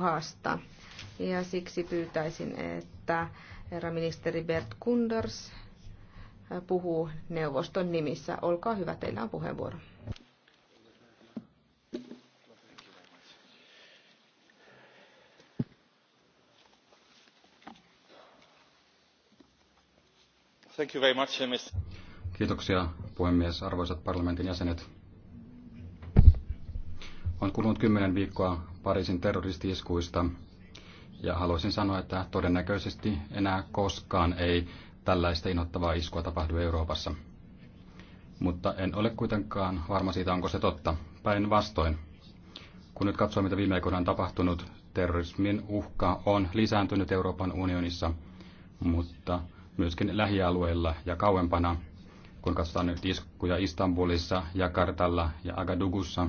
uhasta. Ja siksi pyytäisin, että herra ministeri Bert Kunders puhuu neuvoston nimissä. Olkaa hyvä, teillä on puheenvuoro. Uh, Kiitoksia puhemies, arvoisat parlamentin jäsenet. On kulunut kymmenen viikkoa Pariisin terroristiiskuista ja haluaisin sanoa, että todennäköisesti enää koskaan ei tällaista innoittavaa iskua tapahdu Euroopassa. Mutta en ole kuitenkaan varma siitä, onko se totta. Päinvastoin. Kun nyt katsoo, mitä viime aikoina on tapahtunut, terrorismin uhka on lisääntynyt Euroopan unionissa, mutta myöskin lähialueilla ja kauempana, kun katsotaan nyt iskuja Istanbulissa, Jakartalla ja Agadugussa,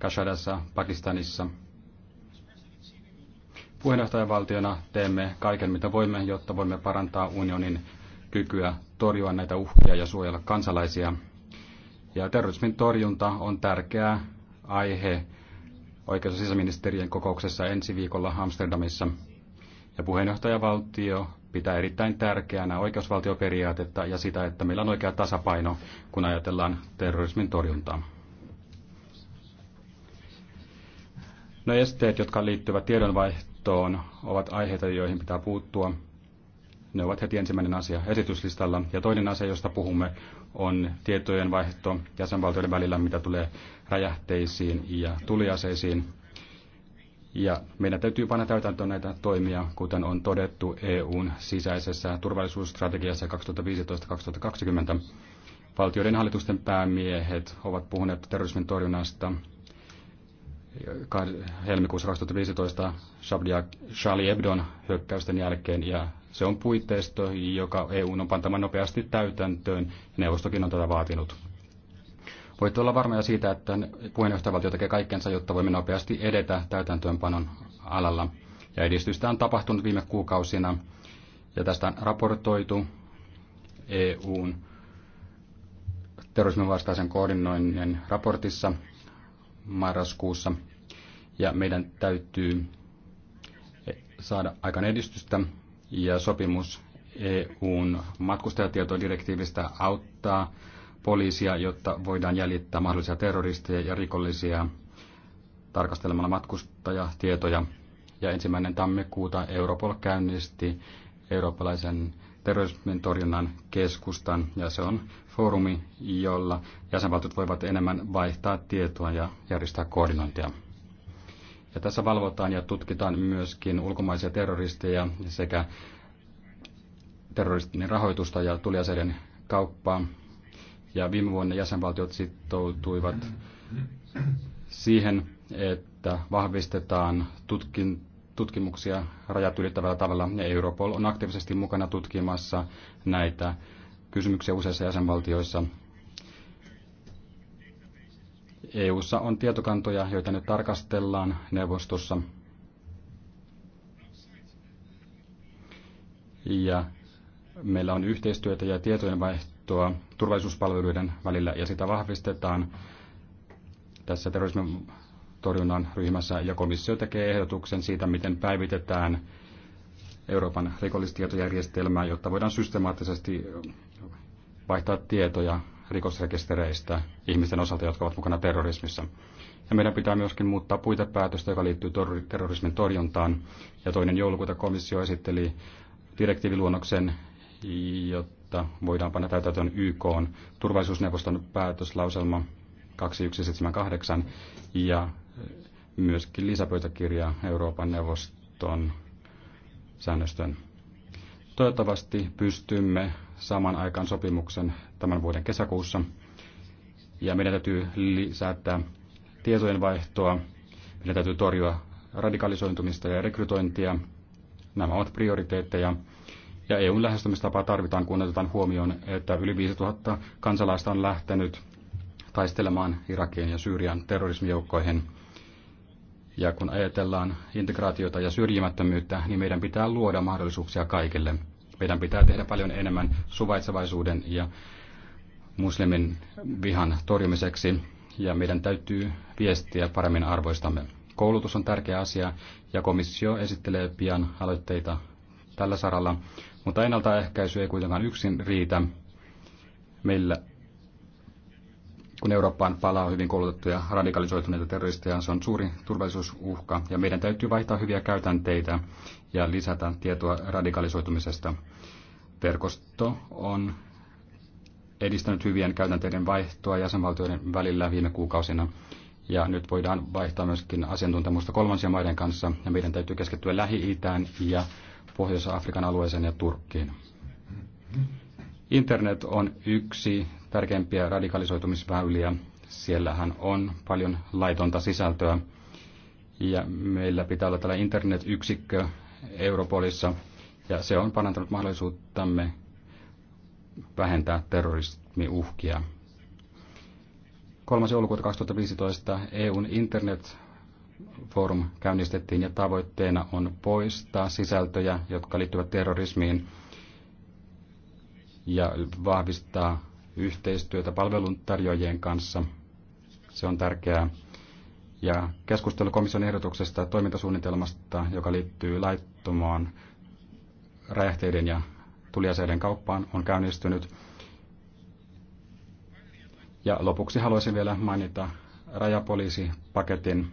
Kashadassa, Pakistanissa – Puheenjohtajavaltiona teemme kaiken, mitä voimme, jotta voimme parantaa unionin kykyä torjua näitä uhkia ja suojella kansalaisia. Ja terrorismin torjunta on tärkeä aihe oikeus- ja sisäministeriön kokouksessa ensi viikolla Amsterdamissa. Ja puheenjohtajavaltio pitää erittäin tärkeänä oikeusvaltioperiaatetta ja sitä, että meillä on oikea tasapaino, kun ajatellaan terrorismin torjuntaa. No esteet, jotka liittyvät tiedonvaihtoon maahanmuuttoon ovat aiheita, joihin pitää puuttua. Ne ovat heti ensimmäinen asia esityslistalla. Ja toinen asia, josta puhumme, on tietojen vaihto jäsenvaltioiden välillä, mitä tulee räjähteisiin ja tuliaseisiin. Ja meidän täytyy panna täytäntöön näitä toimia, kuten on todettu EUn sisäisessä turvallisuusstrategiassa 2015-2020. Valtioiden hallitusten päämiehet ovat puhuneet terrorismin torjunnasta helmikuussa 2015 Charlie Hebdon hyökkäysten jälkeen ja se on puitteisto, joka EU on pantama nopeasti täytäntöön neuvostokin on tätä vaatinut. Voitte olla varmoja siitä, että puheenjohtajavaltio tekee kaikkensa, jotta voimme nopeasti edetä täytäntöönpanon alalla. Ja edistystä on tapahtunut viime kuukausina ja tästä on raportoitu EUn terrorismin vastaisen koordinoinnin raportissa marraskuussa ja meidän täytyy saada aikaan edistystä ja sopimus EUn matkustajatietodirektiivistä auttaa poliisia, jotta voidaan jäljittää mahdollisia terroristeja ja rikollisia tarkastelemalla matkustajatietoja. Ja ensimmäinen tammikuuta Europol käynnisti eurooppalaisen terrorismin torjunnan keskustan ja se on foorumi, jolla jäsenvaltiot voivat enemmän vaihtaa tietoa ja järjestää koordinointia. Ja tässä valvotaan ja tutkitaan myöskin ulkomaisia terroristeja sekä terroristinen rahoitusta ja tuliaseiden kauppaa. Ja viime vuonna jäsenvaltiot sitoutuivat siihen, että vahvistetaan tutkin, tutkimuksia rajat ylittävällä tavalla. Ja Europol on aktiivisesti mukana tutkimassa näitä kysymyksiä useissa jäsenvaltioissa. EU:ssa on tietokantoja, joita nyt tarkastellaan neuvostossa. Ja meillä on yhteistyötä ja tietojenvaihtoa turvallisuuspalveluiden välillä ja sitä vahvistetaan tässä terrorismin torjunnan ryhmässä ja komissio tekee ehdotuksen siitä, miten päivitetään Euroopan rikollistietojärjestelmää, jotta voidaan systemaattisesti vaihtaa tietoja rikosrekistereistä ihmisten osalta, jotka ovat mukana terrorismissa. Ja meidän pitää myöskin muuttaa puitepäätöstä, joka liittyy terrorismin torjuntaan. Ja toinen joulukuuta komissio esitteli direktiiviluonnoksen, jotta voidaan panna täytäntöön YK on turvallisuusneuvoston päätöslauselma 2178 ja myöskin lisäpöytäkirja Euroopan neuvoston säännöstön. Toivottavasti pystymme saamaan aikaan sopimuksen tämän vuoden kesäkuussa. Ja meidän täytyy lisätä tietojen vaihtoa, meidän täytyy torjua radikalisointumista ja rekrytointia. Nämä ovat prioriteetteja. Ja EUn lähestymistapaa tarvitaan, kun otetaan huomioon, että yli 5000 kansalaista on lähtenyt taistelemaan Irakien ja Syyrian terrorismijoukkoihin. Ja kun ajatellaan integraatiota ja syrjimättömyyttä, niin meidän pitää luoda mahdollisuuksia kaikille – meidän pitää tehdä paljon enemmän suvaitsevaisuuden ja muslimin vihan torjumiseksi ja meidän täytyy viestiä paremmin arvoistamme. Koulutus on tärkeä asia ja komissio esittelee pian aloitteita tällä saralla, mutta ennaltaehkäisy ei kuitenkaan yksin riitä. Meillä kun Eurooppaan palaa hyvin koulutettuja radikalisoituneita terroristeja, se on suuri turvallisuusuhka ja meidän täytyy vaihtaa hyviä käytänteitä ja lisätä tietoa radikalisoitumisesta. Verkosto on edistänyt hyvien käytänteiden vaihtoa jäsenvaltioiden välillä viime kuukausina. Ja nyt voidaan vaihtaa myöskin asiantuntemusta kolmansien maiden kanssa, ja meidän täytyy keskittyä Lähi-Itään ja Pohjois-Afrikan alueeseen ja Turkkiin. Internet on yksi tärkeimpiä radikalisoitumisväyliä. Siellähän on paljon laitonta sisältöä. Ja meillä pitää olla tällä internetyksikkö Europolissa, ja se on parantanut mahdollisuuttamme vähentää terrorismiuhkia. 3. joulukuuta 2015 EUn internet Forum käynnistettiin ja tavoitteena on poistaa sisältöjä, jotka liittyvät terrorismiin ja vahvistaa yhteistyötä palveluntarjoajien kanssa. Se on tärkeää. Ja keskustelu komission ehdotuksesta toimintasuunnitelmasta, joka liittyy laittomaan räjähteiden ja tuliaseiden kauppaan, on käynnistynyt. Ja lopuksi haluaisin vielä mainita rajapoliisipaketin.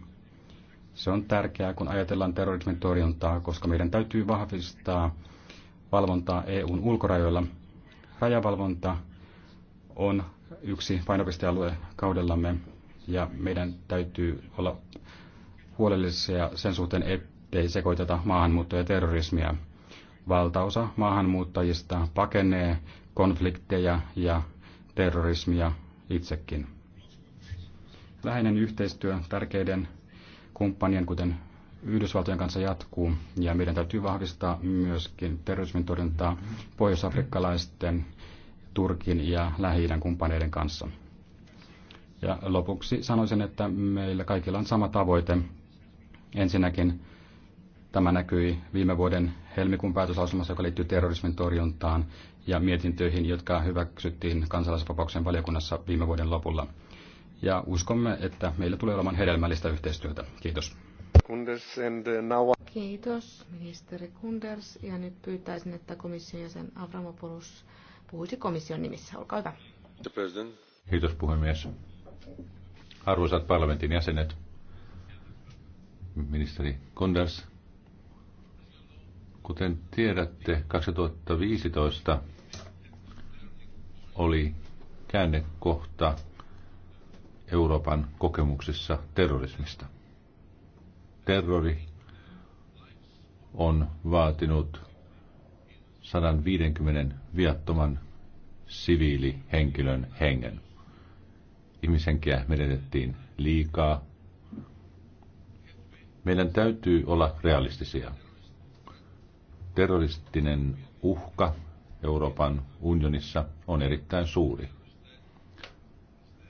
Se on tärkeää, kun ajatellaan terrorismin torjuntaa, koska meidän täytyy vahvistaa valvontaa EUn ulkorajoilla. Rajavalvonta on yksi painopistealue kaudellamme ja meidän täytyy olla huolellisia sen suhteen, ettei sekoiteta maahanmuuttoa ja terrorismia. Valtaosa maahanmuuttajista pakenee konflikteja ja terrorismia itsekin. Läheinen yhteistyö tärkeiden kumppanien, kuten Yhdysvaltojen kanssa jatkuu, ja meidän täytyy vahvistaa myöskin terrorismin torjuntaa pohjoisafrikkalaisten Turkin ja lähi kumppaneiden kanssa. Ja lopuksi sanoisin, että meillä kaikilla on sama tavoite. Ensinnäkin tämä näkyi viime vuoden helmikuun päätöslausumassa, joka liittyy terrorismin torjuntaan ja mietintöihin, jotka hyväksyttiin kansalaisvapauksen valiokunnassa viime vuoden lopulla. Ja uskomme, että meillä tulee olemaan hedelmällistä yhteistyötä. Kiitos. Uh, Kiitos, ministeri Kunders. Ja nyt pyytäisin, että komission jäsen Avramopoulos puhuisi komission nimissä. Olkaa hyvä. Kiitos puhemies. Arvoisat parlamentin jäsenet, ministeri Kondas, kuten tiedätte, 2015 oli käännekohta Euroopan kokemuksissa terrorismista. Terrori on vaatinut 150 viattoman siviilihenkilön hengen. Ihmishenkiä menetettiin liikaa. Meidän täytyy olla realistisia. Terroristinen uhka Euroopan unionissa on erittäin suuri.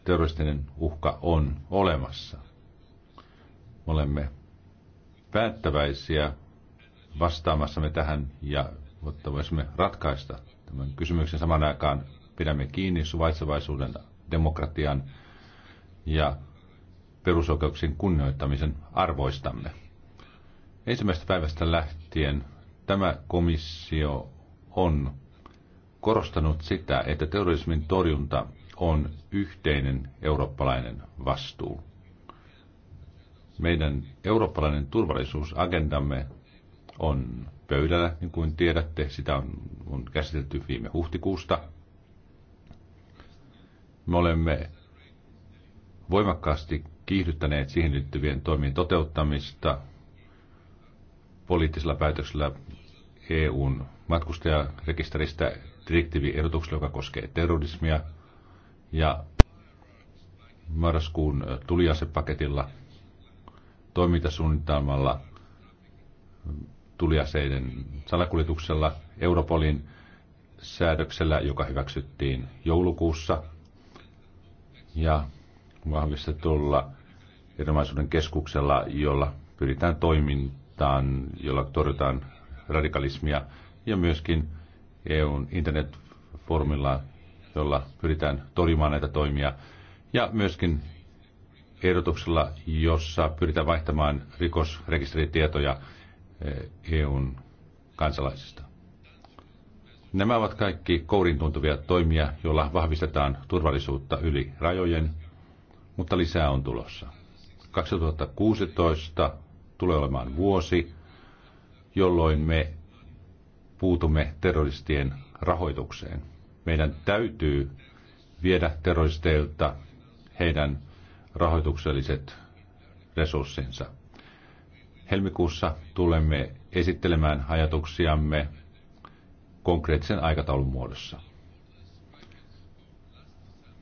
Terroristinen uhka on olemassa. Me olemme päättäväisiä vastaamassamme tähän ja mutta voisimme ratkaista tämän kysymyksen saman aikaan. Pidämme kiinni suvaitsevaisuuden, demokratian ja perusoikeuksien kunnioittamisen arvoistamme. Ensimmäisestä päivästä lähtien tämä komissio on korostanut sitä, että terrorismin torjunta on yhteinen eurooppalainen vastuu. Meidän eurooppalainen turvallisuusagendamme on pöydällä, niin kuin tiedätte. Sitä on, on käsitelty viime huhtikuusta. Me olemme voimakkaasti kiihdyttäneet siihen liittyvien toimien toteuttamista poliittisella päätöksellä EUn matkustajarekisteristä direktiiviehdotuksella, joka koskee terrorismia, ja marraskuun tuliasepaketilla toimintasuunnitelmalla tuliaseiden salakuljetuksella Europolin säädöksellä, joka hyväksyttiin joulukuussa, ja vahvistetulla erilaisuuden keskuksella, jolla pyritään toimintaan, jolla torjutaan radikalismia, ja myöskin EUn internetformilla, jolla pyritään torjumaan näitä toimia, ja myöskin ehdotuksella, jossa pyritään vaihtamaan rikosrekisteritietoja EUn eh, e kansalaisista. Nämä ovat kaikki kourin tuntuvia toimia, joilla vahvistetaan turvallisuutta yli rajojen, mutta lisää on tulossa. 2016 tulee olemaan vuosi, jolloin me puutumme terroristien rahoitukseen. Meidän täytyy viedä terroristeilta heidän rahoitukselliset resurssinsa. Helmikuussa tulemme esittelemään ajatuksiamme konkreettisen aikataulun muodossa.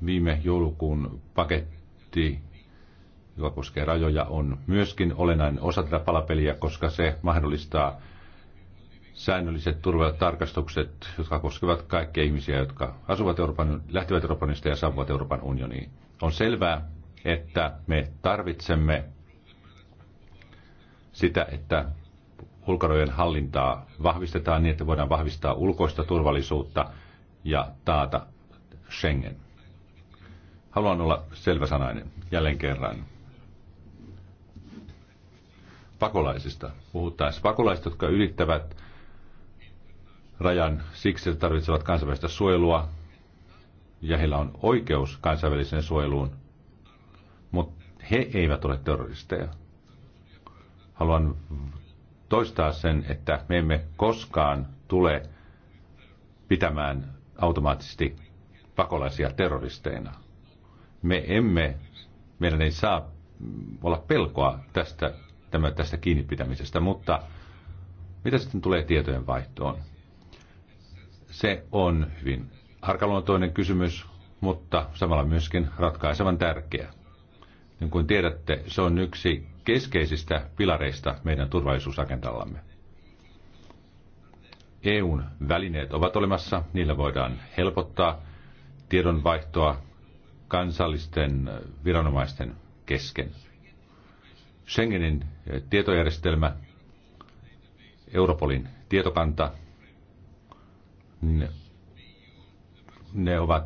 Viime joulukuun paketti, joka koskee rajoja, on myöskin olennainen osa tätä palapeliä, koska se mahdollistaa säännölliset turvatarkastukset, jotka koskevat kaikkia ihmisiä, jotka asuvat Euroopan, lähtevät Euroopanista ja saavuvat Euroopan unioniin. On selvää, että me tarvitsemme sitä, että ulkorajojen hallintaa vahvistetaan niin, että voidaan vahvistaa ulkoista turvallisuutta ja taata Schengen. Haluan olla selväsanainen jälleen kerran. Pakolaisista puhuttaessa. Pakolaiset, jotka ylittävät rajan siksi, että tarvitsevat kansainvälistä suojelua ja heillä on oikeus kansainväliseen suojeluun, mutta he eivät ole terroristeja. Haluan toistaa sen, että me emme koskaan tule pitämään automaattisesti pakolaisia terroristeina. Me emme, meidän ei saa olla pelkoa tästä, tämä, tästä kiinni pitämisestä, mutta mitä sitten tulee tietojen vaihtoon? Se on hyvin arkaluontoinen kysymys, mutta samalla myöskin ratkaisevan tärkeä. Niin kuin tiedätte, se on yksi keskeisistä pilareista meidän turvallisuusagendallamme. EUn välineet ovat olemassa, niillä voidaan helpottaa tiedonvaihtoa kansallisten viranomaisten kesken. Schengenin tietojärjestelmä, Europolin tietokanta, ne, ne ovat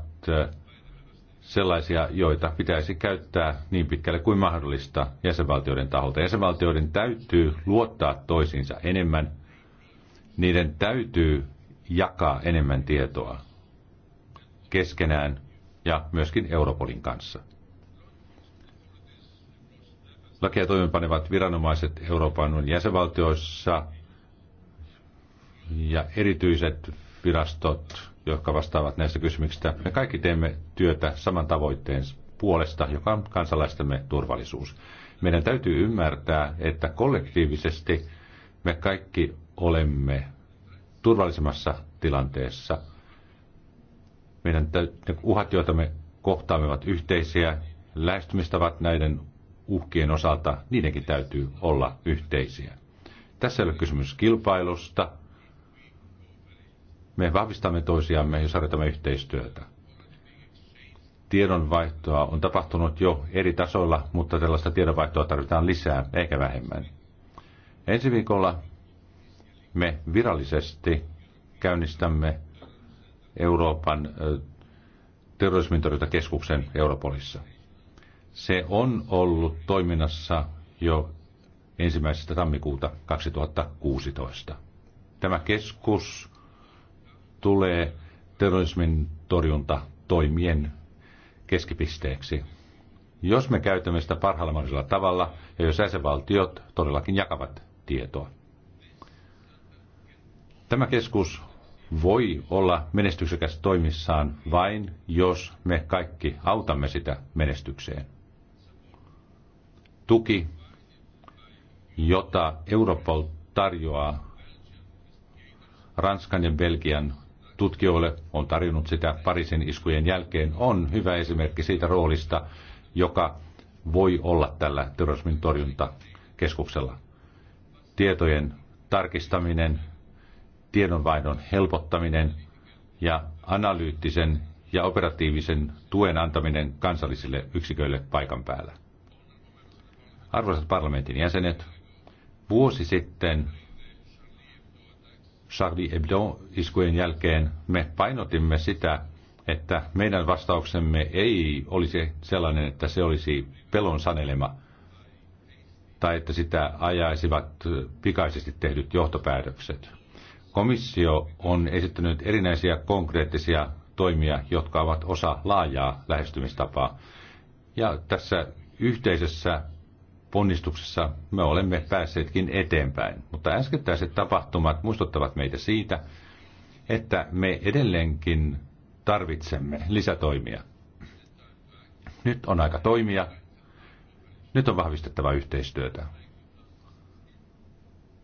sellaisia, joita pitäisi käyttää niin pitkälle kuin mahdollista jäsenvaltioiden taholta. Jäsenvaltioiden täytyy luottaa toisiinsa enemmän. Niiden täytyy jakaa enemmän tietoa keskenään ja myöskin Europolin kanssa. Lakia toimenpanevat viranomaiset Euroopan jäsenvaltioissa ja erityiset virastot jotka vastaavat näistä kysymyksistä. Me kaikki teemme työtä saman tavoitteen puolesta, joka on kansalaistemme turvallisuus. Meidän täytyy ymmärtää, että kollektiivisesti me kaikki olemme turvallisemmassa tilanteessa. Meidän täytyy, uhat, joita me kohtaamme, ovat yhteisiä. Lähestymistavat näiden uhkien osalta, niidenkin täytyy olla yhteisiä. Tässä ei ole kysymys kilpailusta, me vahvistamme toisiamme, ja sarjoitamme yhteistyötä. Tiedonvaihtoa on tapahtunut jo eri tasoilla, mutta tällaista tiedonvaihtoa tarvitaan lisää, eikä vähemmän. Ensi viikolla me virallisesti käynnistämme Euroopan terrorismintorjuntakeskuksen Europolissa. Se on ollut toiminnassa jo ensimmäisestä tammikuuta 2016. Tämä keskus tulee terrorismin torjunta toimien keskipisteeksi. Jos me käytämme sitä parhaalla mahdollisella tavalla ja jos jäsenvaltiot todellakin jakavat tietoa. Tämä keskus voi olla menestyksekäs toimissaan vain, jos me kaikki autamme sitä menestykseen. Tuki, jota Europol tarjoaa Ranskan ja Belgian tutkijoille, on tarjonnut sitä Pariisin iskujen jälkeen, on hyvä esimerkki siitä roolista, joka voi olla tällä terrorismin torjuntakeskuksella. Tietojen tarkistaminen, tiedonvaihdon helpottaminen ja analyyttisen ja operatiivisen tuen antaminen kansallisille yksiköille paikan päällä. Arvoisat parlamentin jäsenet, vuosi sitten Charlie Hebdo-iskujen jälkeen me painotimme sitä, että meidän vastauksemme ei olisi sellainen, että se olisi pelon sanelema tai että sitä ajaisivat pikaisesti tehdyt johtopäätökset. Komissio on esittänyt erinäisiä konkreettisia toimia, jotka ovat osa laajaa lähestymistapaa. Ja tässä yhteisessä ponnistuksessa me olemme päässeetkin eteenpäin. Mutta äskettäiset tapahtumat muistuttavat meitä siitä, että me edelleenkin tarvitsemme lisätoimia. Nyt on aika toimia. Nyt on vahvistettava yhteistyötä.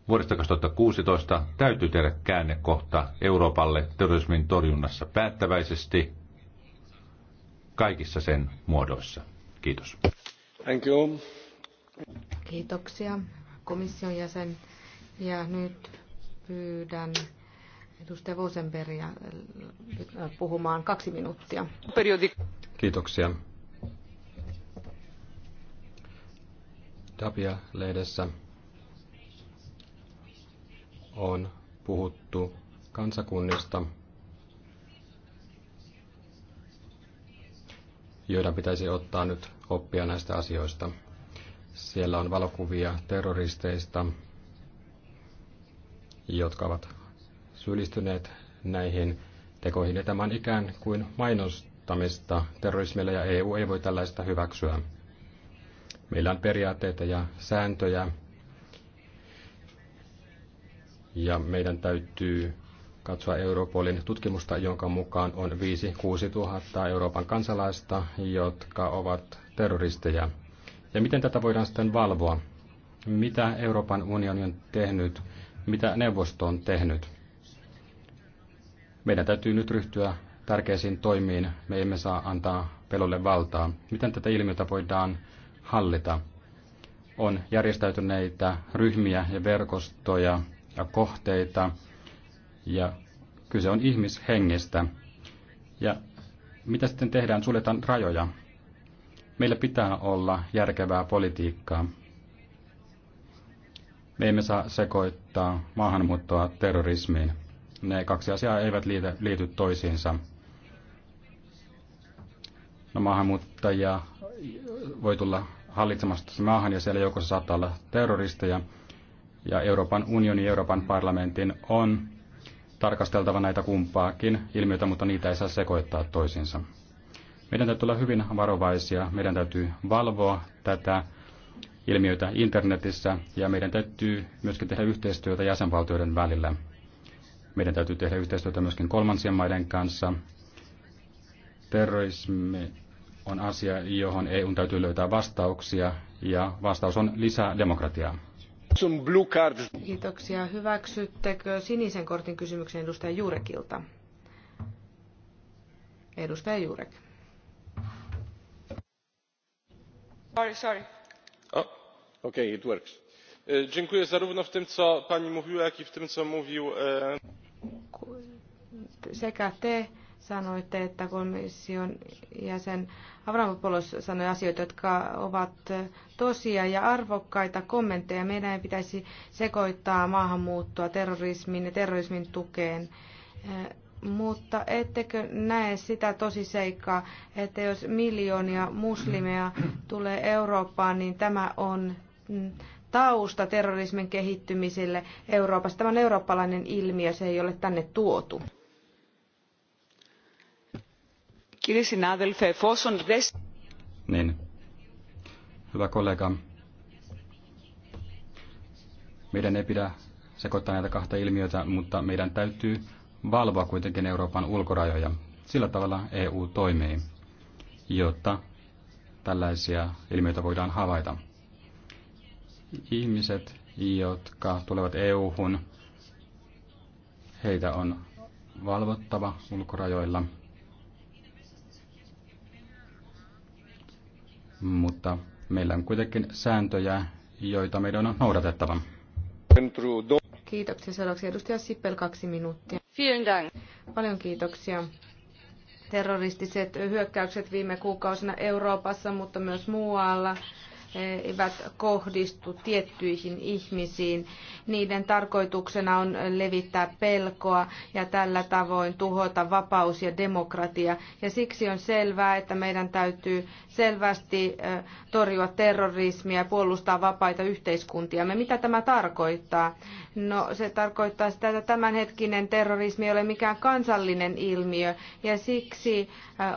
Vuodesta 2016 täytyy tehdä käännekohta Euroopalle terrorismin torjunnassa päättäväisesti kaikissa sen muodoissa. Kiitos. Thank you. Kiitoksia komission jäsen. Ja nyt pyydän edustaja Vosenbergia äh, puhumaan kaksi minuuttia. Kiitoksia. Tapia-lehdessä on puhuttu kansakunnista, joiden pitäisi ottaa nyt oppia näistä asioista. Siellä on valokuvia terroristeista, jotka ovat syyllistyneet näihin tekoihin. Ja tämä on ikään kuin mainostamista terrorismille ja EU ei voi tällaista hyväksyä. Meillä on periaatteita ja sääntöjä ja meidän täytyy katsoa Europolin tutkimusta, jonka mukaan on 5-6 tuhatta Euroopan kansalaista, jotka ovat terroristeja. Ja miten tätä voidaan sitten valvoa? Mitä Euroopan unioni on tehnyt? Mitä neuvosto on tehnyt? Meidän täytyy nyt ryhtyä tärkeisiin toimiin. Me emme saa antaa pelolle valtaa. Miten tätä ilmiötä voidaan hallita? On järjestäytyneitä ryhmiä ja verkostoja ja kohteita. Ja kyse on ihmishengestä. Ja mitä sitten tehdään? Suljetaan rajoja. Meillä pitää olla järkevää politiikkaa. Me emme saa sekoittaa maahanmuuttoa terrorismiin. Ne kaksi asiaa eivät liity, liity toisiinsa. No, maahanmuuttajia voi tulla hallitsemasta maahan ja siellä joukossa saattaa olla terroristeja. Ja Euroopan unioni Euroopan parlamentin on tarkasteltava näitä kumpaakin ilmiötä, mutta niitä ei saa sekoittaa toisiinsa. Meidän täytyy olla hyvin varovaisia, meidän täytyy valvoa tätä ilmiötä internetissä ja meidän täytyy myöskin tehdä yhteistyötä jäsenvaltioiden välillä. Meidän täytyy tehdä yhteistyötä myöskin kolmansien maiden kanssa. Terrorismi on asia, johon EU täytyy löytää vastauksia ja vastaus on lisää demokratiaa. Kiitoksia. Hyväksyttekö sinisen kortin kysymyksen edustaja Juurekilta? Edustaja Juurek. E, dziękuję zarówno w tym co pani mówiła jak i w tym co mówił e, sekä te sanoitte että komission jäsen Avramopoulos sanoi asioita, jotka ovat tosia ja arvokkaita kommentteja. Meidän ei pitäisi sekoittaa maahanmuuttoa terrorismin ja terrorismin tukeen. E, mutta ettekö näe sitä tosi seikkaa, että jos miljoonia muslimeja tulee Eurooppaan, niin tämä on mm, tausta terrorismin kehittymiselle Euroopassa. Tämä on eurooppalainen ilmiö, se ei ole tänne tuotu. Niin. Hyvä kollega, meidän ei pidä sekoittaa näitä kahta ilmiötä, mutta meidän täytyy valvoa kuitenkin Euroopan ulkorajoja. Sillä tavalla EU toimii, jotta tällaisia ilmiöitä voidaan havaita. Ihmiset, jotka tulevat EU-hun, heitä on valvottava ulkorajoilla, mutta meillä on kuitenkin sääntöjä, joita meidän on noudatettava. Kiitoksia seuraavaksi edustaja Sippel kaksi minuuttia. Vielen Dank. Paljon kiitoksia. Terroristiset hyökkäykset viime kuukausina Euroopassa, mutta myös muualla eivät kohdistu tiettyihin ihmisiin. Niiden tarkoituksena on levittää pelkoa ja tällä tavoin tuhota vapaus ja demokratia. Ja siksi on selvää, että meidän täytyy selvästi torjua terrorismia ja puolustaa vapaita yhteiskuntia. Mitä tämä tarkoittaa? No se tarkoittaa sitä, että tämänhetkinen terrorismi ei ole mikään kansallinen ilmiö ja siksi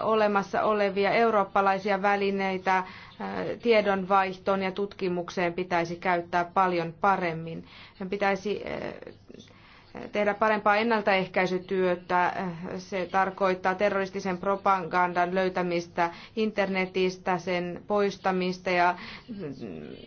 olemassa olevia eurooppalaisia välineitä tiedonvaihtoon ja tutkimukseen pitäisi käyttää paljon paremmin. Sen pitäisi tehdä parempaa ennaltaehkäisytyötä. Se tarkoittaa terroristisen propagandan löytämistä internetistä, sen poistamista ja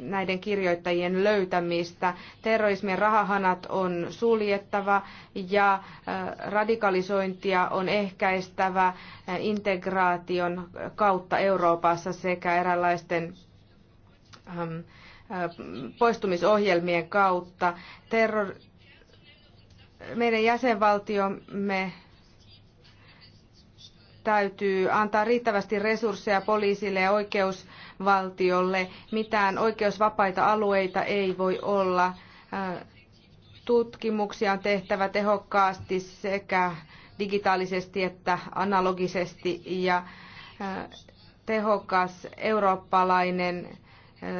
näiden kirjoittajien löytämistä. Terrorismin rahahanat on suljettava ja äh, radikalisointia on ehkäistävä äh, integraation kautta Euroopassa sekä eräänlaisten ähm, äh, poistumisohjelmien kautta. Terror- meidän jäsenvaltiomme täytyy antaa riittävästi resursseja poliisille ja oikeusvaltiolle. Mitään oikeusvapaita alueita ei voi olla. Tutkimuksia on tehtävä tehokkaasti sekä digitaalisesti että analogisesti ja tehokas eurooppalainen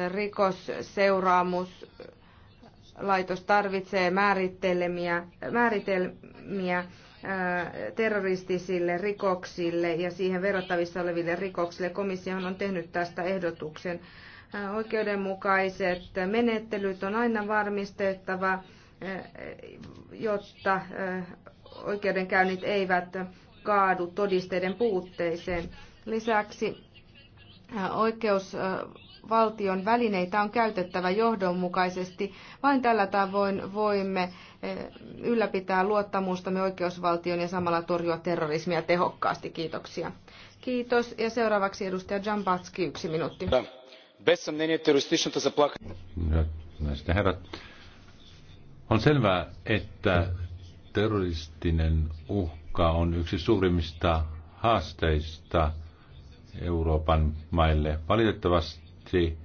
rikosseuraamus laitos tarvitsee määritelmiä, määritelmiä terroristisille rikoksille ja siihen verrattavissa oleville rikoksille. Komissio on tehnyt tästä ehdotuksen. Oikeudenmukaiset menettelyt on aina varmistettava, jotta oikeudenkäynnit eivät kaadu todisteiden puutteeseen. Lisäksi oikeus valtion välineitä on käytettävä johdonmukaisesti. Vain tällä tavoin voimme eh, ylläpitää luottamustamme oikeusvaltion ja samalla torjua terrorismia tehokkaasti. Kiitoksia. Kiitos. Ja seuraavaksi edustaja Jambatski, yksi minuutti. Naiset ja herrat, on selvää, että terroristinen uhka on yksi suurimmista haasteista Euroopan maille. Valitettavasti Monesti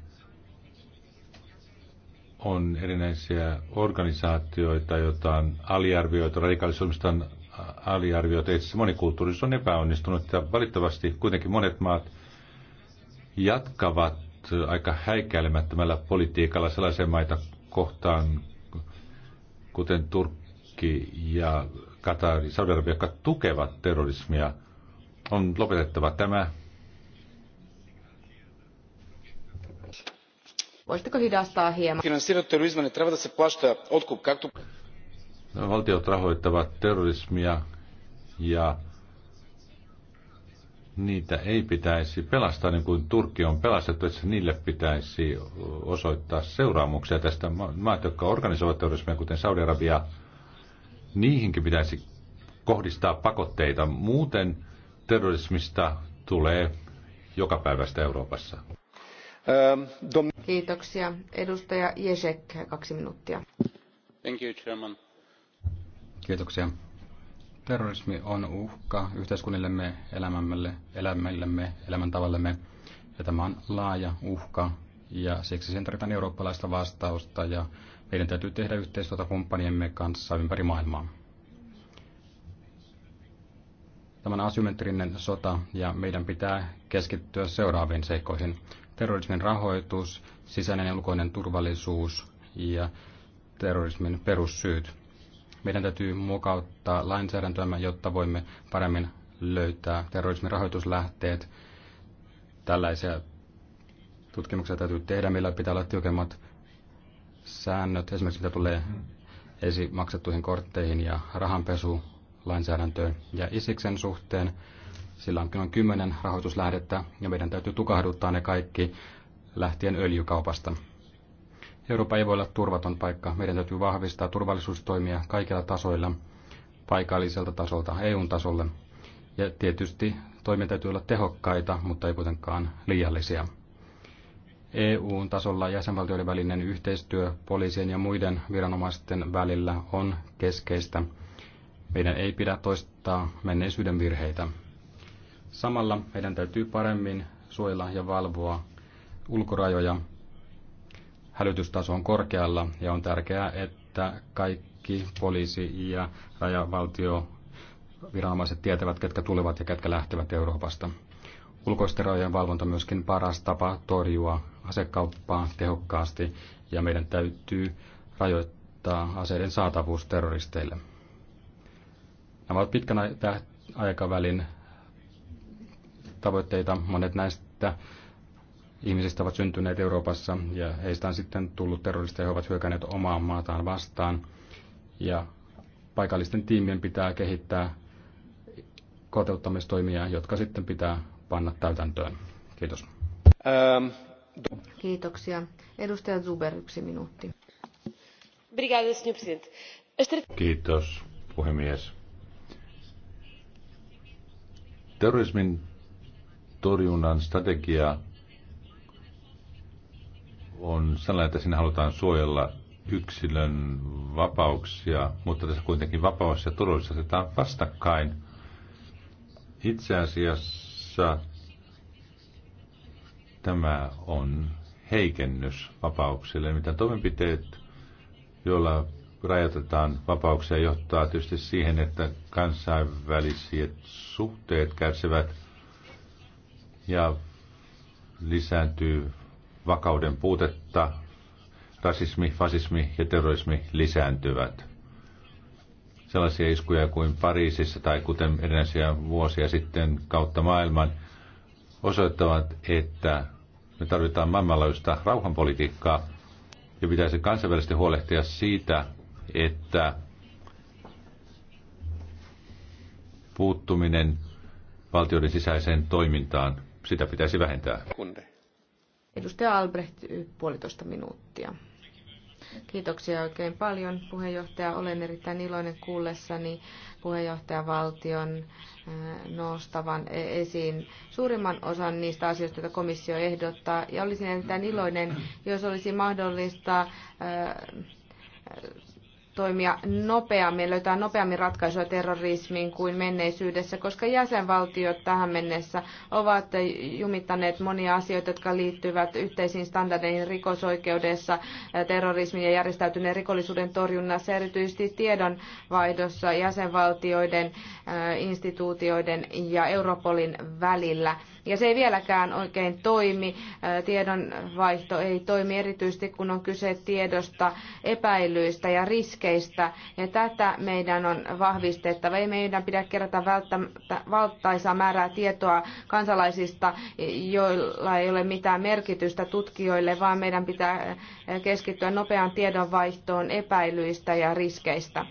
on erinäisiä organisaatioita, joita on aliarvioitu, radikaalisuudesta on aliarvioitu. Itse monikulttuurisuus on epäonnistunut ja valitettavasti kuitenkin monet maat jatkavat aika häikäilemättömällä politiikalla sellaisia maita kohtaan, kuten Turkki ja Katari, Saudi-Arabia, jotka tukevat terrorismia. On lopetettava tämä Voisitteko hidastaa hieman? No, valtiot rahoittavat terrorismia ja niitä ei pitäisi pelastaa niin kuin Turkki on pelastettu, että niille pitäisi osoittaa seuraamuksia tästä. Maat, jotka organisoivat terrorismia, kuten Saudi-Arabia, niihinkin pitäisi kohdistaa pakotteita. Muuten terrorismista tulee joka päivästä Euroopassa. Ähm, Kiitoksia. Edustaja Jesek, kaksi minuuttia. Thank you, Chairman. Kiitoksia. Terrorismi on uhka yhteiskunnillemme, elämämme, elämällemme, elämäntavallemme. Ja tämä on laaja uhka ja siksi sen tarvitaan eurooppalaista vastausta ja meidän täytyy tehdä yhteistyötä kumppaniemme kanssa ympäri maailmaa. Tämä on asymmetrinen sota ja meidän pitää keskittyä seuraaviin seikkoihin terrorismin rahoitus, sisäinen ja ulkoinen turvallisuus ja terrorismin perussyyt. Meidän täytyy mukauttaa lainsäädäntöämme, jotta voimme paremmin löytää terrorismin rahoituslähteet. Tällaisia tutkimuksia täytyy tehdä, millä pitää olla tiukemmat säännöt, esimerkiksi mitä tulee esimaksettuihin kortteihin ja rahanpesulainsäädäntöön ja Isiksen suhteen sillä on noin kymmenen rahoituslähdettä ja meidän täytyy tukahduttaa ne kaikki lähtien öljykaupasta. Eurooppa ei voi olla turvaton paikka. Meidän täytyy vahvistaa turvallisuustoimia kaikilla tasoilla, paikalliselta tasolta eu tasolle. Ja tietysti toimia täytyy olla tehokkaita, mutta ei kuitenkaan liiallisia. eu tasolla jäsenvaltioiden välinen yhteistyö poliisien ja muiden viranomaisten välillä on keskeistä. Meidän ei pidä toistaa menneisyyden virheitä. Samalla meidän täytyy paremmin suojella ja valvoa ulkorajoja. Hälytystaso on korkealla ja on tärkeää, että kaikki poliisi- ja rajavaltio viranomaiset tietävät, ketkä tulevat ja ketkä lähtevät Euroopasta. Ulkoisten rajojen valvonta on myöskin paras tapa torjua asekauppaa tehokkaasti ja meidän täytyy rajoittaa aseiden saatavuus terroristeille. Nämä ovat pitkän aikavälin tavoitteita. Monet näistä ihmisistä ovat syntyneet Euroopassa ja heistä on sitten tullut terroristeja, he ovat hyökänneet omaa maataan vastaan. Ja paikallisten tiimien pitää kehittää kotouttamistoimia, jotka sitten pitää panna täytäntöön. Kiitos. Ähm. Kiitoksia. Edustaja Zuber, yksi minuutti. Kiitos, puhemies. Terrorismin torjunnan strategia on sellainen, että siinä halutaan suojella yksilön vapauksia, mutta tässä kuitenkin vapaus ja turvallisuus asetetaan vastakkain. Itse asiassa tämä on heikennys vapauksille. Mitä toimenpiteet, joilla rajoitetaan vapauksia, johtaa tietysti siihen, että kansainväliset suhteet kärsivät ja lisääntyy vakauden puutetta. Rasismi, fasismi ja terrorismi lisääntyvät. Sellaisia iskuja kuin Pariisissa tai kuten edellisiä vuosia sitten kautta maailman osoittavat, että me tarvitaan maailmanlaajuista rauhanpolitiikkaa ja pitäisi kansainvälisesti huolehtia siitä, että puuttuminen valtioiden sisäiseen toimintaan sitä pitäisi vähentää. Kunde. Edustaja Albrecht, puolitoista minuuttia. Kiitoksia oikein paljon puheenjohtaja. Olen erittäin iloinen kuullessani puheenjohtajavaltion eh, nostavan e- esiin suurimman osan niistä asioista, joita komissio ehdottaa. Ja olisin erittäin iloinen, jos olisi mahdollista eh, toimia nopeammin, löytää nopeammin ratkaisuja terrorismiin kuin menneisyydessä, koska jäsenvaltiot tähän mennessä ovat jumittaneet monia asioita, jotka liittyvät yhteisiin standardeihin rikosoikeudessa, terrorismin ja järjestäytyneen rikollisuuden torjunnassa, erityisesti tiedonvaihdossa jäsenvaltioiden, äh, instituutioiden ja Europolin välillä. Ja se ei vieläkään oikein toimi. Äh, tiedonvaihto ei toimi erityisesti, kun on kyse tiedosta, epäilyistä ja riskeistä riskeistä ja tätä meidän on vahvistettava. Ei meidän pidä kerätä valtaisaa määrää tietoa kansalaisista, joilla ei ole mitään merkitystä tutkijoille, vaan meidän pitää keskittyä nopeaan tiedonvaihtoon epäilyistä ja riskeistä.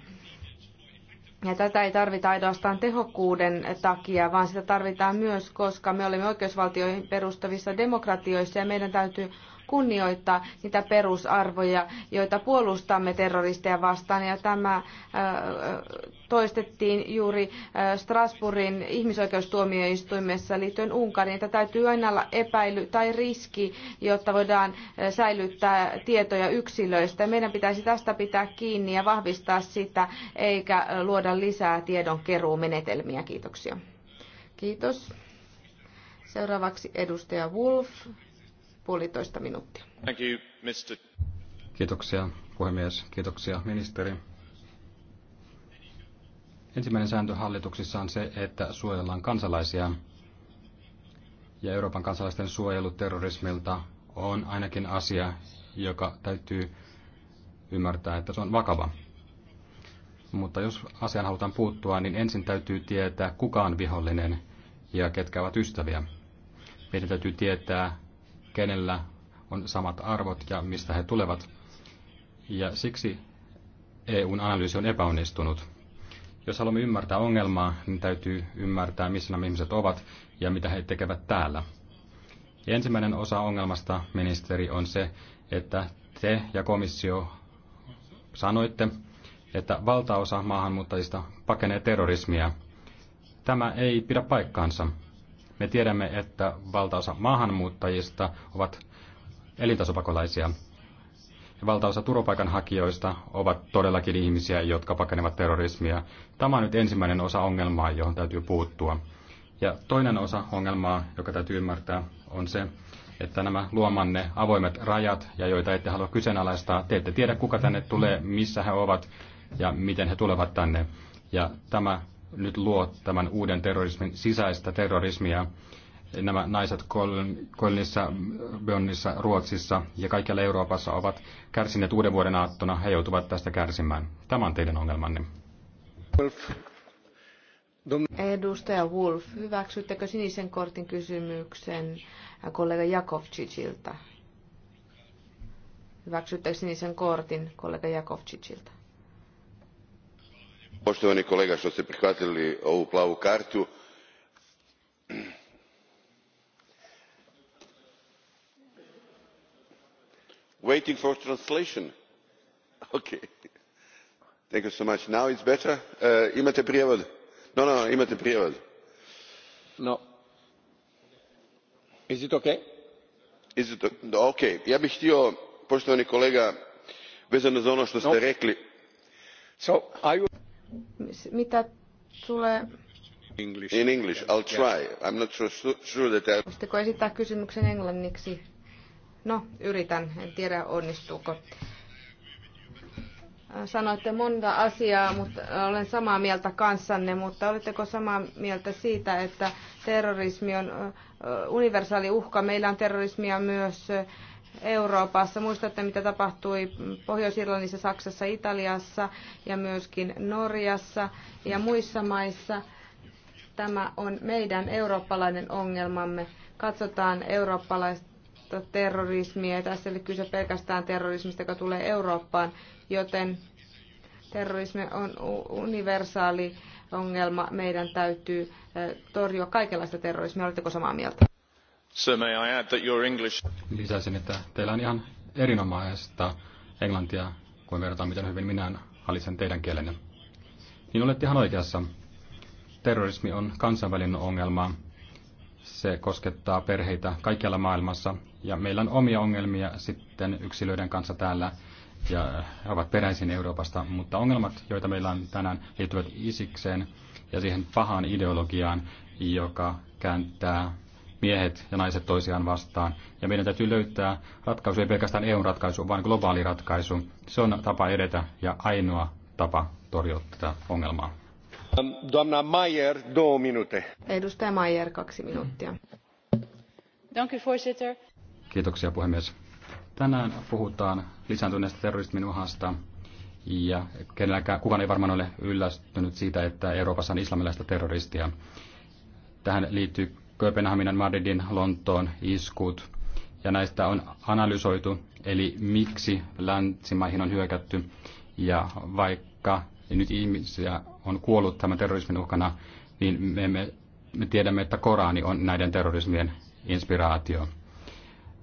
Ja tätä ei tarvita ainoastaan tehokkuuden takia, vaan sitä tarvitaan myös, koska me olemme oikeusvaltioihin perustuvissa demokratioissa ja meidän täytyy kunnioittaa niitä perusarvoja, joita puolustamme terroristeja vastaan. Ja tämä äh, toistettiin juuri äh, Strasbourgin ihmisoikeustuomioistuimessa liittyen Unkariin, että täytyy aina olla epäily tai riski, jotta voidaan äh, säilyttää tietoja yksilöistä. Meidän pitäisi tästä pitää kiinni ja vahvistaa sitä, eikä luoda lisää tiedonkeruumenetelmiä. Kiitoksia. Kiitos. Seuraavaksi edustaja Wolf, puolitoista minuuttia. Kiitoksia puhemies, kiitoksia ministeri. Ensimmäinen sääntö hallituksissa on se, että suojellaan kansalaisia. Ja Euroopan kansalaisten suojelu terrorismilta on ainakin asia, joka täytyy ymmärtää, että se on vakava. Mutta jos asiaan halutaan puuttua, niin ensin täytyy tietää, kuka on vihollinen ja ketkä ovat ystäviä. Meidän täytyy tietää, kenellä on samat arvot ja mistä he tulevat. Ja siksi EUn analyysi on epäonnistunut. Jos haluamme ymmärtää ongelmaa, niin täytyy ymmärtää, missä nämä ihmiset ovat ja mitä he tekevät täällä. Ja ensimmäinen osa ongelmasta, ministeri, on se, että te ja komissio sanoitte, että valtaosa maahanmuuttajista pakenee terrorismia. Tämä ei pidä paikkaansa. Me tiedämme, että valtaosa maahanmuuttajista ovat elintasopakolaisia. Ja valtaosa turvapaikanhakijoista ovat todellakin ihmisiä, jotka pakenevat terrorismia. Tämä on nyt ensimmäinen osa ongelmaa, johon täytyy puuttua. Ja toinen osa ongelmaa, joka täytyy ymmärtää, on se, että nämä luomanne avoimet rajat, ja joita ette halua kyseenalaistaa, te ette tiedä, kuka tänne tulee, missä he ovat ja miten he tulevat tänne. Ja tämä nyt luo tämän uuden terrorismin sisäistä terrorismia. Nämä naiset Kolnissa, Bönnissä, Ruotsissa ja kaikkialla Euroopassa ovat kärsineet uuden vuoden aattona. He joutuvat tästä kärsimään. Tämä on teidän ongelmanne. Wolf. Edustaja Wolf, hyväksyttekö sinisen kortin kysymyksen kollega Jakovcicilta? Hyväksyttekö sinisen kortin kollega Jakovcicilta? poštovani kolega što ste prihvatili ovu plavu kartu eh, imate prijevod? ja bih htio poštovani kolega vezano za ono što ste no. rekli mitä tulee... English. In English, I'll try. I'm not so sure that I... Voisitteko esittää kysymyksen englanniksi? No, yritän. En tiedä, onnistuuko. Äh, sanoitte monta asiaa, mutta äh, olen samaa mieltä kanssanne, mutta oletteko samaa mieltä siitä, että terrorismi on äh, universaali uhka? Meillä on terrorismia myös Euroopassa. Muistatte, mitä tapahtui Pohjois-Irlannissa, Saksassa, Italiassa ja myöskin Norjassa ja muissa maissa. Tämä on meidän eurooppalainen ongelmamme. Katsotaan eurooppalaista terrorismia. Tässä ei kyse pelkästään terrorismista, joka tulee Eurooppaan, joten terrorismi on universaali ongelma. Meidän täytyy eh, torjua kaikenlaista terrorismia. Oletteko samaa mieltä? Lisäisin, että teillä on ihan erinomaista englantia, kun verrataan miten hyvin minä hallitsen teidän kielenne. Niin olette ihan oikeassa. Terrorismi on kansainvälinen ongelma. Se koskettaa perheitä kaikkialla maailmassa ja meillä on omia ongelmia sitten yksilöiden kanssa täällä ja he ovat peräisin Euroopasta, mutta ongelmat, joita meillä on tänään, liittyvät isikseen ja siihen pahaan ideologiaan, joka kääntää miehet ja naiset toisiaan vastaan. Ja meidän täytyy löytää ratkaisu, ei pelkästään EU-ratkaisu, vaan globaali ratkaisu. Se on tapa edetä ja ainoa tapa torjua tätä ongelmaa. Ähm, Donna Mayer, minute. Edustaja Mayer, kaksi minuuttia. Dank voorzitter. Kiitoksia puhemies. Tänään puhutaan lisääntyneestä terrorismin uhasta ja kenelläkään, kukaan ei varmaan ole yllästynyt siitä, että Euroopassa on islamilaista terroristia. Tähän liittyy Kööpenhaminan, Madridin, Lontoon iskut. Ja näistä on analysoitu, eli miksi länsimaihin on hyökätty. Ja vaikka nyt ihmisiä on kuollut tämän terrorismin uhkana, niin me, me, me tiedämme, että Korani on näiden terrorismien inspiraatio.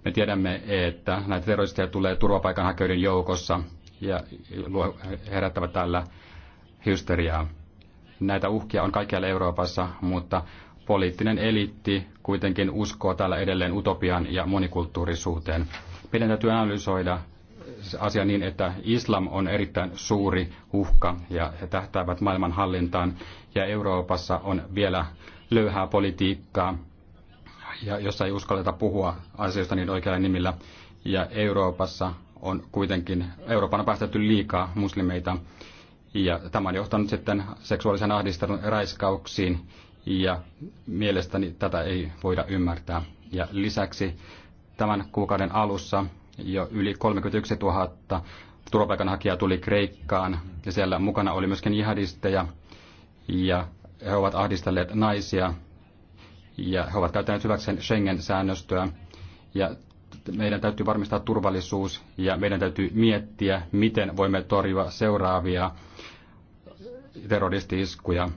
Me tiedämme, että näitä terroristeja tulee turvapaikanhakijoiden joukossa ja herättävät tällä hysteriaa. Näitä uhkia on kaikkialla Euroopassa, mutta poliittinen eliitti kuitenkin uskoo täällä edelleen utopian ja monikulttuurisuuteen. Meidän täytyy analysoida asia niin, että islam on erittäin suuri uhka ja he tähtäävät maailman hallintaan ja Euroopassa on vielä löyhää politiikkaa, ja jossa ei uskalleta puhua asioista niin oikealla nimillä. Ja Euroopassa on kuitenkin, Euroopan on päästetty liikaa muslimeita ja tämä on johtanut sitten seksuaalisen ahdistelun raiskauksiin ja mielestäni tätä ei voida ymmärtää. Ja lisäksi tämän kuukauden alussa jo yli 31 000 turvapaikanhakijaa tuli Kreikkaan ja siellä mukana oli myöskin jihadisteja ja he ovat ahdistelleet naisia ja he ovat käyttäneet hyväkseen Schengen-säännöstöä ja meidän täytyy varmistaa turvallisuus ja meidän täytyy miettiä, miten voimme torjua seuraavia terroristi-iskuja.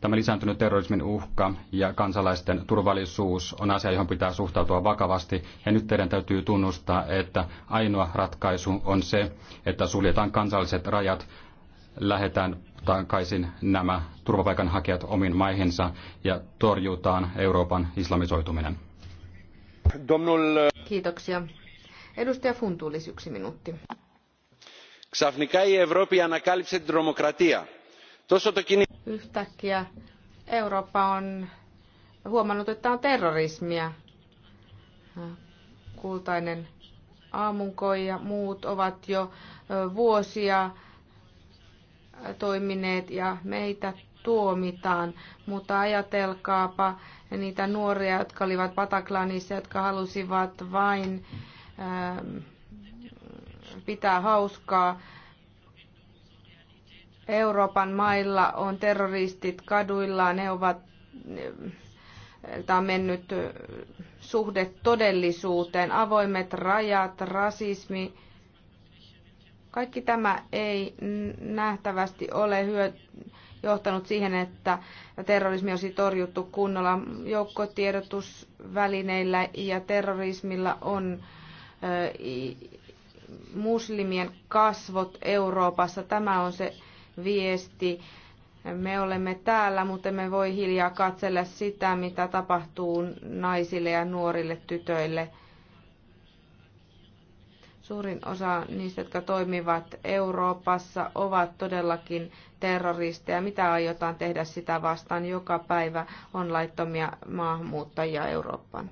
Tämä lisääntynyt terrorismin uhka ja kansalaisten turvallisuus on asia, johon pitää suhtautua vakavasti. Ja nyt teidän täytyy tunnustaa, että ainoa ratkaisu on se, että suljetaan kansalliset rajat, lähetään takaisin nämä turvapaikanhakijat omiin maihinsa ja torjutaan Euroopan islamisoituminen. Kiitoksia. Edustaja Funtulis, yksi minuutti. Ξαφνικά η Yhtäkkiä Eurooppa on huomannut, että on terrorismia. Kultainen aamunkoi ja muut ovat jo vuosia toimineet ja meitä tuomitaan. Mutta ajatelkaapa niitä nuoria, jotka olivat Pataklanissa, jotka halusivat vain pitää hauskaa Euroopan mailla on terroristit kaduilla, ne ovat, tämä on mennyt suhde todellisuuteen, avoimet rajat, rasismi, kaikki tämä ei nähtävästi ole hyö, johtanut siihen, että terrorismi olisi torjuttu kunnolla joukkotiedotusvälineillä ja terrorismilla on muslimien kasvot Euroopassa. Tämä on se viesti. Me olemme täällä, mutta me voi hiljaa katsella sitä, mitä tapahtuu naisille ja nuorille tytöille. Suurin osa niistä, jotka toimivat Euroopassa, ovat todellakin terroristeja. Mitä aiotaan tehdä sitä vastaan? Joka päivä on laittomia maahanmuuttajia Eurooppaan.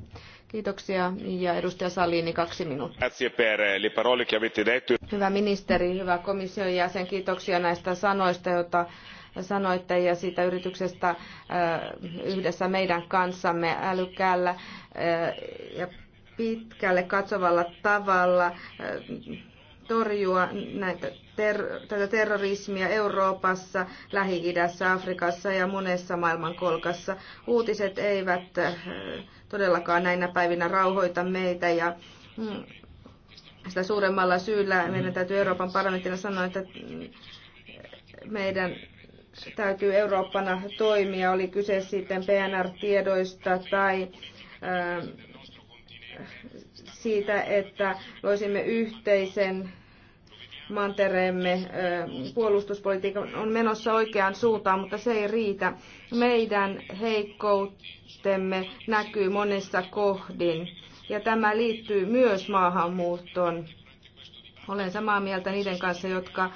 Kiitoksia. Ja edustaja Salini, kaksi minuuttia. Eh, hyvä ministeri, hyvä komission jäsen, kiitoksia näistä sanoista, joita sanoitte ja siitä yrityksestä eh, yhdessä meidän kanssamme älykkäällä eh, ja pitkälle katsovalla tavalla torjua näitä ter- tätä terrorismia Euroopassa, Lähi-idässä, Afrikassa ja monessa maailmankolkassa. Uutiset eivät todellakaan näinä päivinä rauhoita meitä ja mm, sitä suuremmalla syyllä meidän täytyy Euroopan parlamentilla sanoa, että mm, meidän täytyy Eurooppana toimia, oli kyse sitten PNR-tiedoista tai ähm, siitä, että loisimme yhteisen mantereemme puolustuspolitiikka on menossa oikeaan suuntaan, mutta se ei riitä. Meidän heikkoutemme näkyy monessa kohdin ja tämä liittyy myös maahanmuuttoon. Olen samaa mieltä niiden kanssa, jotka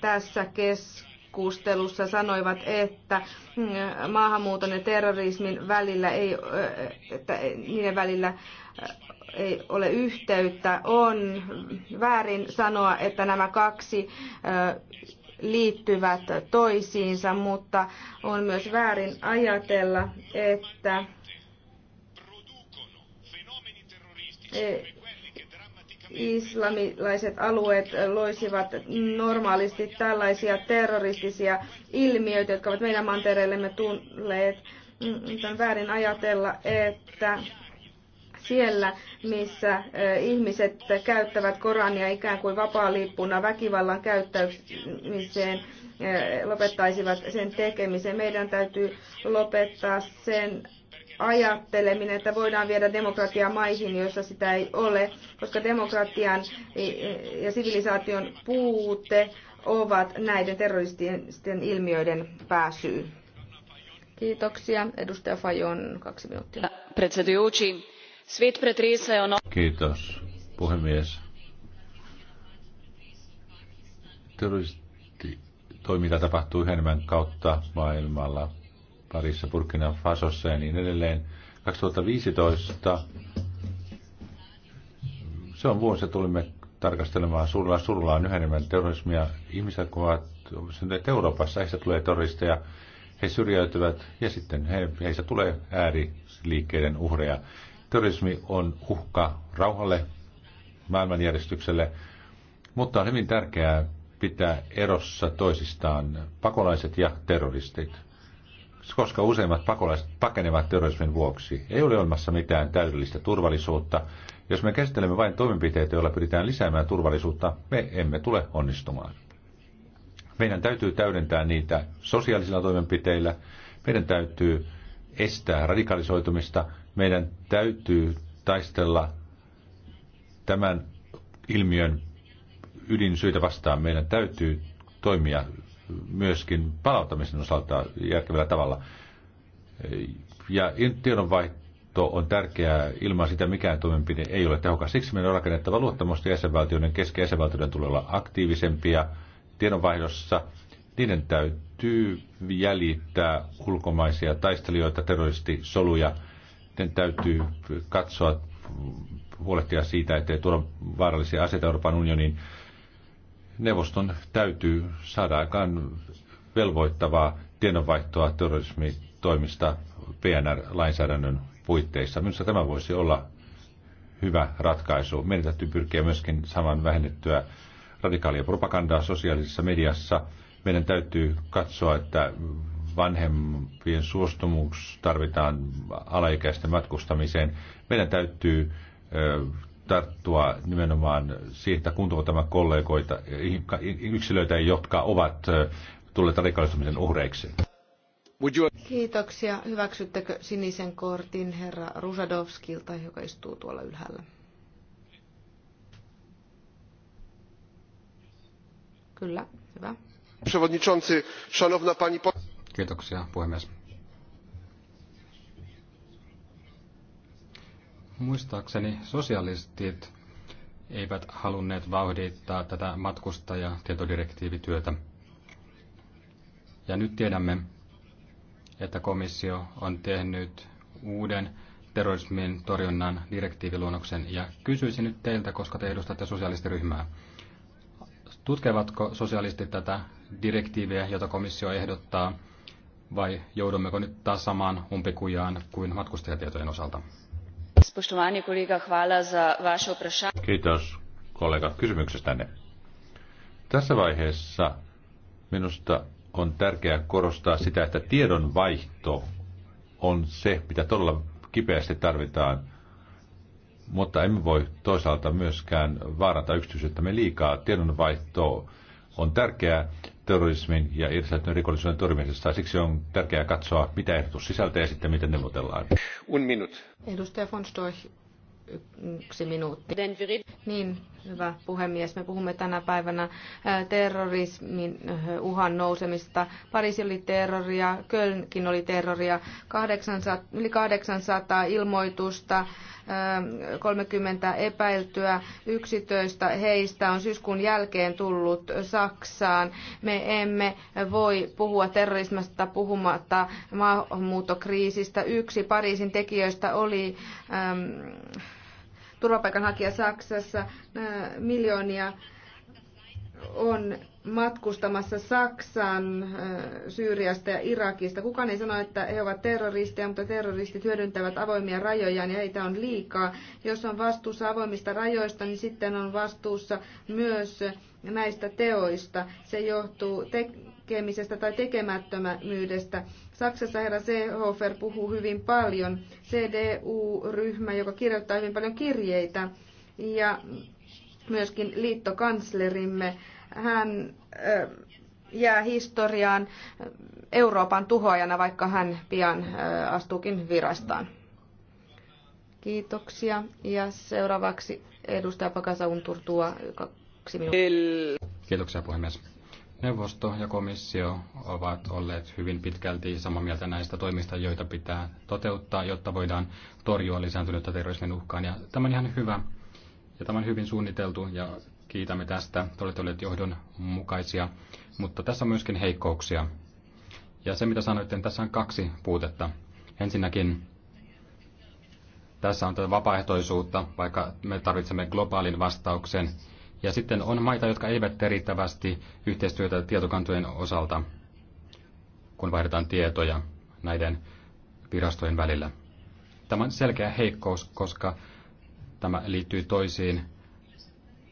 tässä keskustelussa sanoivat, että mm, maahanmuuton ja terrorismin välillä ei, että niiden välillä ei ole yhteyttä. On väärin sanoa, että nämä kaksi liittyvät toisiinsa, mutta on myös väärin ajatella, että e, islamilaiset alueet loisivat normaalisti tällaisia terroristisia ilmiöitä, jotka ovat meidän mantereillemme tulleet. Mm, mm, on väärin ajatella, että siellä, missä ihmiset käyttävät Korania ikään kuin vapaalippuna väkivallan käyttämiseen, lopettaisivat sen tekemisen. Meidän täytyy lopettaa sen ajatteleminen, että voidaan viedä demokratia maihin, joissa sitä ei ole, koska demokratian ja sivilisaation puute ovat näiden terroristien ilmiöiden pääsyy. Kiitoksia. Edustaja Fajon, kaksi minuuttia. No- Kiitos, puhemies. Terroristitoiminta tapahtuu yhä enemmän kautta maailmalla, Parissa, Burkina Fasossa ja niin edelleen. 2015 se on vuosi, tulimme tarkastelemaan suurella surulla on yhä enemmän terrorismia. Ihmiset, ovat syntyneet Euroopassa, heistä tulee terroristeja, he syrjäytyvät ja sitten he, heistä tulee ääriliikkeiden uhreja. Terrorismi on uhka rauhalle, maailmanjärjestykselle, mutta on hyvin tärkeää pitää erossa toisistaan pakolaiset ja terroristit. Koska useimmat pakolaiset pakenevat terrorismin vuoksi, ei ole olemassa mitään täydellistä turvallisuutta. Jos me käsittelemme vain toimenpiteitä, joilla pyritään lisäämään turvallisuutta, me emme tule onnistumaan. Meidän täytyy täydentää niitä sosiaalisilla toimenpiteillä, meidän täytyy estää radikalisoitumista meidän täytyy taistella tämän ilmiön ydinsyitä vastaan. Meidän täytyy toimia myöskin palauttamisen osalta järkevällä tavalla. Ja tiedonvaihto on tärkeää. Ilman sitä mikään toimenpide ei ole tehokas. Siksi meidän on rakennettava luottamusta jäsenvaltioiden kesken. Jäsenvaltioiden tulee olla aktiivisempia tiedonvaihdossa. Niiden täytyy jäljittää ulkomaisia taistelijoita, terroristisoluja sitten täytyy katsoa, huolehtia siitä, ettei tuoda vaarallisia aseita Euroopan unionin neuvoston täytyy saada aikaan velvoittavaa tiedonvaihtoa terrorismitoimista PNR-lainsäädännön puitteissa. Minusta tämä voisi olla hyvä ratkaisu. Meidän täytyy pyrkiä myöskin saman vähennettyä radikaalia propagandaa sosiaalisessa mediassa. Meidän täytyy katsoa, että vanhempien suostumus tarvitaan alaikäisten matkustamiseen. Meidän täytyy tarttua nimenomaan siihen, että tämä kollegoita, yksilöitä, jotka ovat tulleet rikollistumisen uhreiksi. Kiitoksia. Hyväksyttekö sinisen kortin herra Rusadovskilta, joka istuu tuolla ylhäällä? Kyllä, hyvä. Przewodniczący, szanowna pani... Kiitoksia, puhemies. Muistaakseni sosialistit eivät halunneet vauhdittaa tätä matkustajatietodirektiivityötä. Ja nyt tiedämme, että komissio on tehnyt uuden terrorismin torjunnan direktiiviluonnoksen. Ja kysyisin nyt teiltä, koska te edustatte sosialistiryhmää. Tutkevatko sosialistit tätä direktiiviä, jota komissio ehdottaa, vai joudummeko nyt taas samaan umpikujaan kuin matkustajatietojen osalta? Spoštovani kollega, hvala za vaše vprašanje. Kiitos kollega kysymyksestänne. Tässä vaiheessa minusta on tärkeää korostaa sitä, että tiedon vaihto on se, mitä todella kipeästi tarvitaan, mutta emme voi toisaalta myöskään vaarata yksityisyyttämme liikaa. Tiedonvaihto on tärkeää terrorismin ja irtisanotun rikollisuuden torjumisesta. Siksi on tärkeää katsoa, mitä ehdotus sisältää ja sitten miten neuvotellaan. Un minut. Edustaja von Storch, yksi minuutti. Niin, hyvä puhemies. Me puhumme tänä päivänä terrorismin uhan nousemista. Pariisi oli terroria, Kölnkin oli terroria, 800, yli 800 ilmoitusta, 30 epäiltyä, 11 heistä on syyskuun jälkeen tullut Saksaan. Me emme voi puhua terrorismista puhumatta maahanmuuttokriisistä. Yksi Pariisin tekijöistä oli turvapaikanhakija Saksassa. Miljoonia on matkustamassa Saksan, Syyriasta ja Irakista. Kukaan ei sano, että he ovat terroristeja, mutta terroristit hyödyntävät avoimia rajojaan ja heitä on liikaa. Jos on vastuussa avoimista rajoista, niin sitten on vastuussa myös näistä teoista. Se johtuu tekemisestä tai tekemättömyydestä. Saksassa herra Seehofer puhuu hyvin paljon. CDU-ryhmä, joka kirjoittaa hyvin paljon kirjeitä ja myöskin liittokanslerimme. Hän jää historiaan Euroopan tuhoajana, vaikka hän pian astuukin virastaan. Kiitoksia. Ja seuraavaksi edustaja Pakasa Unturtua, kaksi minuuttia. Kiitoksia puhemies. Neuvosto ja komissio ovat olleet hyvin pitkälti samaa mieltä näistä toimista, joita pitää toteuttaa, jotta voidaan torjua lisääntynyttä terrorismin uhkaan. Ja tämä on ihan hyvä ja tämä on hyvin suunniteltu ja kiitämme tästä. Te olette olleet johdonmukaisia, mutta tässä on myöskin heikkouksia. Ja se, mitä sanoitte, niin tässä on kaksi puutetta. Ensinnäkin tässä on tätä vapaaehtoisuutta, vaikka me tarvitsemme globaalin vastauksen ja sitten on maita, jotka eivät tee riittävästi yhteistyötä tietokantojen osalta, kun vaihdetaan tietoja näiden virastojen välillä. Tämä on selkeä heikkous, koska tämä liittyy toisiin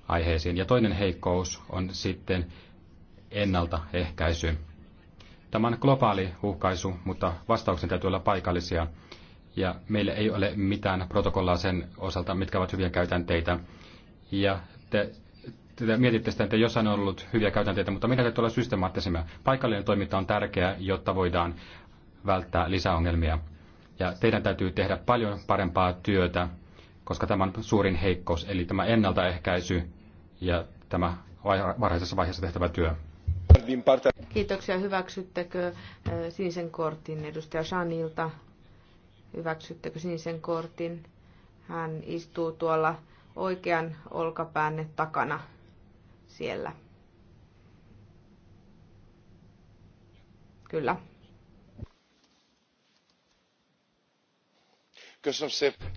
aiheisiin. Ja toinen heikkous on sitten ennaltaehkäisy. Tämä on globaali uhkaisu, mutta vastauksen täytyy olla paikallisia. Ja meillä ei ole mitään protokollaa sen osalta, mitkä ovat hyviä käytänteitä. Ja te te mietitte sitä, että jossain on ollut hyviä käytänteitä, mutta meidän täytyy olla systemaattisemmin. Paikallinen toiminta on tärkeää, jotta voidaan välttää lisäongelmia. Ja teidän täytyy tehdä paljon parempaa työtä, koska tämä on suurin heikkous, eli tämä ennaltaehkäisy ja tämä varhaisessa vaiheessa tehtävä työ. Kiitoksia. Hyväksyttekö äh, sinisen kortin edustaja Sanilta? Hyväksyttekö sinisen kortin? Hän istuu tuolla oikean olkapäänne takana siellä. Kyllä.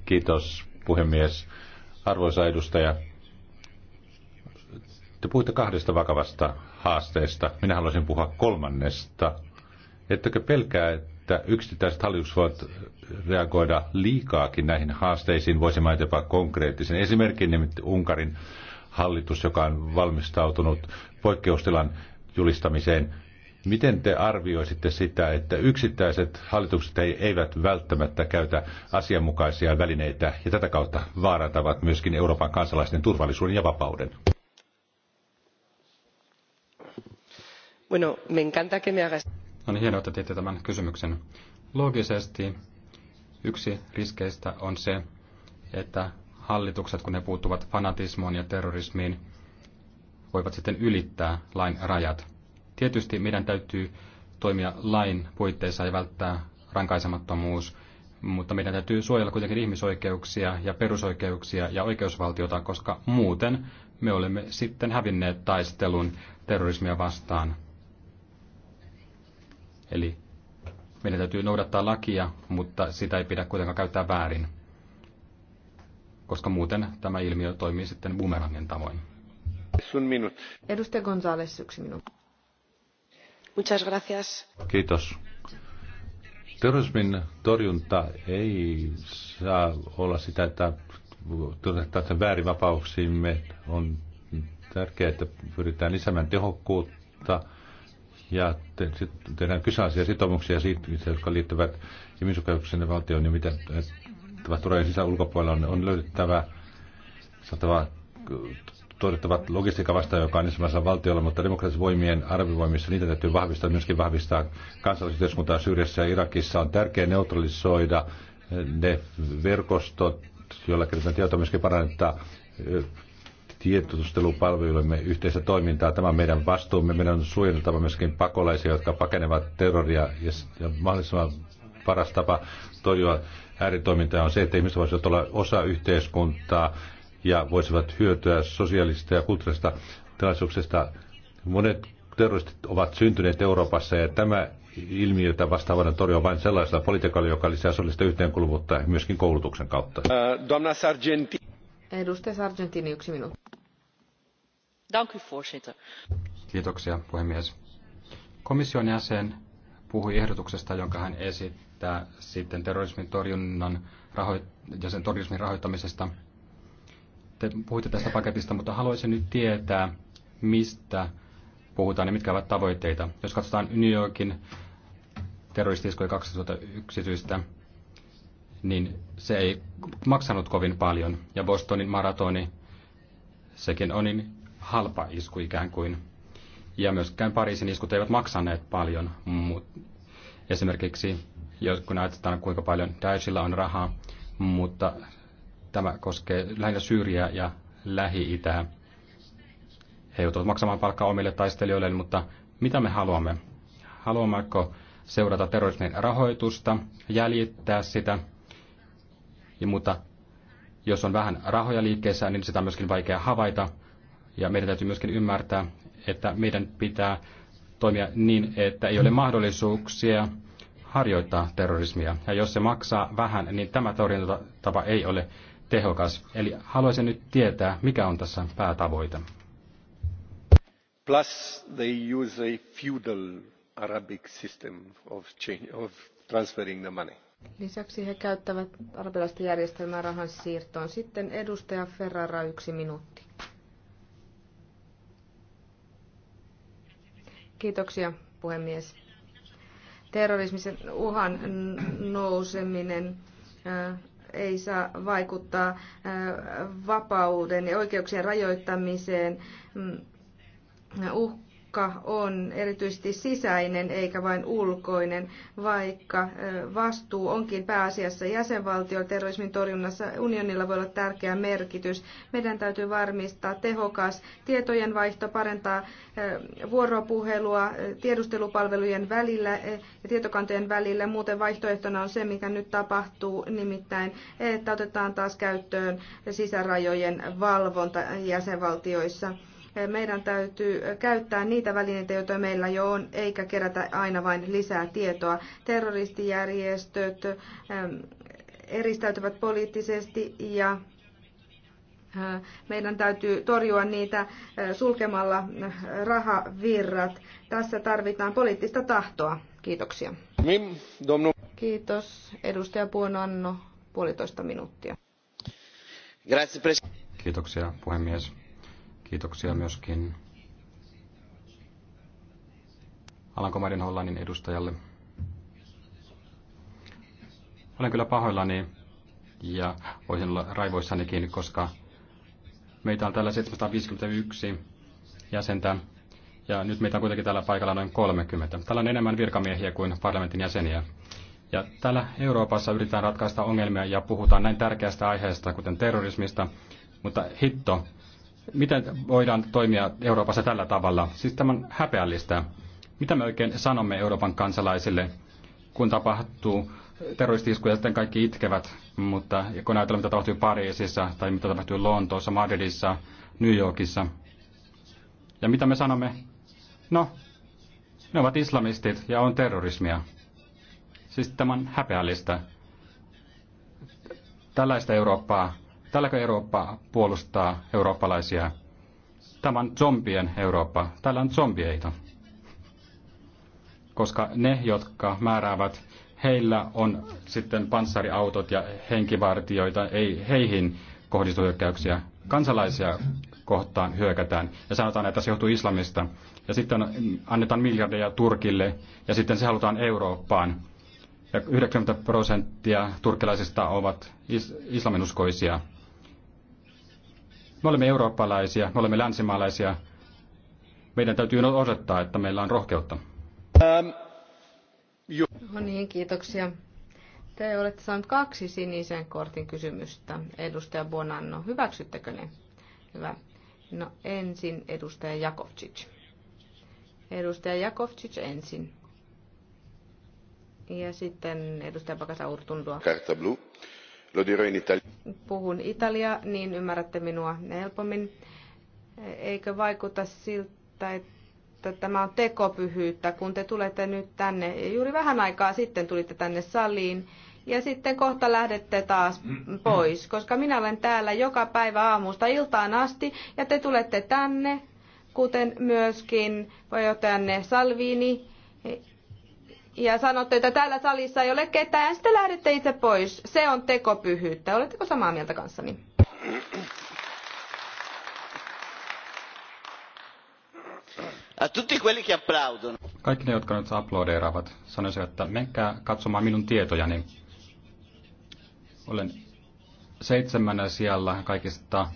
Kiitos puhemies. Arvoisa edustaja, te puhuitte kahdesta vakavasta haasteesta. Minä haluaisin puhua kolmannesta. Ettekö pelkää, että yksittäiset hallitukset voivat reagoida liikaakin näihin haasteisiin? Voisi mainita jopa konkreettisen esimerkin, nimittäin Unkarin hallitus, joka on valmistautunut poikkeustilan julistamiseen. Miten te arvioisitte sitä, että yksittäiset hallitukset eivät välttämättä käytä asianmukaisia välineitä ja tätä kautta vaarantavat myöskin Euroopan kansalaisten turvallisuuden ja vapauden? Bueno, me encanta que me hagas... On no niin, hienoa, että teitte tämän kysymyksen. Loogisesti yksi riskeistä on se, että hallitukset, kun ne puuttuvat fanatismoon ja terrorismiin, voivat sitten ylittää lain rajat. Tietysti meidän täytyy toimia lain puitteissa ja välttää rankaisemattomuus, mutta meidän täytyy suojella kuitenkin ihmisoikeuksia ja perusoikeuksia ja oikeusvaltiota, koska muuten me olemme sitten hävinneet taistelun terrorismia vastaan. Eli meidän täytyy noudattaa lakia, mutta sitä ei pidä kuitenkaan käyttää väärin koska muuten tämä ilmiö toimii sitten bumerangin tavoin. Sun minut. Edustaja González, yksi minuutti. Muchas gracias. Kiitos. Terrorismin torjunta ei saa olla sitä, että toteutetaan väärin On tärkeää, että pyritään lisäämään tehokkuutta ja te, sit, tehdään kyseenalaisia sitoumuksia siitä, jotka liittyvät ihmisoikeuksien valtioon ja mitä tapahtuu rajojen sisä ulkopuolella, on, on löydettävä tuotettava logistiikka vastaan, joka on ensimmäisellä valtiolla, mutta demokraattisen voimien arvivoimissa niitä täytyy vahvistaa, myöskin vahvistaa kansalaisyhteiskuntaa Syyriassa ja Irakissa. On tärkeää neutralisoida ne verkostot, joilla kerätään tietoa myöskin parantaa tietotustelupalveluimme yhteistä toimintaa. Tämä on meidän vastuumme. Meidän on suojeltava myöskin pakolaisia, jotka pakenevat terroria ja, ja mahdollisimman paras tapa torjua ääritoimintaa on se, että ihmiset voisivat olla osa yhteiskuntaa ja voisivat hyötyä sosiaalista ja kulttuurista tilaisuuksista. Monet terroristit ovat syntyneet Euroopassa ja tämä ilmiö jota vastaavana torjua vain sellaisella politiikalla, joka lisää sosiaalista yhteenkuuluvuutta myöskin koulutuksen kautta. Äh, Donna Sargenti. Edustaja Sargentini, yksi minuutti. Kiitoksia, puhemies. Komission jäsen puhui ehdotuksesta, jonka hän esitti että sitten terrorismin torjunnan raho- ja sen terrorismin rahoittamisesta. Te puhuitte tästä paketista, mutta haluaisin nyt tietää, mistä puhutaan ja mitkä ovat tavoitteita. Jos katsotaan New Yorkin terroristiskoja 2011, niin se ei maksanut kovin paljon. Ja Bostonin maratoni, sekin on niin halpa isku ikään kuin. Ja myöskään Pariisin iskut eivät maksaneet paljon. Esimerkiksi jos kun ajatellaan kuinka paljon Daeshilla on rahaa, mutta tämä koskee lähinnä Syyriä ja Lähi-Itää. He joutuvat maksamaan palkkaa omille taistelijoille, mutta mitä me haluamme? Haluammeko seurata terrorismin rahoitusta, jäljittää sitä, ja, mutta jos on vähän rahoja liikkeessä, niin sitä on myöskin vaikea havaita. Ja meidän täytyy myöskin ymmärtää, että meidän pitää toimia niin, että ei ole mahdollisuuksia harjoittaa terrorismia. Ja jos se maksaa vähän, niin tämä torjuntatapa ei ole tehokas. Eli haluaisin nyt tietää, mikä on tässä päätavoite. Plus they use a feudal Arabic system of, change, of transferring the money. Lisäksi he käyttävät arabilaista järjestelmää rahan siirtoon. Sitten edustaja Ferrara yksi minuutti. Kiitoksia puhemies terrorismisen uhan nouseminen äh, ei saa vaikuttaa äh, vapauden ja oikeuksien rajoittamiseen. Uh, uhka on erityisesti sisäinen eikä vain ulkoinen, vaikka vastuu onkin pääasiassa jäsenvaltioilla terrorismin torjunnassa. Unionilla voi olla tärkeä merkitys. Meidän täytyy varmistaa tehokas tietojen vaihto, parantaa vuoropuhelua tiedustelupalvelujen välillä ja tietokantojen välillä. Muuten vaihtoehtona on se, mikä nyt tapahtuu, nimittäin, että otetaan taas käyttöön sisärajojen valvonta jäsenvaltioissa meidän täytyy käyttää niitä välineitä, joita meillä jo on, eikä kerätä aina vain lisää tietoa. Terroristijärjestöt ähm, eristäytyvät poliittisesti ja äh, meidän täytyy torjua niitä äh, sulkemalla äh, rahavirrat. Tässä tarvitaan poliittista tahtoa. Kiitoksia. Kiitos. Edustaja Puonanno, puolitoista minuuttia. Kiitoksia, puhemies Kiitoksia myöskin Alankomaiden Hollannin edustajalle. Olen kyllä pahoillani ja voisin olla raivoissanikin, koska meitä on täällä 751 jäsentä ja nyt meitä on kuitenkin täällä paikalla noin 30. Täällä on enemmän virkamiehiä kuin parlamentin jäseniä. Ja täällä Euroopassa yritetään ratkaista ongelmia ja puhutaan näin tärkeästä aiheesta, kuten terrorismista, mutta hitto, Miten voidaan toimia Euroopassa tällä tavalla? Siis tämän häpeällistä. Mitä me oikein sanomme Euroopan kansalaisille, kun tapahtuu terroristiskuja, sitten kaikki itkevät, mutta kun ajatellaan, mitä tapahtuu Pariisissa tai mitä tapahtuu Lontoossa, Madridissa, New Yorkissa. Ja mitä me sanomme? No, ne ovat islamistit ja on terrorismia. Siis tämä on häpeällistä. Tällaista Eurooppaa Tälläkö Eurooppa puolustaa eurooppalaisia? Tämä on zombien Eurooppa. Täällä on zombieita. Koska ne, jotka määräävät, heillä on sitten panssariautot ja henkivartioita, ei heihin kohdistu hyökkäyksiä. Kansalaisia kohtaan hyökätään ja sanotaan, että se johtuu islamista. Ja sitten annetaan miljardeja Turkille ja sitten se halutaan Eurooppaan. Ja 90 prosenttia turkkilaisista ovat is- islaminuskoisia. Me olemme eurooppalaisia, me olemme länsimaalaisia. Meidän täytyy osoittaa, että meillä on rohkeutta. Ähm, jo. No niin, kiitoksia. Te olette saaneet kaksi sinisen kortin kysymystä. Edustaja Bonanno, hyväksyttekö ne? Hyvä. No ensin edustaja Jakovcic. Edustaja Jakovcic ensin. Ja sitten edustaja Pakasa Urtundua. Kartta blue puhun italiaa, niin ymmärrätte minua helpommin. Eikö vaikuta siltä, että tämä on tekopyhyyttä, kun te tulette nyt tänne, juuri vähän aikaa sitten tulitte tänne saliin, ja sitten kohta lähdette taas pois, koska minä olen täällä joka päivä aamusta iltaan asti, ja te tulette tänne, kuten myöskin puheenjohtajanne Salvini, ja sanotte, että täällä salissa ei ole ketään, ja sitten lähdette itse pois. Se on tekopyhyyttä. Oletteko samaa mieltä kanssani? Kaikki ne, jotka nyt aplodeeraavat, sanoisivat, että menkää katsomaan minun tietojani. Olen seitsemännä siellä kaikista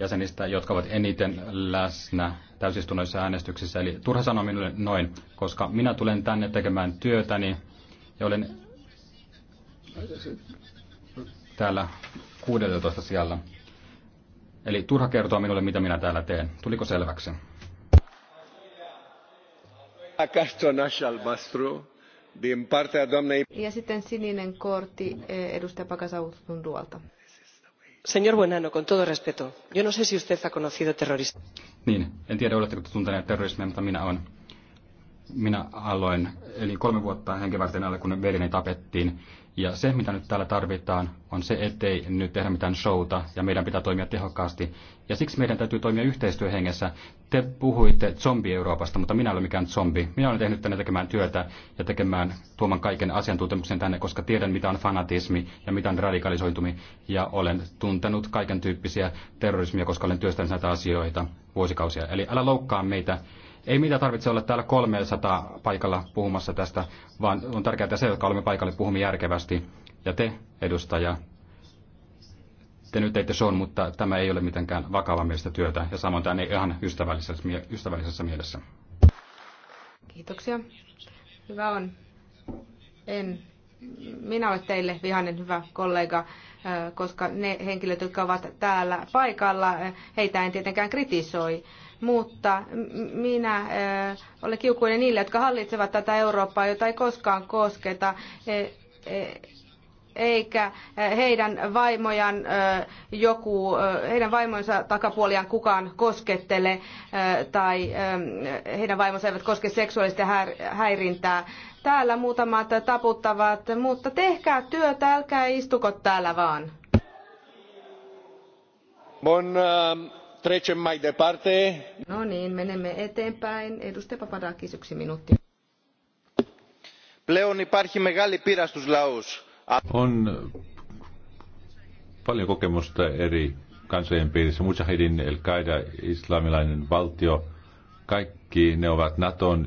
jäsenistä, jotka ovat eniten läsnä täysistunnoissa äänestyksissä. Eli turha sanoa minulle noin, koska minä tulen tänne tekemään työtäni ja olen täällä 16 siellä. Eli turha kertoa minulle, mitä minä täällä teen. Tuliko selväksi? Ja sitten sininen kortti eh, edustaja Pakasautun duolta. Señor Buenano, con todo respeto, yo no sé si usted ha conocido terroristas. Niin, en tiedä oletteko terrorismia, mutta minä olen minä aloin, eli kolme vuotta henkevarten alle, kun veljeni tapettiin. Ja se, mitä nyt täällä tarvitaan, on se, ettei nyt tehdä mitään showta, ja meidän pitää toimia tehokkaasti. Ja siksi meidän täytyy toimia yhteistyöhengessä. Te puhuitte zombi-Euroopasta, mutta minä olen mikään zombi. Minä olen tehnyt tänne tekemään työtä ja tekemään tuoman kaiken asiantuntemuksen tänne, koska tiedän, mitä on fanatismi ja mitä on radikalisoitumi. Ja olen tuntenut kaiken tyyppisiä terrorismia, koska olen työstänyt näitä asioita vuosikausia. Eli älä loukkaa meitä ei mitä tarvitse olla täällä 300 paikalla puhumassa tästä, vaan on tärkeää se, jotka olemme paikalle, puhumme järkevästi. Ja te, edustaja, te nyt teitte on, mutta tämä ei ole mitenkään vakava mielestä työtä, ja samoin tämä ei ihan ystävällisessä, ystävällisessä mielessä. Kiitoksia. Hyvä on. En minä olen teille vihainen hyvä kollega, koska ne henkilöt, jotka ovat täällä paikalla, heitä en tietenkään kritisoi mutta minä äh, olen kiukuinen niille, jotka hallitsevat tätä Eurooppaa, jota ei koskaan kosketa e, e, eikä äh, heidän vaimojan äh, joku, heidän vaimonsa takapuoliaan kukaan koskettele tai heidän vaimonsa eivät koske seksuaalista häirintää. Täällä muutamat taputtavat, mutta tehkää työtä, älkää istuko täällä vaan. Bon, uh trecem mai departe. No niin, menemme eteenpäin. Edustaja Papadakis, yksi minuutti. Πλέον υπάρχει μεγάλη πείρα στους λαούς. On paljon kokemusta eri kansojen piirissä. Mujahidin, El-Qaida, islamilainen valtio, kaikki ne ovat Naton,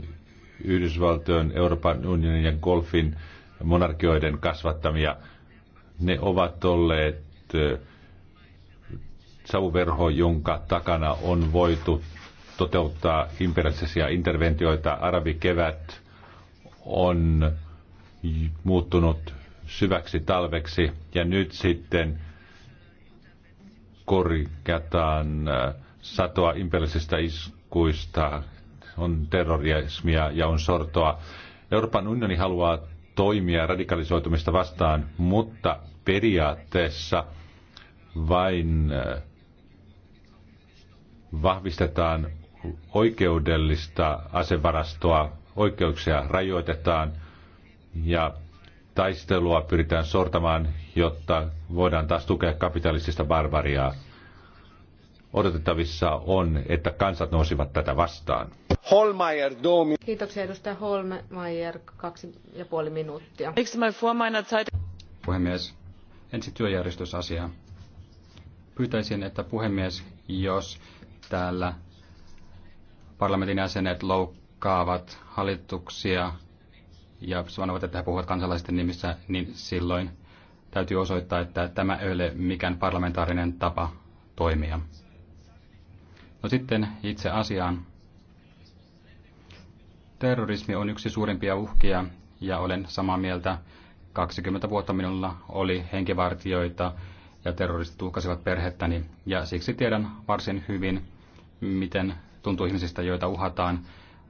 Yhdysvaltojen, Euroopan unionin ja Golfin monarkioiden kasvattamia. Ne ovat olleet äh, savuverho, jonka takana on voitu toteuttaa imperialistisia interventioita. Arabikevät on muuttunut syväksi talveksi ja nyt sitten korjataan äh, satoa imperialistisista iskuista, on terrorismia ja on sortoa. Euroopan unioni haluaa toimia radikalisoitumista vastaan, mutta periaatteessa vain äh, vahvistetaan oikeudellista asevarastoa, oikeuksia rajoitetaan ja taistelua pyritään sortamaan, jotta voidaan taas tukea kapitalistista barbariaa. Odotettavissa on, että kansat nousivat tätä vastaan. Holmeier, domi. Kiitoksia edustaja Holmeier, kaksi ja puoli minuuttia. Puhemies, ensi työjärjestysasia. Pyytäisin, että puhemies, jos täällä parlamentin jäsenet loukkaavat hallituksia ja sanovat, että he puhuvat kansalaisten nimissä, niin silloin täytyy osoittaa, että tämä ei ole mikään parlamentaarinen tapa toimia. No sitten itse asiaan. Terrorismi on yksi suurimpia uhkia ja olen samaa mieltä. 20 vuotta minulla oli henkivartioita ja terroristit uhkasivat perhettäni ja siksi tiedän varsin hyvin, miten tuntuu ihmisistä, joita uhataan,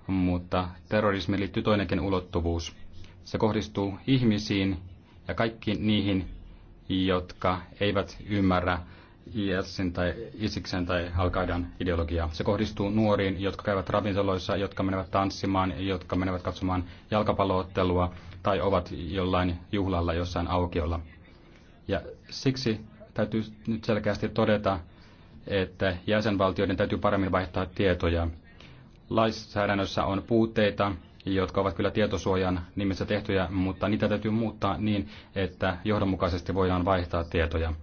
mutta terrorismiin liittyy toinenkin ulottuvuus. Se kohdistuu ihmisiin ja kaikkiin niihin, jotka eivät ymmärrä ISin tai Isiksen tai al ideologiaa. Se kohdistuu nuoriin, jotka käyvät ravintoloissa, jotka menevät tanssimaan, jotka menevät katsomaan jalkapalloottelua tai ovat jollain juhlalla jossain aukiolla. Ja siksi täytyy nyt selkeästi todeta, että jäsenvaltioiden täytyy paremmin vaihtaa tietoja. Lainsäädännössä on puutteita, jotka ovat kyllä tietosuojan nimissä tehtyjä, mutta niitä täytyy muuttaa niin, että johdonmukaisesti voidaan vaihtaa tietoja.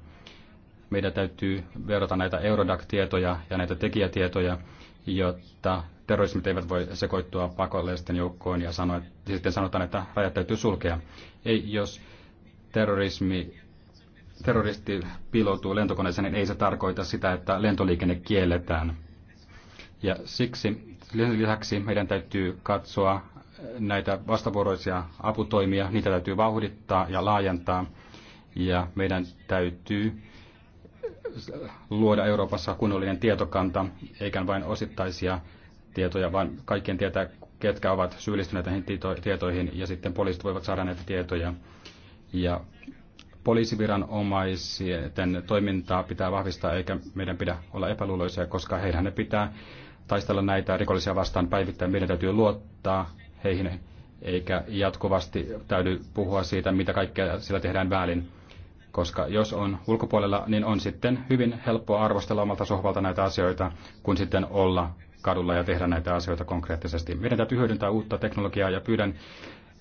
Meidän täytyy verrata näitä Eurodac-tietoja ja näitä tekijätietoja, jotta terrorismit eivät voi sekoittua pakollisten joukkoon ja sanoa, sitten sanotaan, että rajat täytyy sulkea. Ei, jos terrorismi terroristi piiloutuu lentokoneeseen, niin ei se tarkoita sitä, että lentoliikenne kielletään. Ja siksi lisäksi meidän täytyy katsoa näitä vastavuoroisia aputoimia, niitä täytyy vauhdittaa ja laajentaa. Ja meidän täytyy luoda Euroopassa kunnollinen tietokanta, eikä vain osittaisia tietoja, vaan kaikkien tietää, ketkä ovat syyllistyneet näihin tietoihin, ja sitten poliisit voivat saada näitä tietoja. Ja poliisiviranomaisten toimintaa pitää vahvistaa, eikä meidän pidä olla epäluuloisia, koska heidän ne pitää taistella näitä rikollisia vastaan päivittäin. Meidän täytyy luottaa heihin, eikä jatkuvasti täydy puhua siitä, mitä kaikkea sillä tehdään väärin. Koska jos on ulkopuolella, niin on sitten hyvin helppo arvostella omalta sohvalta näitä asioita, kun sitten olla kadulla ja tehdä näitä asioita konkreettisesti. Meidän täytyy hyödyntää uutta teknologiaa ja pyydän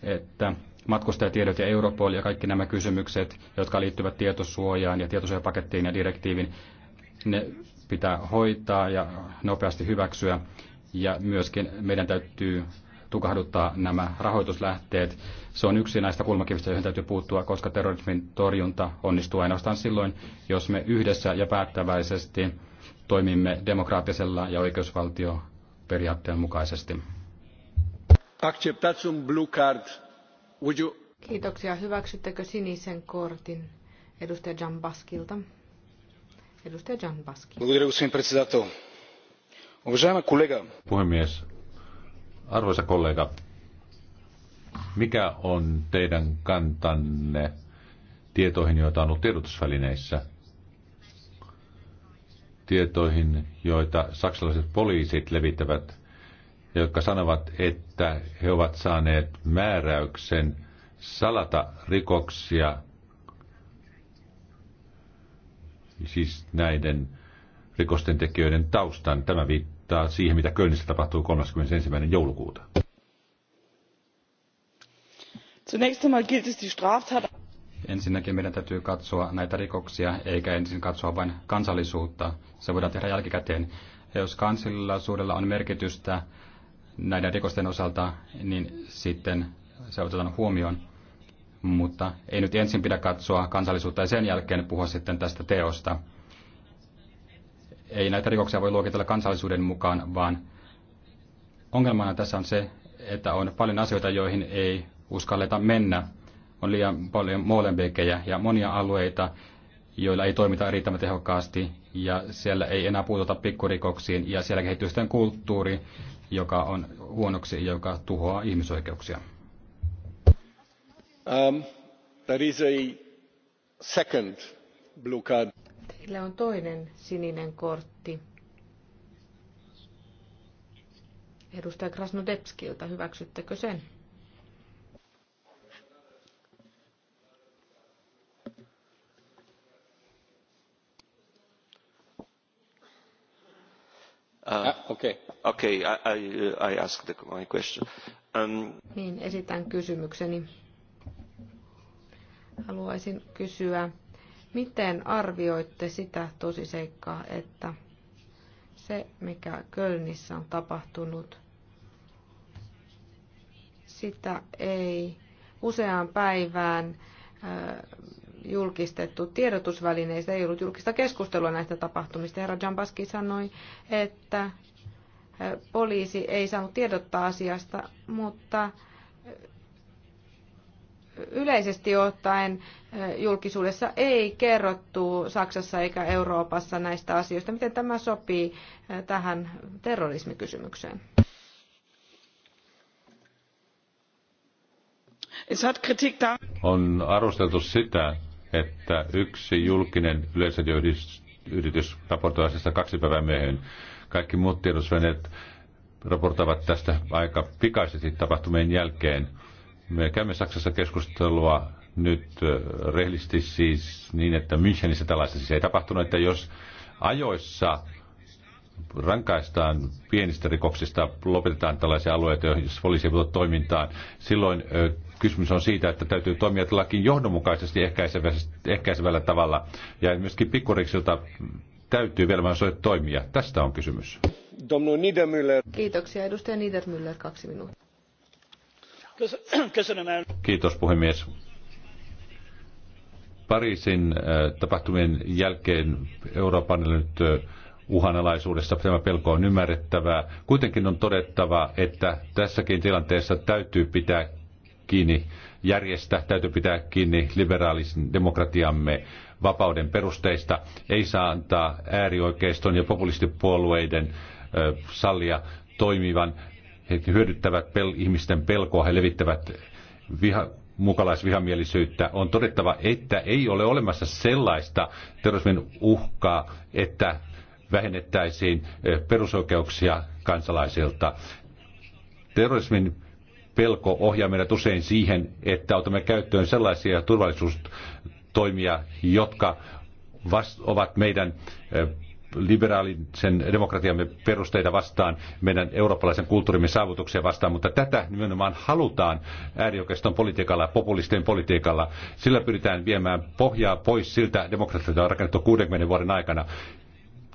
että matkustajatiedot ja Europol ja kaikki nämä kysymykset, jotka liittyvät tietosuojaan ja tietosuojapakettiin ja direktiivin, ne pitää hoitaa ja nopeasti hyväksyä. Ja myöskin meidän täytyy tukahduttaa nämä rahoituslähteet. Se on yksi näistä kulmakivistä, joihin täytyy puuttua, koska terrorismin torjunta onnistuu ainoastaan silloin, jos me yhdessä ja päättäväisesti toimimme demokraattisella ja oikeusvaltioperiaatteen mukaisesti. Acceptați un blue card. Would you... Kiitoksia. Hyväksyttekö sinisen kortin edustaja Jan Baskilta? Edustaja Jan Baski. Puhemies, arvoisa kollega, mikä on teidän kantanne tietoihin, joita on ollut tiedotusvälineissä? Tietoihin, joita saksalaiset poliisit levittävät jotka sanovat, että he ovat saaneet määräyksen salata rikoksia, siis näiden rikosten tekijöiden taustan. Tämä viittaa siihen, mitä Kölnissä tapahtuu 31. joulukuuta. Zunächst einmal gilt es die Straftat. Ensinnäkin meidän täytyy katsoa näitä rikoksia, eikä ensin katsoa vain kansallisuutta. Se voidaan tehdä jälkikäteen. Ja jos kansallisuudella on merkitystä näiden rikosten osalta, niin sitten se otetaan huomioon. Mutta ei nyt ensin pidä katsoa kansallisuutta ja sen jälkeen puhua sitten tästä teosta. Ei näitä rikoksia voi luokitella kansallisuuden mukaan, vaan ongelmana tässä on se, että on paljon asioita, joihin ei uskalleta mennä. On liian paljon moolembekejä ja monia alueita, joilla ei toimita riittävän tehokkaasti ja siellä ei enää puututa pikkurikoksiin ja siellä kehittyy sitten kulttuuri, joka on huonoksi ja joka tuhoaa ihmisoikeuksia. Um, there is a second blue card. Teillä on toinen sininen kortti. Edustaja Krasnodebskilta, hyväksyttekö sen? Niin, esitän kysymykseni. Haluaisin kysyä, miten arvioitte sitä tosiseikkaa, että se, mikä Kölnissä on tapahtunut, sitä ei useaan päivään äh, julkistettu tiedotusvälineistä, ei ollut julkista keskustelua näistä tapahtumista. Herra Jambaski sanoi, että poliisi ei saanut tiedottaa asiasta, mutta yleisesti ottaen julkisuudessa ei kerrottu Saksassa eikä Euroopassa näistä asioista. Miten tämä sopii tähän terrorismikysymykseen? On arvosteltu sitä, että yksi julkinen yleisöyritys raportoi asiasta kaksi päivää myöhemmin. Kaikki muut tiedotusvälineet raportoivat tästä aika pikaisesti tapahtumien jälkeen. Me käymme Saksassa keskustelua nyt rehellisesti siis niin, että Münchenissä tällaista siis ei tapahtunut, että jos ajoissa rankaistaan pienistä rikoksista, lopetetaan tällaisia alueita, joissa poliisi ei toimintaan. Silloin kysymys on siitä, että täytyy toimia lakin johdonmukaisesti ehkäisevällä, ehkäisevällä tavalla. Ja myöskin pikkuriksilta täytyy vielä vain toimia. Tästä on kysymys. Domnul Kiitoksia. Edustaja Niedermüller, kaksi minuuttia. Kiitos puhemies. Pariisin tapahtumien jälkeen Euroopan nyt uhanalaisuudesta. Tämä pelko on ymmärrettävää. Kuitenkin on todettava, että tässäkin tilanteessa täytyy pitää kiinni järjestä, täytyy pitää kiinni liberaalisen demokratiamme vapauden perusteista. Ei saa antaa äärioikeiston ja populistipuolueiden sallia toimivan. He hyödyttävät pel- ihmisten pelkoa, he levittävät viha, mukalaisvihamielisyyttä, on todettava, että ei ole olemassa sellaista terrorismin uhkaa, että vähennettäisiin eh, perusoikeuksia kansalaisilta. Terrorismin pelko ohjaa meidät usein siihen, että otamme käyttöön sellaisia turvallisuustoimia, jotka ovat meidän eh, liberaalisen demokratiamme perusteita vastaan, meidän eurooppalaisen kulttuurimme saavutuksia vastaan, mutta tätä nimenomaan halutaan äärioikeiston politiikalla ja populistien politiikalla. Sillä pyritään viemään pohjaa pois siltä demokratialta, jota on rakennettu 60 vuoden aikana.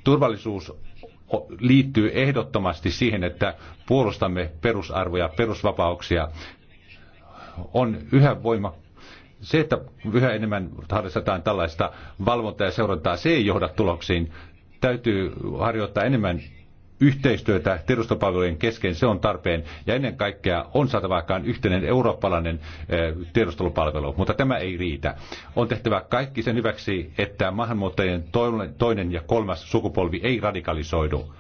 Turvallisuus liittyy ehdottomasti siihen, että puolustamme perusarvoja, perusvapauksia. On yhä voima, se, että yhä enemmän harrastetaan tällaista valvontaa ja seurantaa, se ei johda tuloksiin. Täytyy harjoittaa enemmän yhteistyötä tiedustelupalvelujen kesken, se on tarpeen. Ja ennen kaikkea on saatava aikaan yhteinen eurooppalainen tiedustelupalvelu, mutta tämä ei riitä. On tehtävä kaikki sen hyväksi, että maahanmuuttajien toinen ja kolmas sukupolvi ei radikalisoidu.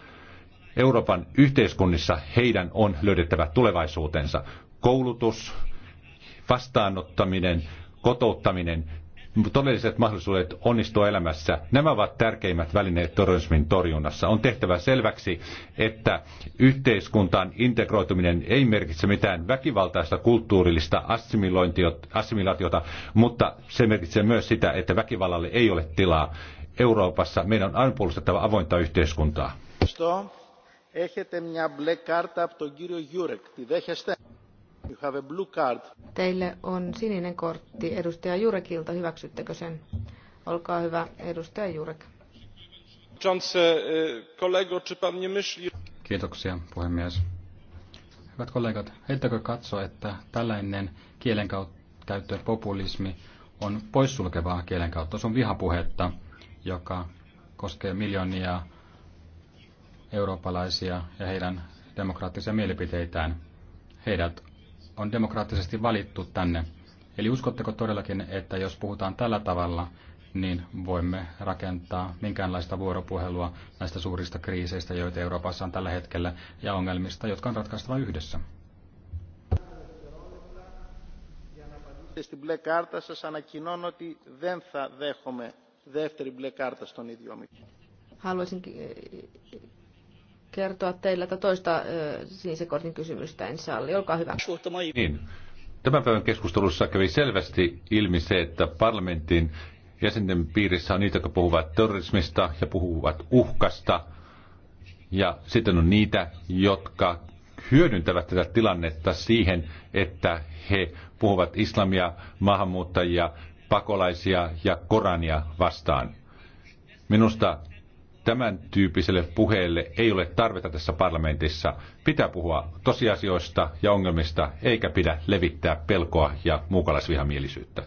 Euroopan yhteiskunnissa heidän on löydettävä tulevaisuutensa. Koulutus, vastaanottaminen, kotouttaminen, todelliset mahdollisuudet onnistua elämässä. Nämä ovat tärkeimmät välineet terrorismin torjunnassa. On tehtävä selväksi, että yhteiskuntaan integroituminen ei merkitse mitään väkivaltaista kulttuurillista assimilaatiota, mutta se merkitsee myös sitä, että väkivallalle ei ole tilaa. Euroopassa meidän on aina puolustettava avointa yhteiskuntaa. Teille on sininen kortti edustaja Jurekilta. Hyväksyttekö sen? Olkaa hyvä, edustaja Jurek. Eh, Kiitoksia, puhemies. Hyvät kollegat, heittäkö katsoa, että tällainen kielenkäyttö populismi on poissulkevaa kielenkäyttöä? Se on vihapuhetta, joka koskee miljoonia eurooppalaisia ja heidän demokraattisia mielipiteitään. Heidät on demokraattisesti valittu tänne. Eli uskotteko todellakin, että jos puhutaan tällä tavalla, niin voimme rakentaa minkäänlaista vuoropuhelua näistä suurista kriiseistä, joita Euroopassa on tällä hetkellä, ja ongelmista, jotka on ratkaistava yhdessä? Haluaisin kertoa teille, että toista sinisen kortin kysymystä en salli. Olkaa hyvä. Niin. Tämän päivän keskustelussa kävi selvästi ilmi se, että parlamentin jäsenten piirissä on niitä, jotka puhuvat terrorismista ja puhuvat uhkasta. Ja sitten on niitä, jotka hyödyntävät tätä tilannetta siihen, että he puhuvat islamia, maahanmuuttajia, pakolaisia ja Korania vastaan. Minusta Tämän tyyppiselle puheelle ei ole tarvetta tässä parlamentissa. Pitää puhua tosiasioista ja ongelmista, eikä pidä levittää pelkoa ja muukalaisvihamielisyyttä.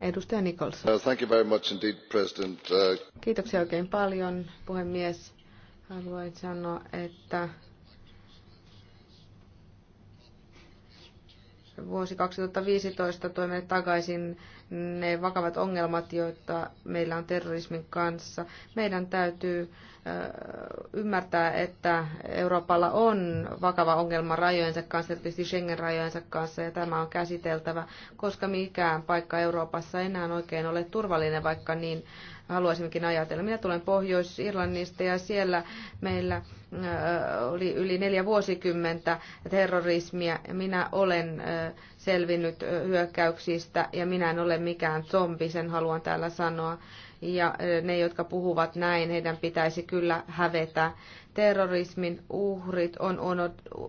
Edustaja Nicholson. Uh, thank you very much indeed, President. Uh, Kiitoksia oikein paljon, puhemies. Haluaisin sanoa, että vuosi 2015 toi meille takaisin ne vakavat ongelmat, joita meillä on terrorismin kanssa. Meidän täytyy ymmärtää, että Euroopalla on vakava ongelma rajojensa kanssa, erityisesti Schengen-rajojensa kanssa, ja tämä on käsiteltävä, koska mikään paikka Euroopassa enää oikein ole turvallinen, vaikka niin haluaisimmekin ajatella. Minä tulen Pohjois-Irlannista ja siellä meillä äh, oli yli neljä vuosikymmentä terrorismia. Minä olen äh, selvinnyt äh, hyökkäyksistä ja minä en ole mikään zombi, sen haluan täällä sanoa. Ja ne, jotka puhuvat näin, heidän pitäisi kyllä hävetä. Terrorismin uhrit on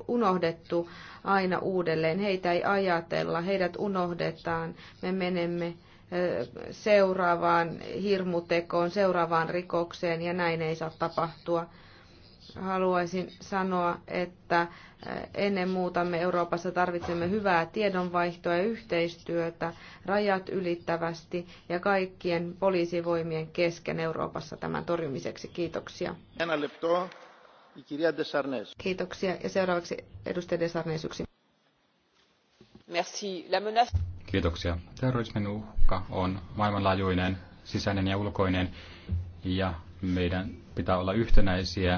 unohdettu aina uudelleen. Heitä ei ajatella, heidät unohdetaan. Me menemme seuraavaan hirmutekoon, seuraavaan rikokseen ja näin ei saa tapahtua. Haluaisin sanoa, että ennen muuta me Euroopassa tarvitsemme hyvää tiedonvaihtoa ja yhteistyötä rajat ylittävästi ja kaikkien poliisivoimien kesken Euroopassa tämän torjumiseksi. Kiitoksia. Kiitoksia ja seuraavaksi edustaja Desarnes yksi. Merci. La menace... Kiitoksia. Terrorismin uhka on maailmanlaajuinen, sisäinen ja ulkoinen, ja meidän pitää olla yhtenäisiä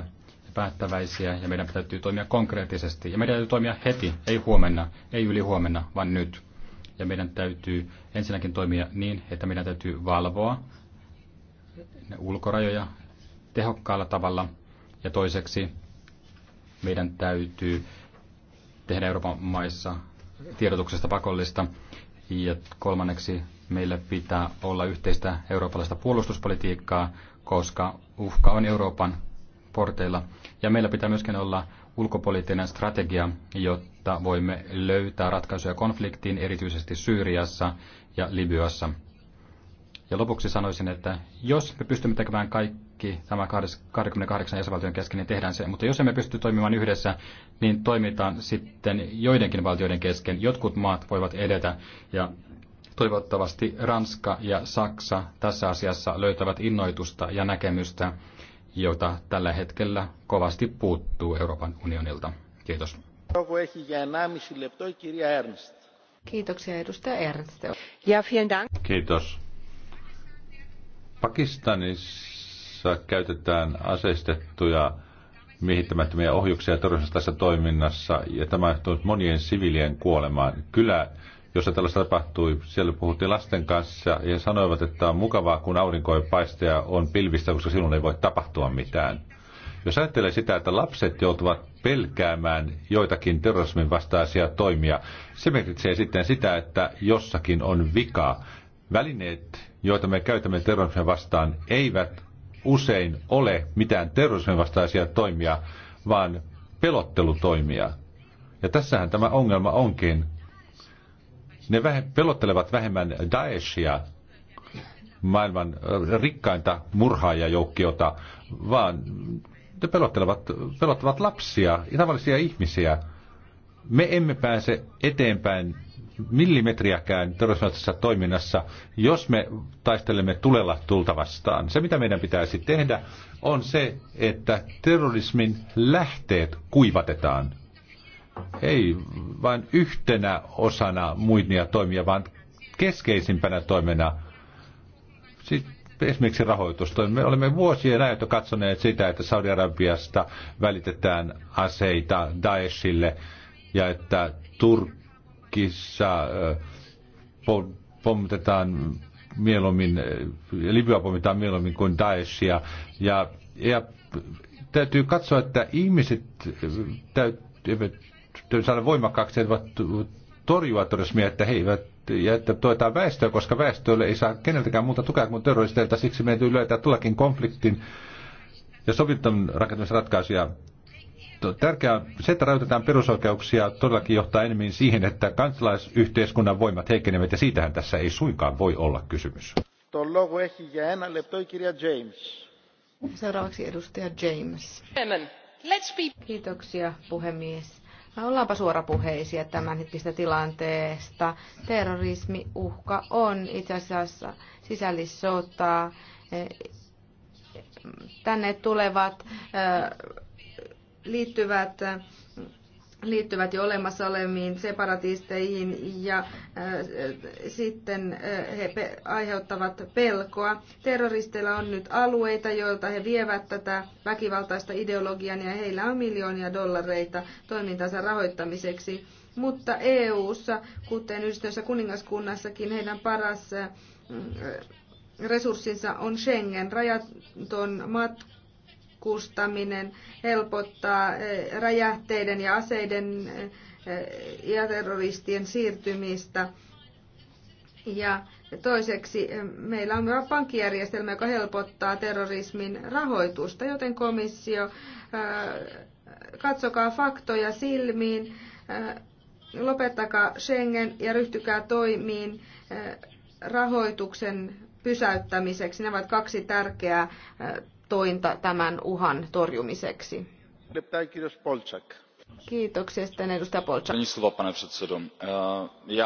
ja päättäväisiä, ja meidän täytyy toimia konkreettisesti. Ja meidän täytyy toimia heti, ei huomenna, ei yli huomenna, vaan nyt. Ja meidän täytyy ensinnäkin toimia niin, että meidän täytyy valvoa ulkorajoja tehokkaalla tavalla, ja toiseksi meidän täytyy tehdä Euroopan maissa tiedotuksesta pakollista ja kolmanneksi meillä pitää olla yhteistä eurooppalaista puolustuspolitiikkaa, koska uhka on Euroopan porteilla. Ja meillä pitää myöskin olla ulkopoliittinen strategia, jotta voimme löytää ratkaisuja konfliktiin, erityisesti Syyriassa ja Libyassa. Ja lopuksi sanoisin, että jos me pystymme tekemään kaikki kaikki tämä 28 jäsenvaltion kesken, niin tehdään se. Mutta jos emme pysty toimimaan yhdessä, niin toimitaan sitten joidenkin valtioiden kesken. Jotkut maat voivat edetä ja toivottavasti Ranska ja Saksa tässä asiassa löytävät innoitusta ja näkemystä, jota tällä hetkellä kovasti puuttuu Euroopan unionilta. Kiitos. Kiitoksia edustaja Ernst. Ja vielen Kiitos. Pakistanissa jossa käytetään aseistettuja miehittämättömiä ohjuksia tässä toiminnassa, ja tämä on johtanut monien sivilien kuolemaan. Kylä, jossa tällaista tapahtui, siellä puhuttiin lasten kanssa, ja sanoivat, että on mukavaa, kun aurinko ei paista ja on pilvistä, koska silloin ei voi tapahtua mitään. Jos ajattelee sitä, että lapset joutuvat pelkäämään joitakin terrorismin vastaisia toimia, se merkitsee sitten sitä, että jossakin on vika. Välineet, joita me käytämme terrorismia vastaan, eivät usein ole mitään terrorismin vastaisia toimia, vaan pelottelutoimia. Ja tässähän tämä ongelma onkin. Ne vähe- pelottelevat vähemmän Daeshia, maailman rikkainta murhaajajoukkiota, vaan ne pelottelevat, pelottavat lapsia ja tavallisia ihmisiä – me emme pääse eteenpäin millimetriäkään terrorismaisessa toiminnassa, jos me taistelemme tulella tulta vastaan. Se, mitä meidän pitäisi tehdä, on se, että terrorismin lähteet kuivatetaan. Ei vain yhtenä osana muinia toimia, vaan keskeisimpänä toimena. Sitten siis esimerkiksi rahoitustoimi. Me olemme vuosien ajan katsoneet sitä, että Saudi-Arabiasta välitetään aseita Daeshille – ja että Turkissa pommitetaan mieluummin, Libya pommitetaan mieluummin kuin Daeshia. Ja, ja täytyy katsoa, että ihmiset täytyy, täytyy saada voimakkaaksi, että torjua terrorismia, että he eivät ja että tuetaan väestöä, koska väestölle ei saa keneltäkään muuta tukea kuin terroristeilta. Siksi meidän täytyy löytää tullakin konfliktin ja sovittamisen rakentamisratkaisuja tärkeää, se, että rajoitetaan perusoikeuksia, todellakin johtaa enemmän siihen, että kansalaisyhteiskunnan voimat heikkenevät, ja siitähän tässä ei suinkaan voi olla kysymys. Seuraavaksi edustaja James. Kiitoksia puhemies. Ollaanpa suorapuheisia tämänhetkistä tilanteesta. Terrorismi uhka on itse asiassa sisällissotaa. Eh, tänne tulevat eh, liittyvät liittyvät jo olemassa oleviin separatisteihin ja äh, sitten äh, he aiheuttavat pelkoa. Terroristeilla on nyt alueita, joilta he vievät tätä väkivaltaista ideologiaa ja heillä on miljoonia dollareita toimintansa rahoittamiseksi. Mutta EU-ssa, kuten yhdistössä kuningaskunnassakin, heidän paras äh, resurssinsa on Schengen, rajaton matka matkustaminen helpottaa eh, räjähteiden ja aseiden eh, ja terroristien siirtymistä. Ja toiseksi eh, meillä on myös pankkijärjestelmä, joka helpottaa terrorismin rahoitusta, joten komissio, katsokaa faktoja silmiin, lopettakaa Schengen ja ryhtykää toimiin rahoituksen pysäyttämiseksi. Nämä ovat kaksi tärkeää tointa tämän uhan torjumiseksi. Kiitoksia sitten edustaja Polčak. Eh,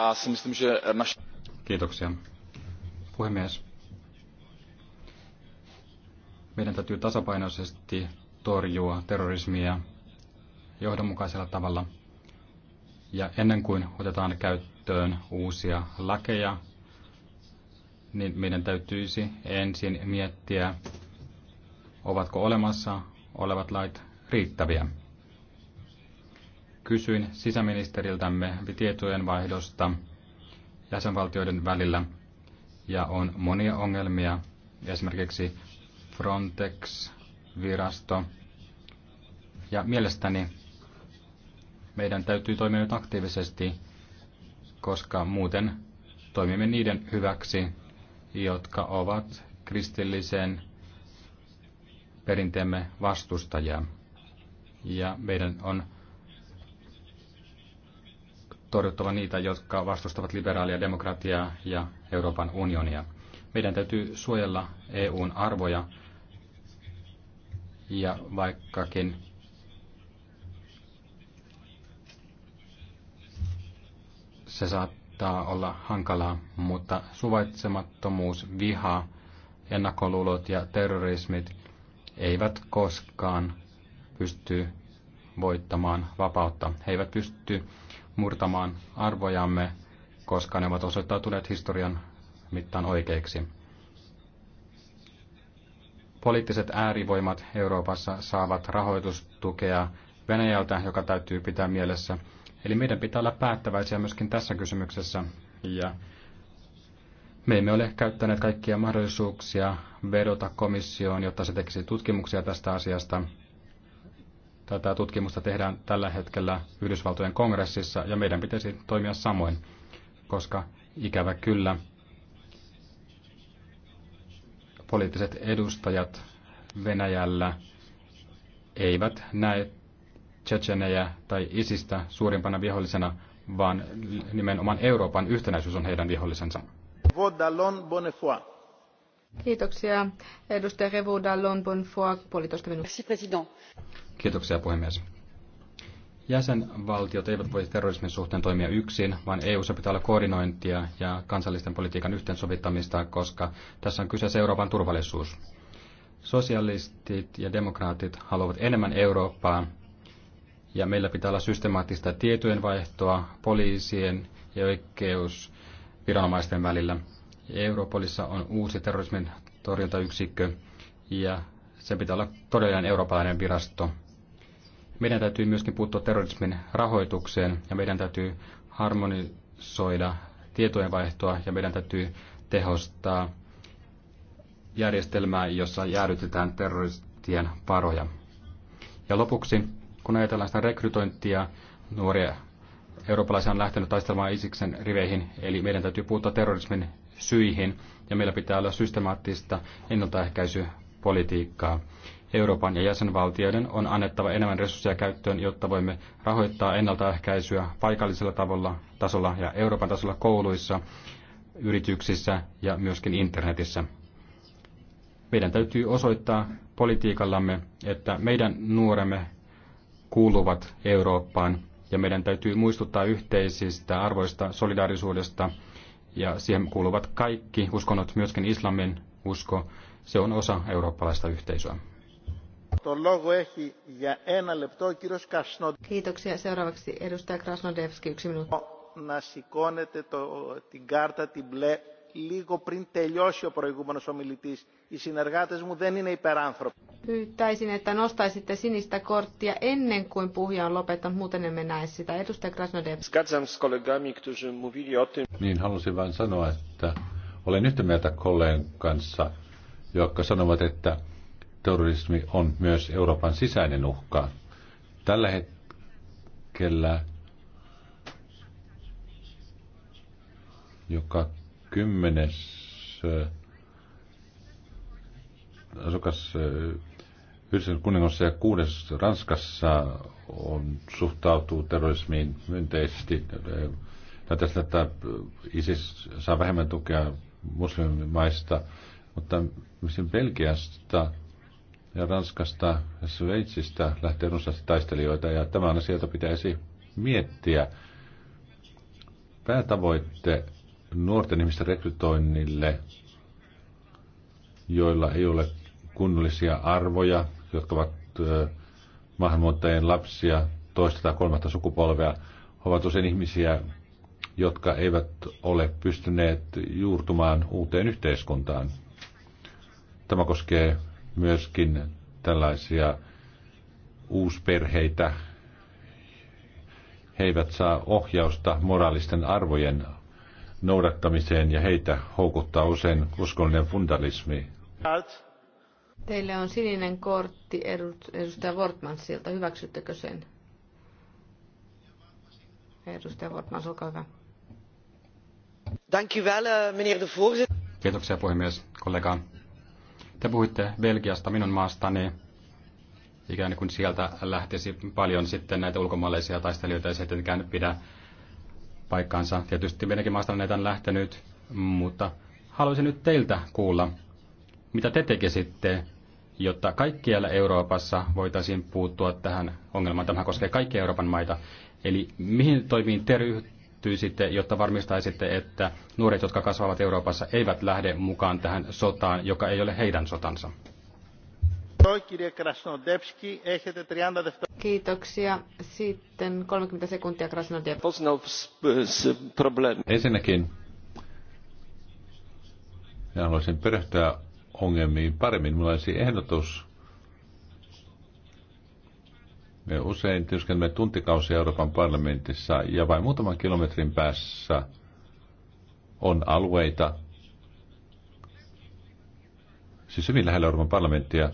Kiitoksia. Puhemies, meidän täytyy tasapainoisesti torjua terrorismia johdonmukaisella tavalla. Ja ennen kuin otetaan käyttöön uusia lakeja, niin meidän täytyisi ensin miettiä ovatko olemassa olevat lait riittäviä. Kysyin sisäministeriltämme tietojen vaihdosta jäsenvaltioiden välillä ja on monia ongelmia, esimerkiksi Frontex-virasto. Ja mielestäni meidän täytyy toimia nyt aktiivisesti, koska muuten toimimme niiden hyväksi, jotka ovat kristillisen perinteemme vastustajia. Ja meidän on torjuttava niitä, jotka vastustavat liberaalia demokratiaa ja Euroopan unionia. Meidän täytyy suojella EUn arvoja ja vaikkakin se saattaa olla hankalaa, mutta suvaitsemattomuus, viha, ennakkoluulot ja terrorismit eivät koskaan pysty voittamaan vapautta. He eivät pysty murtamaan arvojamme, koska ne ovat osoittautuneet historian mittaan oikeiksi. Poliittiset äärivoimat Euroopassa saavat rahoitustukea Venäjältä, joka täytyy pitää mielessä. Eli meidän pitää olla päättäväisiä myöskin tässä kysymyksessä ja me emme ole käyttäneet kaikkia mahdollisuuksia vedota komissioon, jotta se tekisi tutkimuksia tästä asiasta. Tätä tutkimusta tehdään tällä hetkellä Yhdysvaltojen kongressissa ja meidän pitäisi toimia samoin, koska ikävä kyllä poliittiset edustajat Venäjällä eivät näe Tsechenejä tai Isistä suurimpana vihollisena, vaan nimenomaan Euroopan yhtenäisyys on heidän vihollisensa arvoisa Kiitoksia. Kiitoksia puhemies. Jäsenvaltiot eivät voi terrorismin suhteen toimia yksin, vaan EU-ssa pitää olla koordinointia ja kansallisten politiikan yhteensovittamista, koska tässä on kyse Euroopan turvallisuus. Sosialistit ja demokraatit haluavat enemmän Eurooppaa, ja meillä pitää olla systemaattista tietojenvaihtoa poliisien ja oikeus viranomaisten välillä. Europolissa on uusi terrorismin torjuntayksikkö ja se pitää olla todellinen eurooppalainen virasto. Meidän täytyy myöskin puuttua terrorismin rahoitukseen ja meidän täytyy harmonisoida tietojenvaihtoa ja meidän täytyy tehostaa järjestelmää, jossa jäädytetään terroristien varoja. Ja lopuksi, kun ajatellaan sitä rekrytointia nuoria eurooppalaisia on lähtenyt taistelemaan Isiksen riveihin, eli meidän täytyy puuttua terrorismin syihin ja meillä pitää olla systemaattista ennaltaehkäisypolitiikkaa. Euroopan ja jäsenvaltioiden on annettava enemmän resursseja käyttöön, jotta voimme rahoittaa ennaltaehkäisyä paikallisella tavalla, tasolla ja Euroopan tasolla kouluissa, yrityksissä ja myöskin internetissä. Meidän täytyy osoittaa politiikallamme, että meidän nuoremme kuuluvat Eurooppaan ja meidän täytyy muistuttaa yhteisistä arvoista, solidaarisuudesta, ja siihen kuuluvat kaikki uskonnot, myöskin islamin usko. Se on osa eurooppalaista yhteisöä. Kiitoksia. Seuraavaksi edustaja Krasnodevski, yksi minuutti. Να σηκώνετε το, την κάρτα, την μπλε, λίγο πριν τελειώσει ο προηγούμενος ομιλητής. Οι συνεργάτες μου δεν είναι υπεράνθρωποι pyytäisin, että nostaisitte sinistä korttia ennen kuin puhuja on lopettanut, muuten emme näe sitä. Edustaja Krasnodebski. Niin, halusin vain sanoa, että olen yhtä mieltä kollegan kanssa, jotka sanovat, että terrorismi on myös Euroopan sisäinen uhka. Tällä hetkellä joka kymmenes äh, asukas äh, Yhdistynyt kuningossa ja kuudes Ranskassa on, suhtautuu terrorismiin myönteisesti. Näyttäisi, että ISIS saa vähemmän tukea muslimimaista, mutta myöskin Belgiasta ja Ranskasta ja Sveitsistä lähtee runsaasti taistelijoita, ja tämä on asia, jota pitäisi miettiä. Päätavoitte nuorten ihmisten rekrytoinnille, joilla ei ole kunnollisia arvoja, jotka ovat maahanmuuttajien lapsia, toista tai kolmatta sukupolvea, ovat usein ihmisiä, jotka eivät ole pystyneet juurtumaan uuteen yhteiskuntaan. Tämä koskee myöskin tällaisia uusperheitä. He eivät saa ohjausta moraalisten arvojen noudattamiseen ja heitä houkuttaa usein uskollinen fundalismi. Teillä on sininen kortti edustaja Wortmansilta. Hyväksyttekö sen? Edustaja Wortmans, olkaa hyvä. Eh, Kiitoksia puhemies, kollega. Te puhuitte Belgiasta, minun maastani, ikään kuin sieltä lähtisi paljon sitten näitä ulkomaalaisia taistelijoita, ja se tietenkään pidä paikkaansa. Tietysti meidänkin maasta näitä on lähtenyt, mutta haluaisin nyt teiltä kuulla, mitä te tekisitte jotta kaikkialla Euroopassa voitaisiin puuttua tähän ongelmaan. Tämä koskee kaikkia Euroopan maita. Eli mihin toimiin te ryhtyisitte, jotta varmistaisitte, että nuoret, jotka kasvavat Euroopassa, eivät lähde mukaan tähän sotaan, joka ei ole heidän sotansa? Kiitoksia. Sitten 30 sekuntia Krasnodebski. Ensinnäkin haluaisin perehtyä ongelmiin paremmin. Minulla olisi ehdotus. Me usein työskentelemme tuntikausia Euroopan parlamentissa ja vain muutaman kilometrin päässä on alueita, siis hyvin lähellä Euroopan parlamenttia,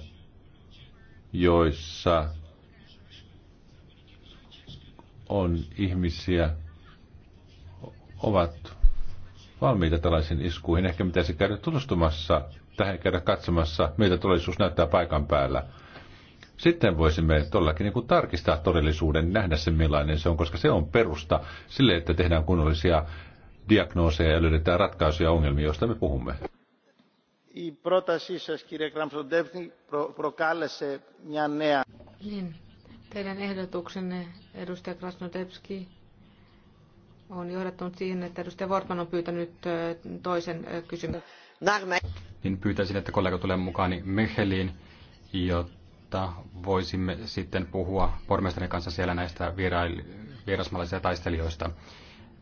joissa on ihmisiä, ovat valmiita tällaisiin iskuihin. Ehkä pitäisi käydä tutustumassa tähän käydä katsomassa, miltä todellisuus näyttää paikan päällä. Sitten voisimme todellakin niin tarkistaa todellisuuden, nähdä sen millainen se on, koska se on perusta sille, että tehdään kunnollisia diagnooseja ja löydetään ratkaisuja ongelmiin, joista me puhumme. Niin. Teidän ehdotuksenne, edustaja Krasnodevski, on johdattunut siihen, että edustaja Wortman on pyytänyt toisen kysymyksen niin pyytäisin, että kollega tulee mukaani Mecheliin, jotta voisimme sitten puhua pormestarin kanssa siellä näistä virail- vierasmaalaisista taistelijoista.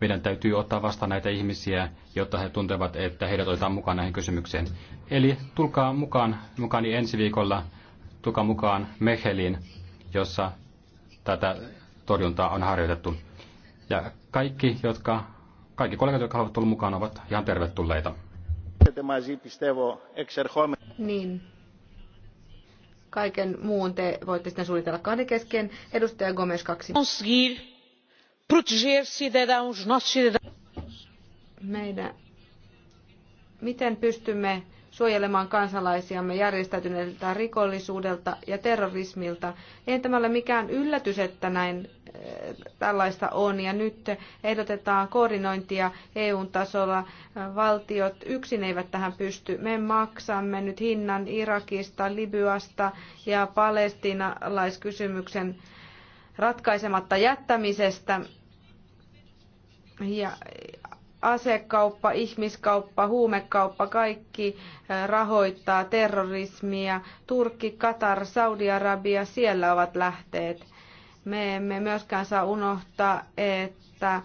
Meidän täytyy ottaa vastaan näitä ihmisiä, jotta he tuntevat, että heidät otetaan mukaan näihin kysymykseen. Eli tulkaa mukaan, mukani ensi viikolla, tulkaa mukaan Mecheliin, jossa tätä torjuntaa on harjoitettu. Ja kaikki, jotka, kaikki kollegat, jotka haluavat tulla mukaan, ovat ihan tervetulleita. Niin. Kaiken muun te voitte sitten suunnitella kahden kesken. Edustaja Gomes kaksi. Meidän, miten pystymme suojelemaan kansalaisiamme järjestäytyneeltä rikollisuudelta ja terrorismilta. Ei tämä ole mikään yllätys, että näin eh, tällaista on ja nyt ehdotetaan koordinointia EU-tasolla. Valtiot yksin eivät tähän pysty. Me maksamme nyt hinnan Irakista, Libyasta ja palestinalaiskysymyksen ratkaisematta jättämisestä. Ja Asekauppa, ihmiskauppa, huumekauppa, kaikki rahoittaa terrorismia. Turkki, Katar, Saudi-Arabia, siellä ovat lähteet. Me emme myöskään saa unohtaa, että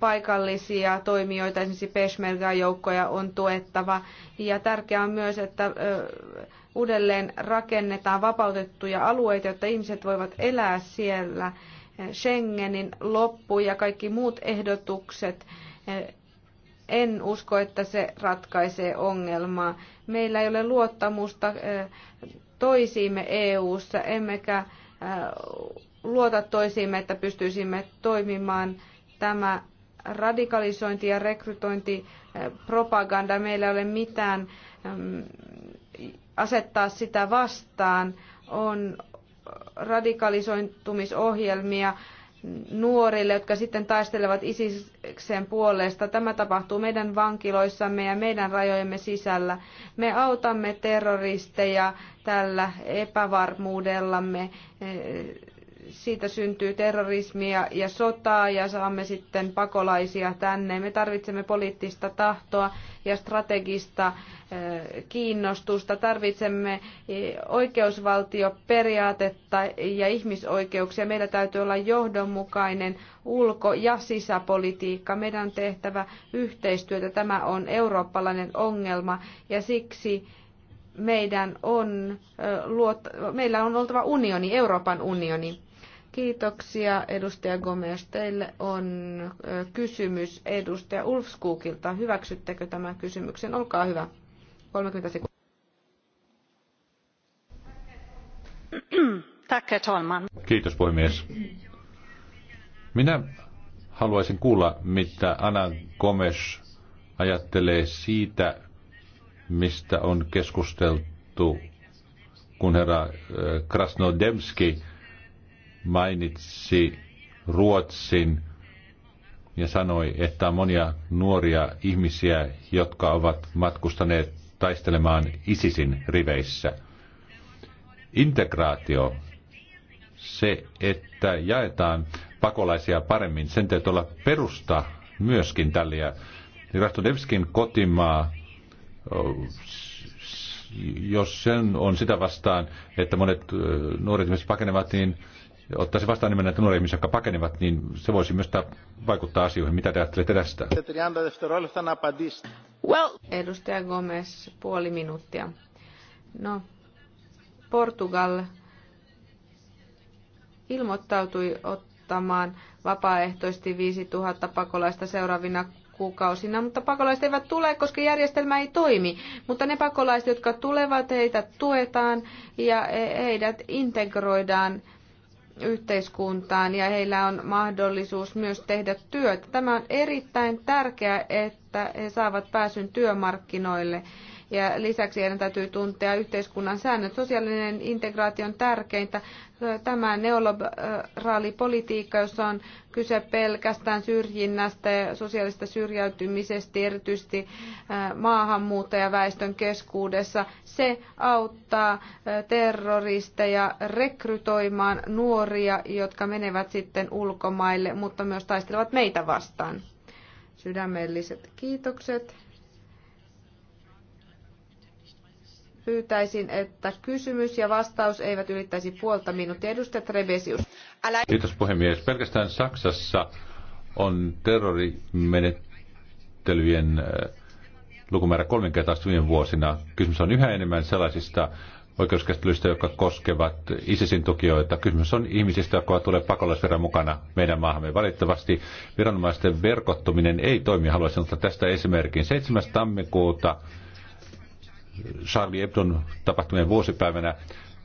paikallisia toimijoita, esimerkiksi Peshmerga-joukkoja on tuettava. Ja tärkeää on myös, että uudelleen rakennetaan vapautettuja alueita, jotta ihmiset voivat elää siellä. Schengenin loppu ja kaikki muut ehdotukset en usko, että se ratkaisee ongelmaa. Meillä ei ole luottamusta eh, toisiimme EU-ssa, emmekä eh, luota toisiimme, että pystyisimme toimimaan. Tämä radikalisointi ja rekrytointi, eh, propaganda, meillä ei ole mitään mm, asettaa sitä vastaan. On radikalisointumisohjelmia, nuorille, jotka sitten taistelevat Isiksen puolesta. Tämä tapahtuu meidän vankiloissamme ja meidän rajojemme sisällä. Me autamme terroristeja tällä epävarmuudellamme siitä syntyy terrorismia ja sotaa ja saamme sitten pakolaisia tänne. Me tarvitsemme poliittista tahtoa ja strategista eh, kiinnostusta. Tarvitsemme eh, oikeusvaltioperiaatetta ja ihmisoikeuksia. Meillä täytyy olla johdonmukainen ulko- ja sisäpolitiikka. Meidän on tehtävä yhteistyötä. Tämä on eurooppalainen ongelma ja siksi meidän on, eh, meillä on oltava unioni, Euroopan unioni. Kiitoksia edustaja Gomez. Teille on kysymys edustaja Ulfskukilta. Hyväksyttekö tämän kysymyksen? Olkaa hyvä. 30 sekuntia. Kiitos puhemies. Minä haluaisin kuulla, mitä Anna Gomes ajattelee siitä, mistä on keskusteltu, kun herra Krasnodemski mainitsi Ruotsin ja sanoi, että on monia nuoria ihmisiä, jotka ovat matkustaneet taistelemaan ISISin riveissä. Integraatio, se, että jaetaan pakolaisia paremmin, sen täytyy olla perusta myöskin tälle. Ja Rastodevskin kotimaa, jos sen on sitä vastaan, että monet nuoret ihmiset pakenevat, niin ottaisi vastaan nimenomaan näitä nuoria ihmisiä, jotka pakenevat, niin se voisi myös vaikuttaa asioihin. Mitä te ajattelette tästä? Well. Edustaja Gomez, puoli minuuttia. No, Portugal ilmoittautui ottamaan vapaaehtoisesti 5000 pakolaista seuraavina kuukausina, mutta pakolaiset eivät tule, koska järjestelmä ei toimi. Mutta ne pakolaiset, jotka tulevat, heitä tuetaan ja heidät integroidaan yhteiskuntaan ja heillä on mahdollisuus myös tehdä työtä. Tämä on erittäin tärkeää, että he saavat pääsyn työmarkkinoille ja lisäksi heidän täytyy tuntea yhteiskunnan säännöt. Sosiaalinen integraatio on tärkeintä. Tämä neoliberaalipolitiikka, jossa on kyse pelkästään syrjinnästä ja sosiaalista syrjäytymisestä, erityisesti maahanmuuttajaväestön keskuudessa, se auttaa terroristeja rekrytoimaan nuoria, jotka menevät sitten ulkomaille, mutta myös taistelevat meitä vastaan. Sydämelliset kiitokset. pyytäisin, että kysymys ja vastaus eivät ylittäisi puolta minuuttia. Edustaja Trebesius. Kiitos puhemies. Pelkästään Saksassa on terrorimenettelyjen äh, lukumäärä kolminkertaistuvien vuosina. Kysymys on yhä enemmän sellaisista oikeuskäsittelyistä, jotka koskevat ISISin tukijoita. Kysymys on ihmisistä, jotka tulee pakolaisverran mukana meidän maahamme. Valitettavasti viranomaisten verkottuminen ei toimi. Haluaisin ottaa tästä esimerkin. 7. tammikuuta Charlie Hebdon tapahtumien vuosipäivänä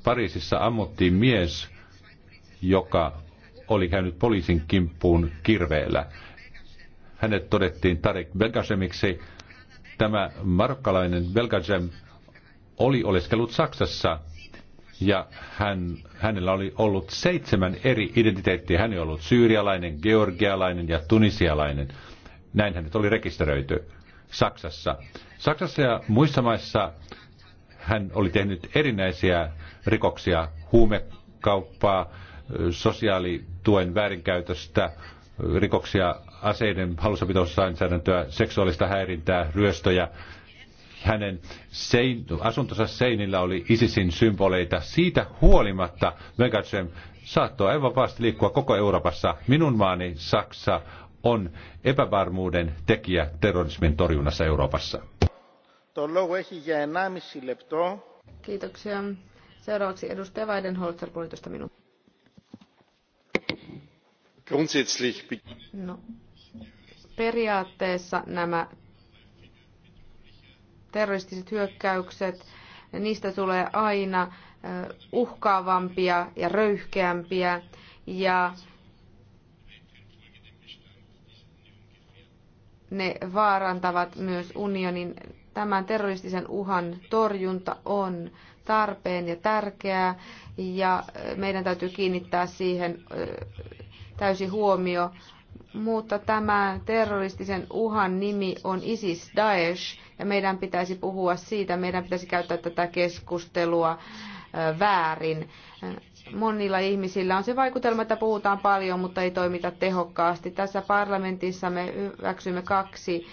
Pariisissa ammuttiin mies, joka oli käynyt poliisin kimppuun kirveellä. Hänet todettiin Tarek Belgacemiksi. Tämä marokkalainen Belgacem oli oleskellut Saksassa ja hän, hänellä oli ollut seitsemän eri identiteettiä. Hän oli ollut syyrialainen, georgialainen ja tunisialainen. Näin hänet oli rekisteröity. Saksassa. Saksassa ja muissa maissa hän oli tehnyt erinäisiä rikoksia, huumekauppaa, sosiaalituen väärinkäytöstä, rikoksia aseiden hallussapitolainsäädäntöä, seksuaalista häirintää, ryöstöjä. Hänen sein, asuntonsa seinillä oli ISISin symboleita. Siitä huolimatta Megatsem saattoi aivan vaasti liikkua koko Euroopassa. Minun maani Saksa on epävarmuuden tekijä terrorismin torjunnassa Euroopassa. Kiitoksia. Seuraavaksi edustaja Weidenholzer, puolitoista minuuttia. No, periaatteessa nämä terroristiset hyökkäykset, niistä tulee aina uhkaavampia ja röyhkeämpiä ja ne vaarantavat myös unionin. Tämän terroristisen uhan torjunta on tarpeen ja tärkeää ja meidän täytyy kiinnittää siihen täysi huomio. Mutta tämä terroristisen uhan nimi on ISIS Daesh ja meidän pitäisi puhua siitä, meidän pitäisi käyttää tätä keskustelua väärin. Monilla ihmisillä on se vaikutelma, että puhutaan paljon, mutta ei toimita tehokkaasti. Tässä parlamentissa me hyväksymme kaksi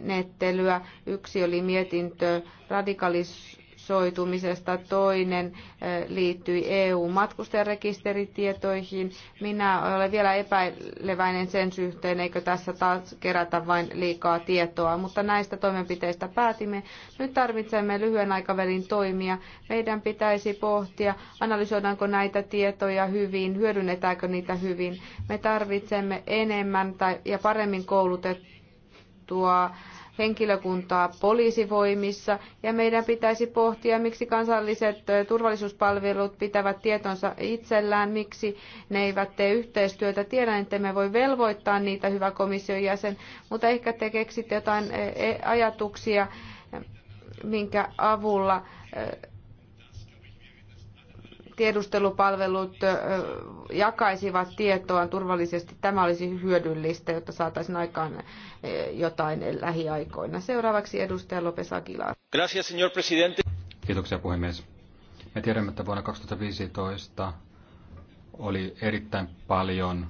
menettelyä. Yksi oli mietintö radikalis soitumisesta, toinen eh, liittyi EU-matkustajarekisteritietoihin. Minä olen vielä epäileväinen sen suhteen, eikö tässä taas kerätä vain liikaa tietoa, mutta näistä toimenpiteistä päätimme. Nyt tarvitsemme lyhyen aikavälin toimia. Meidän pitäisi pohtia, analysoidaanko näitä tietoja hyvin, hyödynnetäänkö niitä hyvin. Me tarvitsemme enemmän tai, ja paremmin koulutettua henkilökuntaa poliisivoimissa ja meidän pitäisi pohtia, miksi kansalliset turvallisuuspalvelut pitävät tietonsa itsellään, miksi ne eivät tee yhteistyötä. Tiedän, että me voi velvoittaa niitä, hyvä komission jäsen, mutta ehkä te keksitte jotain e-, ajatuksia, minkä avulla tiedustelupalvelut jakaisivat tietoa turvallisesti, tämä olisi hyödyllistä, jotta saataisiin aikaan jotain lähiaikoina. Seuraavaksi edustaja Lopes Aguilar. Gracias, señor presidente. Kiitoksia puhemies. Me tiedämme, että vuonna 2015 oli erittäin paljon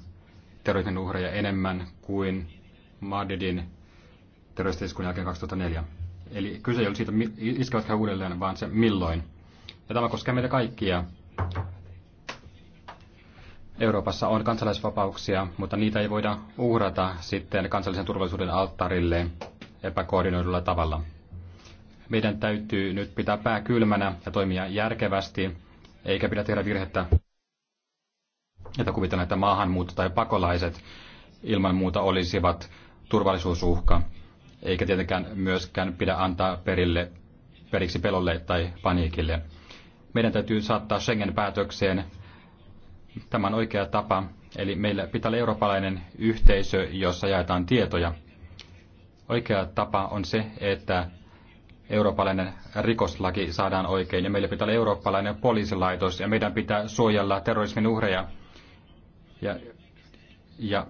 terrorismin uhreja enemmän kuin Madridin terroristiskun jälkeen 2004. Eli kyse ei ole siitä, iskevätkö he uudelleen, vaan se milloin. Ja tämä koskee meitä kaikkia, Euroopassa on kansalaisvapauksia, mutta niitä ei voida uhrata sitten kansallisen turvallisuuden alttarille epäkoordinoidulla tavalla. Meidän täytyy nyt pitää pää kylmänä ja toimia järkevästi, eikä pidä tehdä virhettä, että kuvitellaan, että maahanmuutto tai pakolaiset ilman muuta olisivat turvallisuusuhka, eikä tietenkään myöskään pidä antaa perille, periksi pelolle tai paniikille. Meidän täytyy saattaa Schengen päätökseen. Tämä on oikea tapa. Eli meillä pitää olla eurooppalainen yhteisö, jossa jaetaan tietoja. Oikea tapa on se, että eurooppalainen rikoslaki saadaan oikein ja meillä pitää olla eurooppalainen poliisilaitos ja meidän pitää suojella terrorismin uhreja. Ja, ja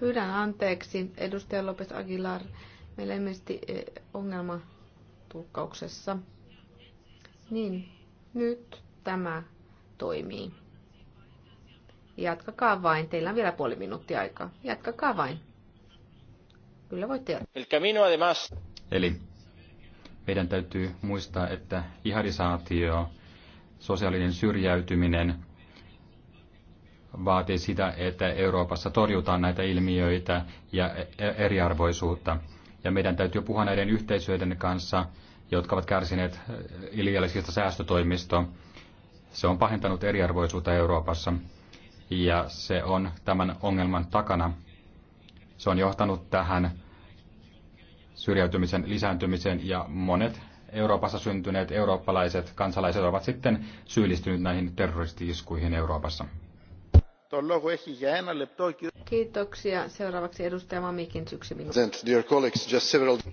Pyydän anteeksi, edustaja Lopes Aguilar. Meillä on ilmeisesti e, ongelma tulkkauksessa. Niin, nyt tämä toimii. Jatkakaa vain. Teillä on vielä puoli minuuttia aikaa. Jatkakaa vain. Kyllä voitte jatkaa. El Eli meidän täytyy muistaa, että iharisaatio, sosiaalinen syrjäytyminen vaatii sitä, että Euroopassa torjutaan näitä ilmiöitä ja e-, eriarvoisuutta ja meidän täytyy puhua näiden yhteisöiden kanssa, jotka ovat kärsineet äh, iljallisista säästötoimista. Se on pahentanut eriarvoisuutta Euroopassa ja se on tämän ongelman takana. Se on johtanut tähän syrjäytymisen lisääntymiseen ja monet Euroopassa syntyneet eurooppalaiset kansalaiset ovat sitten syyllistyneet näihin terroristiiskuihin Euroopassa. Kiitoksia. Seuraavaksi edustaja Mamikin yksi minuutti.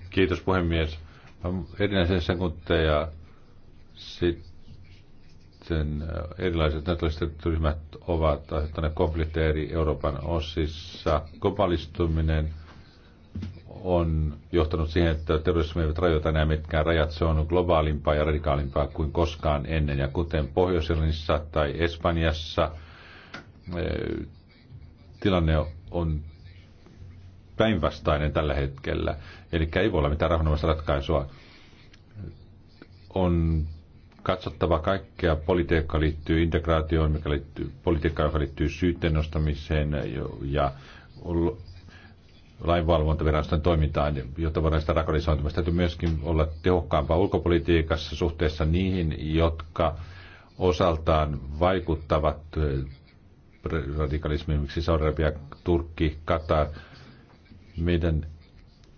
Kiitos puhemies. Erinäisiä sekunteja sitten erilaiset natalliset ryhmät ovat aiheuttaneet konflikteja eri Euroopan osissa. Globalistuminen on johtanut siihen, että terrorismi eivät rajoita enää mitkään rajat. Se on globaalimpaa ja radikaalimpaa kuin koskaan ennen. Ja kuten Pohjois-Irlannissa tai Espanjassa – Eh, tilanne on päinvastainen tällä hetkellä. Eli ei voi olla mitään rauhanomaista ratkaisua. On katsottava kaikkea politiikkaa liittyy integraatioon, mikä liittyy, politiikkaa, joka liittyy syytteen nostamiseen ja lainvalvontaviraston toimintaan, jotta voidaan sitä radikalisoitumista. Täytyy myöskin olla tehokkaampaa ulkopolitiikassa suhteessa niihin, jotka osaltaan vaikuttavat radikalismi, miksi Saudi-Arabia, Turkki, Katar. Meidän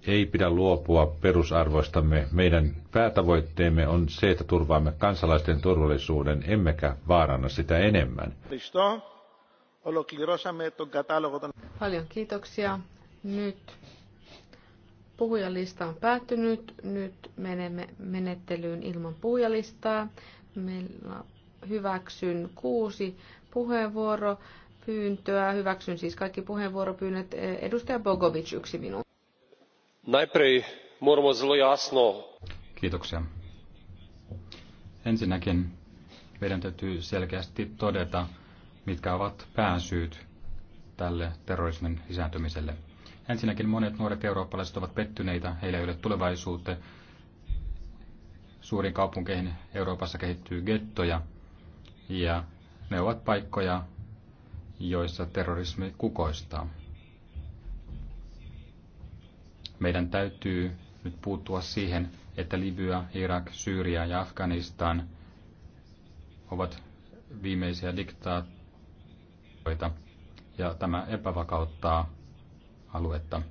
ei pidä luopua perusarvoistamme. Meidän päätavoitteemme on se, että turvaamme kansalaisten turvallisuuden, emmekä vaaranna sitä enemmän. Paljon kiitoksia. Nyt puhujalista on päättynyt. Nyt menemme menettelyyn ilman puhujalistaa. Meillä hyväksyn kuusi puheenvuoropyyntöä. Hyväksyn siis kaikki puheenvuoropyynnöt. Edustaja Bogovic, yksi minuutti. Najprej moramo zelo jasno. Kiitoksia. Ensinnäkin meidän täytyy selkeästi todeta, mitkä ovat pääsyyt tälle terrorismin lisääntymiselle. Ensinnäkin monet nuoret eurooppalaiset ovat pettyneitä, heillä ei ole tulevaisuutta. Suurin kaupunkeihin Euroopassa kehittyy gettoja ja ne ovat paikkoja, joissa terrorismi kukoistaa. Meidän täytyy nyt puuttua siihen, että Libya, Irak, Syyria ja Afganistan ovat viimeisiä diktaatioita, ja tämä epävakauttaa aluetta.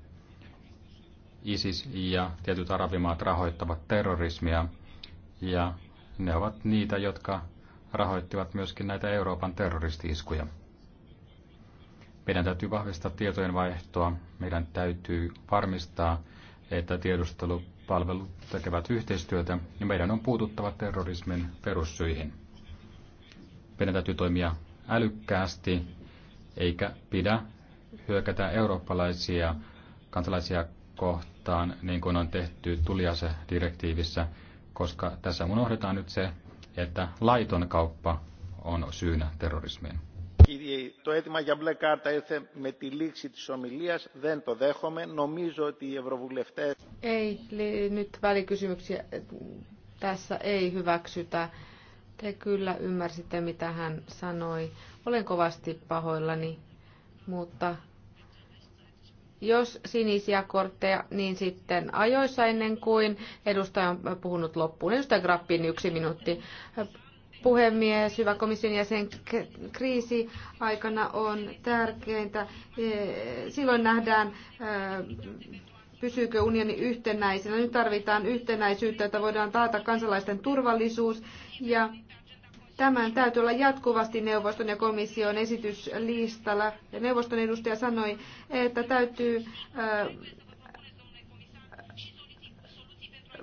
ISIS ja tietyt arabimaat rahoittavat terrorismia, ja ne ovat niitä, jotka rahoittivat myöskin näitä Euroopan terroristiiskuja. Meidän täytyy vahvistaa tietojen vaihtoa, meidän täytyy varmistaa, että tiedustelupalvelut tekevät yhteistyötä ja niin meidän on puututtava terrorismin perussyihin. Meidän täytyy toimia älykkäästi eikä pidä hyökätä eurooppalaisia kansalaisia kohtaan, niin kuin on tehty tuliasedirektiivissä, koska tässä unohdetaan nyt se, että laiton kauppa on syynä terrorismiin. Το αίτημα για μπλε κάρτα ήρθε με τη λήξη της ομιλίας. Δεν το δέχομαι. Νομίζω ότι οι ευρωβουλευτές... Ei, nyt välikysymyksiä tässä ei hyväksytä. Te kyllä ymmärsitte, mitä hän sanoi. Olen kovasti pahoillani, mutta jos sinisiä kortteja, niin sitten ajoissa ennen kuin edustaja on puhunut loppuun. Edustaja Grappin yksi minuutti puhemies, hyvä komission jäsen, kriisi aikana on tärkeintä. E, silloin nähdään, e, pysyykö unioni yhtenäisenä. Nyt tarvitaan yhtenäisyyttä, että voidaan taata kansalaisten turvallisuus ja Tämän täytyy olla jatkuvasti neuvoston ja komission esityslistalla. Ja neuvoston edustaja sanoi, että täytyy äh,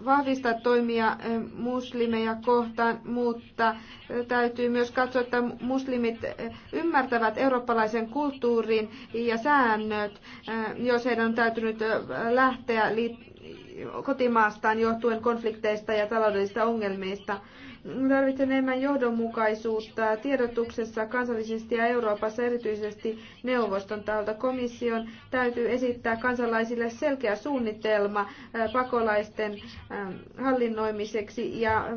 vahvistaa toimia äh, muslimeja kohtaan, mutta äh, täytyy myös katsoa, että muslimit ymmärtävät eurooppalaisen kulttuurin ja säännöt, jos heidän on täytynyt lähteä liittymään kotimaastaan johtuen konflikteista ja taloudellisista ongelmista. Tarvitsemme enemmän johdonmukaisuutta tiedotuksessa kansallisesti ja Euroopassa erityisesti neuvoston taholta. Komission täytyy esittää kansalaisille selkeä suunnitelma pakolaisten hallinnoimiseksi ja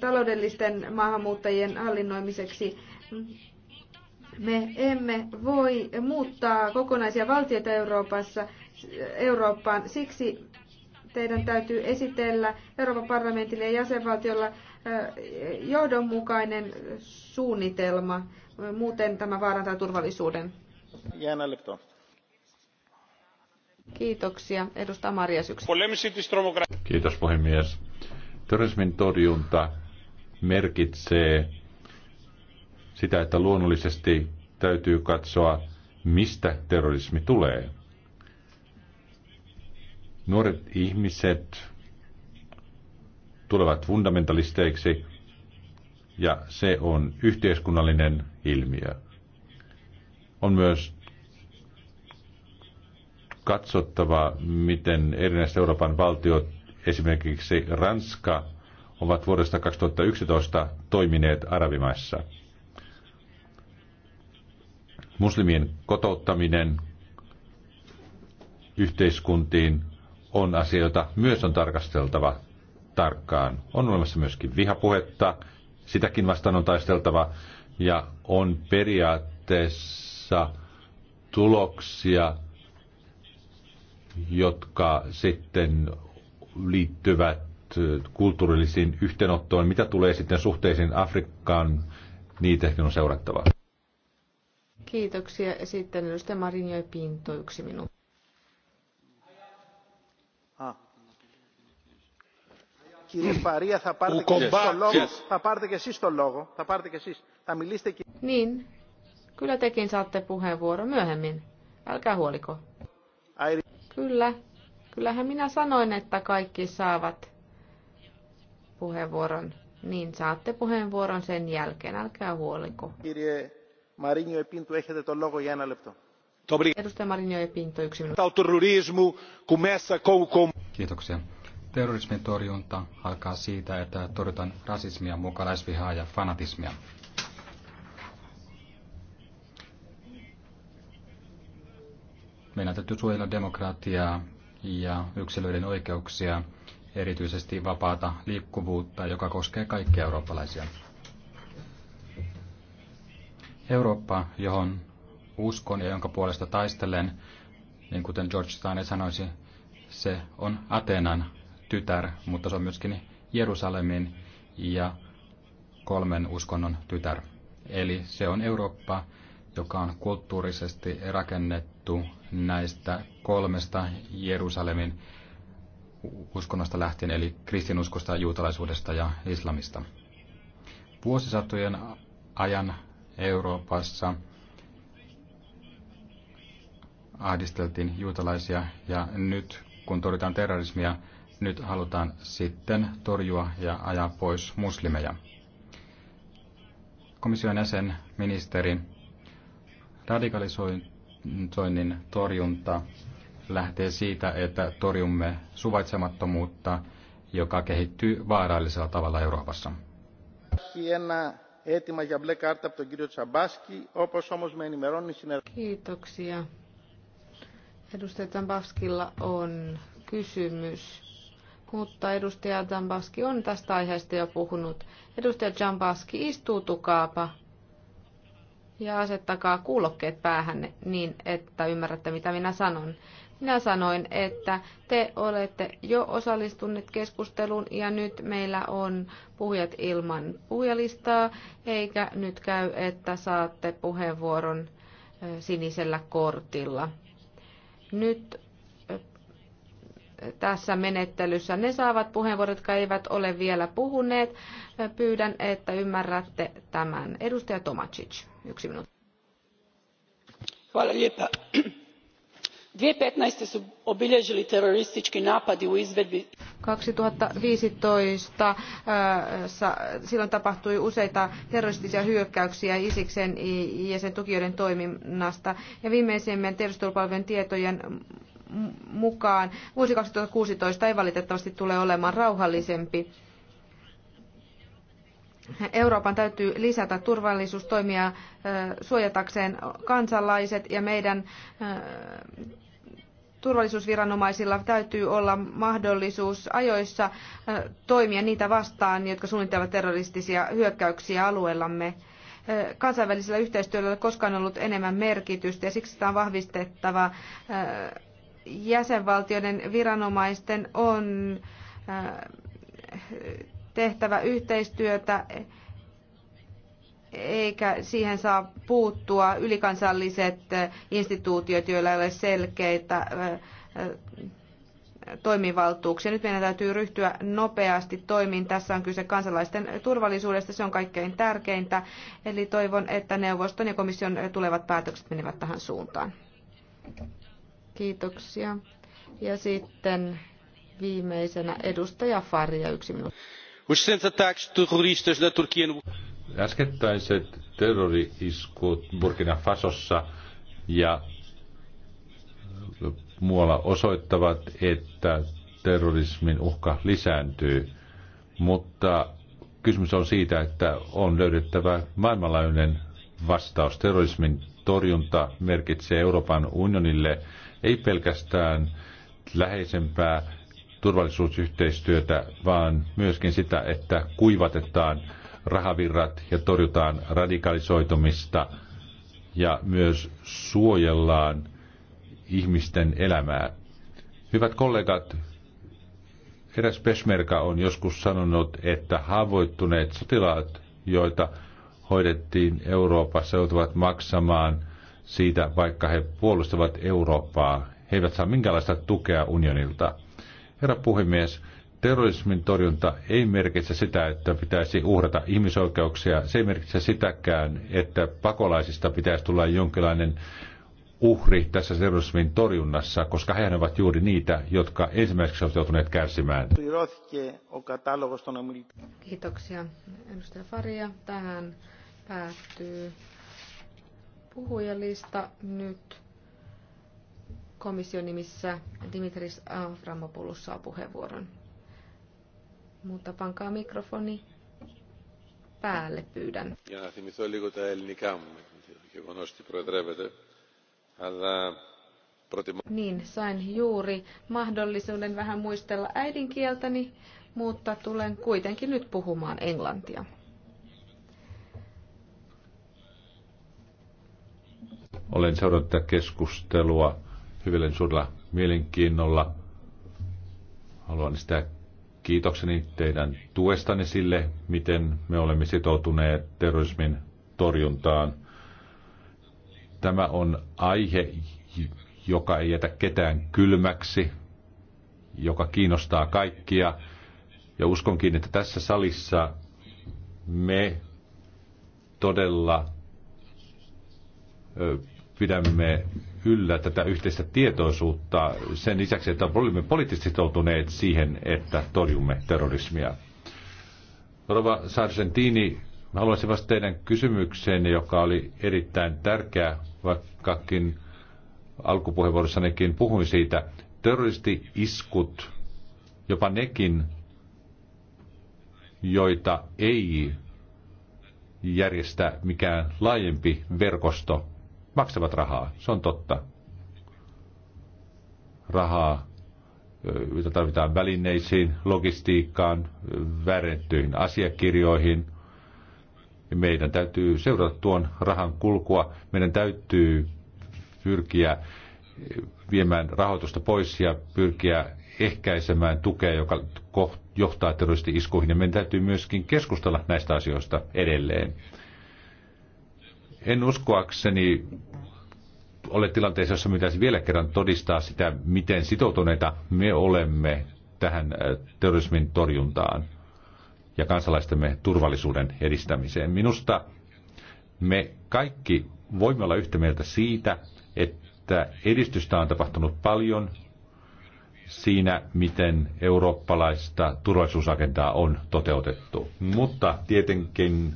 taloudellisten maahanmuuttajien hallinnoimiseksi. Me emme voi muuttaa kokonaisia valtioita Euroopassa, Eurooppaan. Siksi teidän täytyy esitellä Euroopan parlamentille ja jäsenvaltiolla johdonmukainen suunnitelma. Muuten tämä vaarantaa turvallisuuden. Kiitoksia. Edustaja Maria Syksy. Kiitos puhemies. Terrorismin torjunta merkitsee sitä, että luonnollisesti täytyy katsoa, mistä terrorismi tulee. Nuoret ihmiset tulevat fundamentalisteiksi ja se on yhteiskunnallinen ilmiö. On myös katsottava, miten erinäiset Euroopan valtiot, esimerkiksi Ranska, ovat vuodesta 2011 toimineet arabimaissa. Muslimien kotouttaminen yhteiskuntiin on asia, jota myös on tarkasteltava tarkkaan. On olemassa myöskin vihapuhetta, sitäkin vastaan on taisteltava, ja on periaatteessa tuloksia, jotka sitten liittyvät kulttuurillisiin yhteenottoon. Mitä tulee sitten suhteisiin Afrikkaan, niitä ehkä on seurattava. Kiitoksia. Sitten edustaja Marinjo Pinto, yksi minuutti. Κύριε θα πάρετε και εσείς λόγο. Θα πάρετε και εσείς λόγο. Θα πάρετε και εσείς. Θα μιλήσετε Niin, kyllä tekin saatte puheenvuoron myöhemmin. Älkää huoliko. Kyllä, kyllähän minä sanoin, että kaikki saavat puheenvuoron. Niin saatte puheenvuoron sen jälkeen, älkää huoliko. Kirje Marinho Pintu, ehkä te tuon logo jäänä λεπτό. Kiitoksia. Terrorismin torjunta alkaa siitä, että torjutaan rasismia, mukalaisvihaa ja fanatismia. Meidän täytyy suojella demokratiaa ja yksilöiden oikeuksia, erityisesti vapaata liikkuvuutta, joka koskee kaikkia eurooppalaisia. Eurooppa, johon uskon ja jonka puolesta taistelen, niin kuten George Stein sanoisi, se on Atenan tytär, mutta se on myöskin Jerusalemin ja kolmen uskonnon tytär. Eli se on Eurooppa, joka on kulttuurisesti rakennettu näistä kolmesta Jerusalemin uskonnosta lähtien, eli kristinuskosta, juutalaisuudesta ja islamista. Vuosisatojen ajan Euroopassa ahdisteltiin juutalaisia ja nyt kun torjutaan terrorismia, nyt halutaan sitten torjua ja ajaa pois muslimeja. Komission jäsen, ministeri, radikalisoinnin torjunta lähtee siitä, että torjumme suvaitsemattomuutta, joka kehittyy vaarallisella tavalla Euroopassa. Kiitoksia. Edustaja Tambaskilla on kysymys, mutta edustaja Tambaski on tästä aiheesta jo puhunut. Edustaja Tambaski, istuutukaapa ja asettakaa kuulokkeet päähänne niin, että ymmärrätte, mitä minä sanon. Minä sanoin, että te olette jo osallistuneet keskusteluun ja nyt meillä on puhujat ilman puhujalistaa, eikä nyt käy, että saatte puheenvuoron sinisellä kortilla nyt äh, tässä menettelyssä. Ne saavat puheenvuorot, jotka eivät ole vielä puhuneet. Pyydän, että ymmärrätte tämän. Edustaja Tomacic, yksi minuutti two thousand and fifteen su obiljeili teroristiki napadi u izvedbi kaksituhatta viisitoista silloin tapahtui useita terroristisia hyökkäyksiä isiksen ja sen tukijoiden toiminnasta ja viimeisimpien tiedustelupalvelujen tietojen mukaan vuosi kaksituhatta kuusitoista ei valitettavasti tule olemaan rauhallisempi. Euroopan täytyy lisätä turvallisuustoimia suojatakseen kansalaiset ja meidän turvallisuusviranomaisilla täytyy olla mahdollisuus ajoissa toimia niitä vastaan, jotka suunnittelevat terroristisia hyökkäyksiä alueellamme. Kansainvälisellä yhteistyöllä ei ole koskaan ollut enemmän merkitystä ja siksi sitä on vahvistettava. Jäsenvaltioiden viranomaisten on tehtävä yhteistyötä eikä siihen saa puuttua ylikansalliset eh, instituutiot, joilla ei ole selkeitä eh, eh, toimivaltuuksia. Nyt meidän täytyy ryhtyä nopeasti toimiin. Tässä on kyse kansalaisten turvallisuudesta, se on kaikkein tärkeintä. Eli toivon, että neuvoston ja komission tulevat päätökset menevät tähän suuntaan. Kiitoksia. Ja sitten viimeisenä edustaja Faria, yksi minuutti. Äskettäiset terrori-iskut Burkina Fasossa ja muualla osoittavat, että terrorismin uhka lisääntyy, mutta kysymys on siitä, että on löydettävä maailmanlainen vastaus. Terrorismin torjunta merkitsee Euroopan unionille ei pelkästään läheisempää turvallisuusyhteistyötä, vaan myöskin sitä, että kuivatetaan rahavirrat ja torjutaan radikalisoitumista ja myös suojellaan ihmisten elämää. Hyvät kollegat, eräs Peshmerga on joskus sanonut, että haavoittuneet sotilaat, joita hoidettiin Euroopassa, joutuvat maksamaan siitä, vaikka he puolustavat Eurooppaa. He eivät saa minkäänlaista tukea unionilta. Herra puhemies, Terrorismin torjunta ei merkitse sitä, että pitäisi uhrata ihmisoikeuksia. Se ei merkitse sitäkään, että pakolaisista pitäisi tulla jonkinlainen uhri tässä terrorismin torjunnassa, koska he ovat juuri niitä, jotka ensimmäiseksi ovat joutuneet kärsimään. Kiitoksia. Edustaja Faria, tähän päättyy puhujalista nyt komission nimissä Dimitris Avramopoulos saa puheenvuoron. Mutta pankaa mikrofoni päälle, pyydän. Για να θυμηθώ λίγο τα ελληνικά μου, γεγονός ότι προεδρεύεται. Αλλά niin, sain juuri mahdollisuuden vähän muistella äidinkieltäni, mutta tulen kuitenkin nyt puhumaan englantia. Olen seurannut tätä keskustelua hyvin suurella mielenkiinnolla. Haluan sitä kiitokseni teidän tuestanne sille, miten me olemme sitoutuneet terrorismin torjuntaan. Tämä on aihe, joka ei jätä ketään kylmäksi, joka kiinnostaa kaikkia. Ja uskonkin, että tässä salissa me todella pidämme yllä tätä yhteistä tietoisuutta sen lisäksi, että olemme poliittisesti sitoutuneet siihen, että torjumme terrorismia. Rova Sargentini, haluaisin vastata teidän kysymykseen, joka oli erittäin tärkeä, vaikkakin alkupuheenvuorossanikin puhuin siitä. Terroristi-iskut, jopa nekin, joita ei järjestä mikään laajempi verkosto maksavat rahaa, se on totta. Rahaa, jota tarvitaan välineisiin, logistiikkaan, väärennettyihin asiakirjoihin. Meidän täytyy seurata tuon rahan kulkua. Meidän täytyy pyrkiä viemään rahoitusta pois ja pyrkiä ehkäisemään tukea, joka johtaa terroristi-iskuihin. Ja meidän täytyy myöskin keskustella näistä asioista edelleen. En uskoakseni ole tilanteessa, jossa pitäisi vielä kerran todistaa sitä, miten sitoutuneita me olemme tähän äh, terrorismin torjuntaan ja kansalaistemme turvallisuuden edistämiseen. Minusta me kaikki voimme olla yhtä mieltä siitä, että edistystä on tapahtunut paljon siinä, miten eurooppalaista turvallisuusagendaa on toteutettu. Mutta tietenkin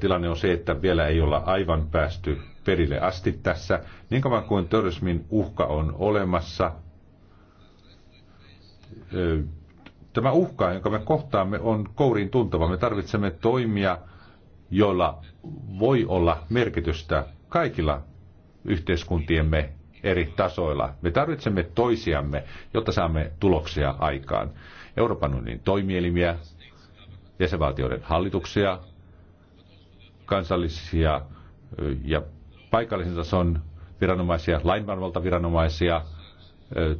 tilanne on se, että vielä ei olla aivan päästy perille asti tässä. Niin kauan kuin terrorismin uhka on olemassa, tämä uhka, jonka me kohtaamme, on kouriin tuntava. Me tarvitsemme toimia, joilla voi olla merkitystä kaikilla yhteiskuntiemme eri tasoilla. Me tarvitsemme toisiamme, jotta saamme tuloksia aikaan. Euroopan unionin toimielimiä, jäsenvaltioiden hallituksia, kansallisia ja paikallisen tason viranomaisia, viranomaisia,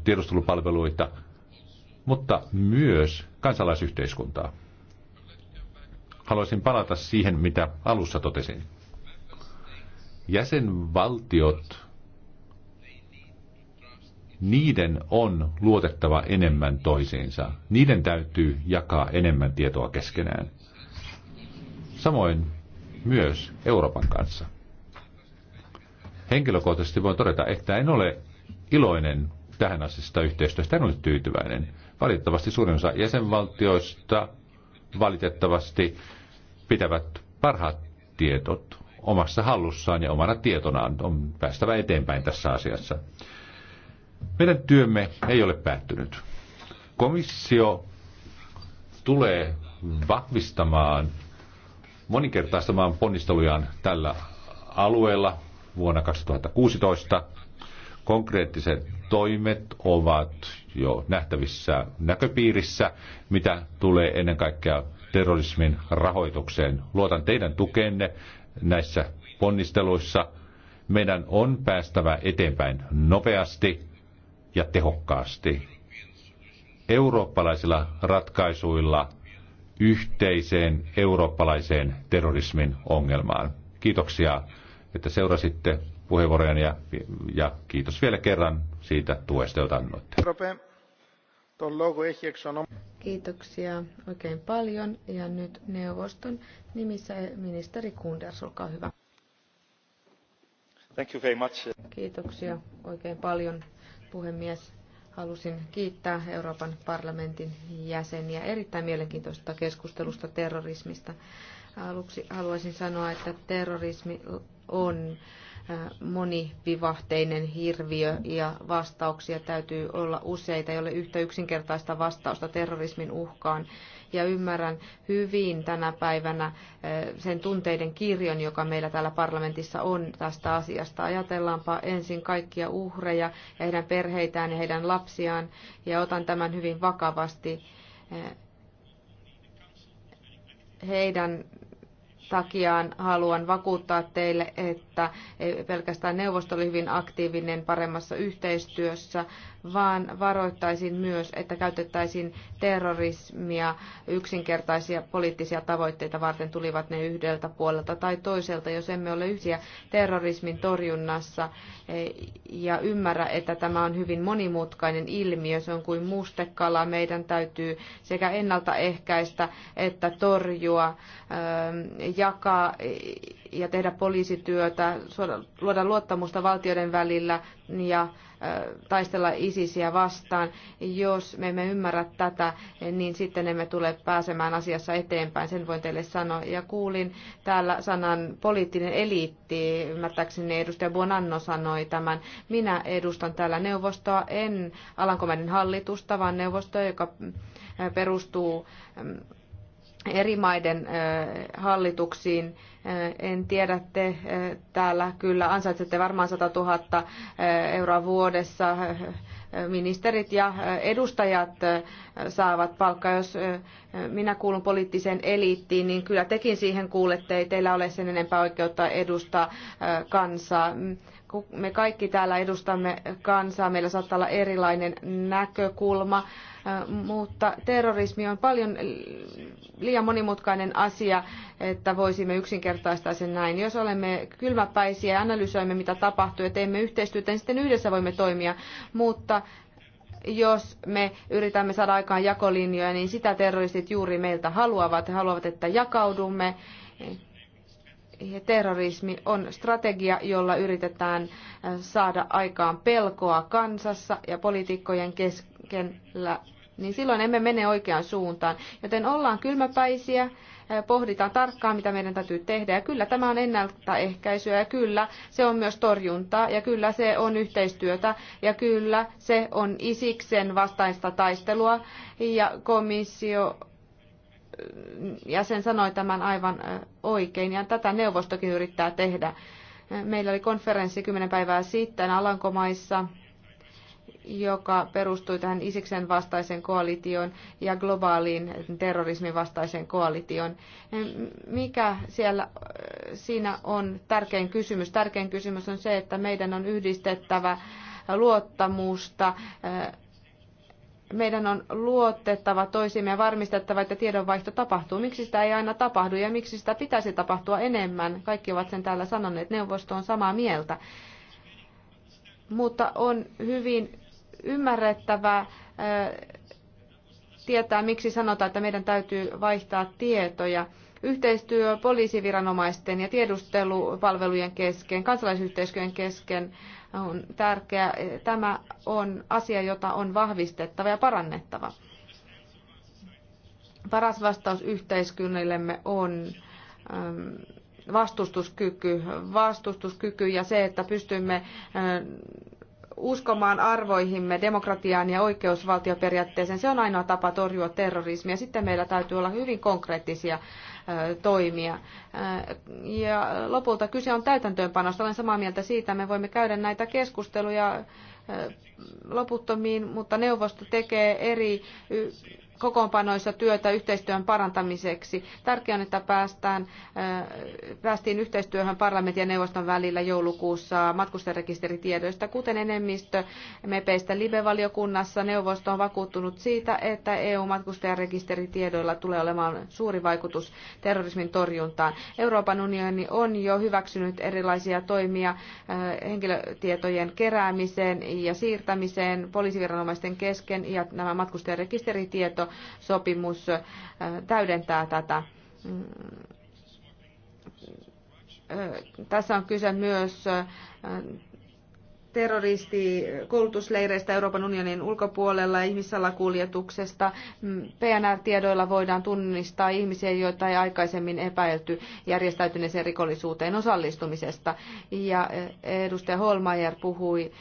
tiedustelupalveluita, mutta myös kansalaisyhteiskuntaa. Haluaisin palata siihen, mitä alussa totesin. Jäsenvaltiot, niiden on luotettava enemmän toisiinsa. Niiden täytyy jakaa enemmän tietoa keskenään. Samoin myös Euroopan kanssa. Henkilökohtaisesti voin todeta, että en ole iloinen tähän asiasta yhteistyöstä, en ole tyytyväinen. Valitettavasti suurin osa jäsenvaltioista valitettavasti pitävät parhaat tietot omassa hallussaan ja omana tietonaan on päästävä eteenpäin tässä asiassa. Meidän työmme ei ole päättynyt. Komissio tulee vahvistamaan moninkertaistamaan ponnistelujaan tällä alueella vuonna 2016. Konkreettiset toimet ovat jo nähtävissä näköpiirissä, mitä tulee ennen kaikkea terrorismin rahoitukseen. Luotan teidän tukeenne näissä ponnisteluissa. Meidän on päästävä eteenpäin nopeasti ja tehokkaasti. Eurooppalaisilla ratkaisuilla yhteiseen eurooppalaiseen terrorismin ongelmaan. Kiitoksia, että seurasitte puheenvuorojen ja, ja kiitos vielä kerran siitä tuesta, jota annoitte. Kiitoksia oikein paljon ja nyt neuvoston nimissä ministeri Kunders, olkaa hyvä. Thank you very much. Kiitoksia oikein paljon puhemies. Halusin kiittää Euroopan parlamentin jäseniä erittäin mielenkiintoista keskustelusta terrorismista. Aluksi haluaisin sanoa, että terrorismi on monivivahteinen hirviö ja vastauksia täytyy olla useita, ei ole yhtä yksinkertaista vastausta terrorismin uhkaan. Ja ymmärrän hyvin tänä päivänä eh, sen tunteiden kirjon, joka meillä täällä parlamentissa on tästä asiasta. Ajatellaanpa ensin kaikkia uhreja ja heidän perheitään ja heidän lapsiaan ja otan tämän hyvin vakavasti. Eh, heidän takiaan haluan vakuuttaa teille, että pelkästään neuvosto oli hyvin aktiivinen paremmassa yhteistyössä, vaan varoittaisin myös, että käytettäisiin terrorismia yksinkertaisia poliittisia tavoitteita varten, tulivat ne yhdeltä puolelta tai toiselta, jos emme ole yksiä terrorismin torjunnassa e, ja ymmärrä, että tämä on hyvin monimutkainen ilmiö, se on kuin mustekala, meidän täytyy sekä ennaltaehkäistä että torjua, e, jakaa e, ja tehdä poliisityötä, luoda luottamusta valtioiden välillä, ja taistella ISISiä vastaan. Jos me emme ymmärrä tätä, niin sitten emme tule pääsemään asiassa eteenpäin, sen voin teille sanoa. Ja kuulin täällä sanan poliittinen eliitti, ymmärtääkseni edustaja Buonanno sanoi tämän. Minä edustan täällä neuvostoa, en Alankomaiden hallitusta, vaan neuvostoa, joka perustuu eri maiden hallituksiin. En tiedä, te täällä kyllä ansaitsette varmaan 100 000 euroa vuodessa. Ministerit ja edustajat saavat palkkaa. Jos minä kuulun poliittiseen eliittiin, niin kyllä tekin siihen kuulette. Ei teillä ole sen enempää oikeutta edustaa kansaa me kaikki täällä edustamme kansaa, meillä saattaa olla erilainen näkökulma, mutta terrorismi on paljon liian monimutkainen asia, että voisimme yksinkertaistaa sen näin. Jos olemme kylmäpäisiä ja analysoimme, mitä tapahtuu ja teemme yhteistyötä, niin sitten yhdessä voimme toimia, mutta jos me yritämme saada aikaan jakolinjoja, niin sitä terroristit juuri meiltä haluavat. He haluavat, että jakaudumme. Terrorismi on strategia, jolla yritetään saada aikaan pelkoa kansassa ja poliitikkojen keskellä niin silloin emme mene oikeaan suuntaan. Joten ollaan kylmäpäisiä, eh, pohditaan tarkkaan, mitä meidän täytyy tehdä. Ja kyllä tämä on ennaltaehkäisyä ja kyllä se on myös torjuntaa ja kyllä se on yhteistyötä ja kyllä se on isiksen vastaista taistelua ja komissio eh, jäsen sanoi tämän aivan eh, oikein ja tätä neuvostokin yrittää tehdä. Meillä oli konferenssi kymmenen päivää sitten Alankomaissa joka perustui tähän Isiksen vastaisen koalitioon ja globaaliin terrorismin vastaisen koalitioon. Mikä siellä, siinä on tärkein kysymys? Tärkein kysymys on se, että meidän on yhdistettävä luottamusta meidän on luotettava toisiimme ja varmistettava, että tiedonvaihto tapahtuu. Miksi sitä ei aina tapahdu ja miksi sitä pitäisi tapahtua enemmän? Kaikki ovat sen täällä sanoneet, neuvosto on samaa mieltä. Mutta on hyvin ymmärrettävää tietää, miksi sanotaan, että meidän täytyy vaihtaa tietoja. Yhteistyö poliisiviranomaisten ja tiedustelupalvelujen kesken, kansalaisyhteisöjen kesken on tärkeä. Tämä on asia, jota on vahvistettava ja parannettava. Paras vastaus yhteiskunnillemme on ähm, vastustuskyky, vastustuskyky ja se, että pystymme äh, uskomaan arvoihimme, demokratiaan ja oikeusvaltioperiaatteeseen. Se on ainoa tapa torjua terrorismia. Sitten meillä täytyy olla hyvin konkreettisia toimia. Ja lopulta kyse on täytäntöönpanosta. Olen samaa mieltä siitä, me voimme käydä näitä keskusteluja loputtomiin, mutta neuvosto tekee eri kokoonpanoissa työtä yhteistyön parantamiseksi. Tärkeää on, että päästään, äh, päästiin yhteistyöhön parlamentin ja neuvoston välillä joulukuussa matkustajarekisteritiedoista. Kuten enemmistö mepeistä live-valiokunnassa, neuvosto on vakuuttunut siitä, että EU-matkustajarekisteritiedoilla tulee olemaan suuri vaikutus terrorismin torjuntaan. Euroopan unioni on jo hyväksynyt erilaisia toimia äh, henkilötietojen keräämiseen ja siirtämiseen poliisiviranomaisten kesken ja nämä matkustajarekisteritiedot sopimus täydentää tätä. Mm, tässä on kyse myös terroristikoulutusleireistä Euroopan unionin ulkopuolella, ihmissalakuljetuksesta. Mm, PNR-tiedoilla voidaan tunnistaa ihmisiä, joita ei aikaisemmin epäilty järjestäytyneeseen rikollisuuteen osallistumisesta. Ja edustaja Holmeier puhui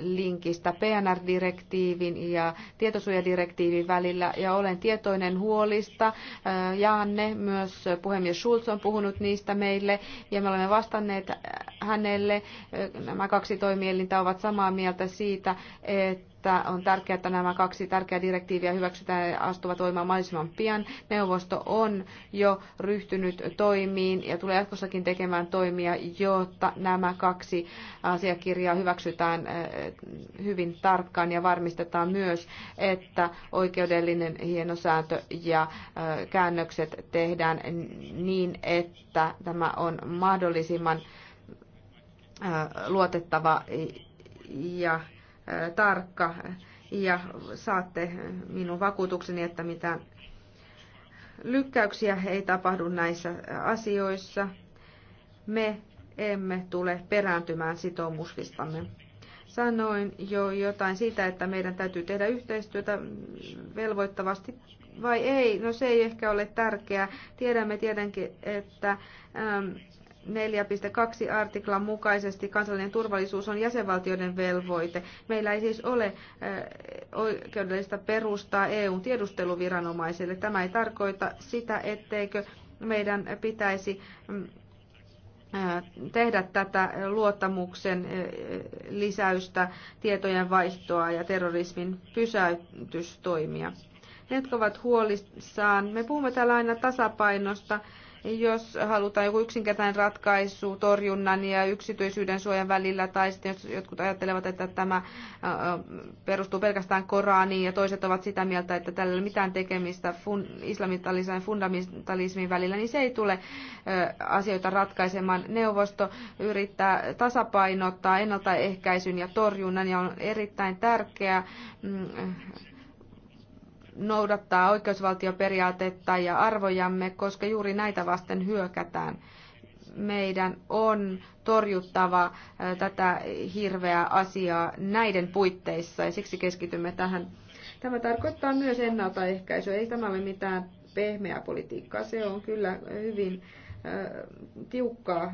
linkistä PNR-direktiivin ja tietosuojadirektiivin välillä ja olen tietoinen huolista. Äh, Janne ne myös puhemies Schulz on puhunut niistä meille ja me olemme vastanneet hänelle. Äh, Nämä kaksi toimielintä ovat samaa mieltä siitä, että että on tärkeää, että nämä kaksi tärkeää direktiiviä hyväksytään ja astuvat voimaan mahdollisimman pian. Neuvosto on jo ryhtynyt toimiin ja tulee jatkossakin tekemään toimia, jotta nämä kaksi asiakirjaa hyväksytään eh, hyvin tarkkaan ja varmistetaan myös, että oikeudellinen hienosääntö ja eh, käännökset tehdään niin, että tämä on mahdollisimman eh, luotettava ja tarkka ja saatte minun vakuutukseni, että mitään lykkäyksiä ei tapahdu näissä asioissa. Me emme tule perääntymään sitoumuslistamme. Sanoin jo jotain siitä, että meidän täytyy tehdä yhteistyötä velvoittavasti vai ei. No se ei ehkä ole tärkeää. Tiedämme tietenkin, että ähm, 4.2 artiklan mukaisesti kansallinen turvallisuus on jäsenvaltioiden velvoite. Meillä ei siis ole eh, oikeudellista perustaa EUn tiedusteluviranomaisille. Tämä ei tarkoita sitä, etteikö meidän pitäisi mm, eh, tehdä tätä luottamuksen eh, lisäystä, tietojen vaihtoa ja terrorismin pysäytystoimia. Ne, jotka ovat huolissaan, me puhumme täällä aina tasapainosta jos halutaan joku yksinkertainen ratkaisu torjunnan ja yksityisyyden suojan välillä, tai sitten jos jotkut ajattelevat, että tämä perustuu pelkästään Koraniin, ja toiset ovat sitä mieltä, että tällä ei ole mitään tekemistä fun, islamitalismin ja fundamentalismin välillä, niin se ei tule asioita ratkaisemaan. Neuvosto yrittää tasapainottaa ennaltaehkäisyn ja torjunnan, ja on erittäin tärkeää mm, noudattaa oikeusvaltioperiaatetta ja arvojamme, koska juuri näitä vasten hyökätään. Meidän on torjuttava tätä hirveää asiaa näiden puitteissa ja siksi keskitymme tähän. Tämä tarkoittaa myös ennaltaehkäisyä. Ei tämä ole mitään pehmeää politiikkaa. Se on kyllä hyvin tiukkaa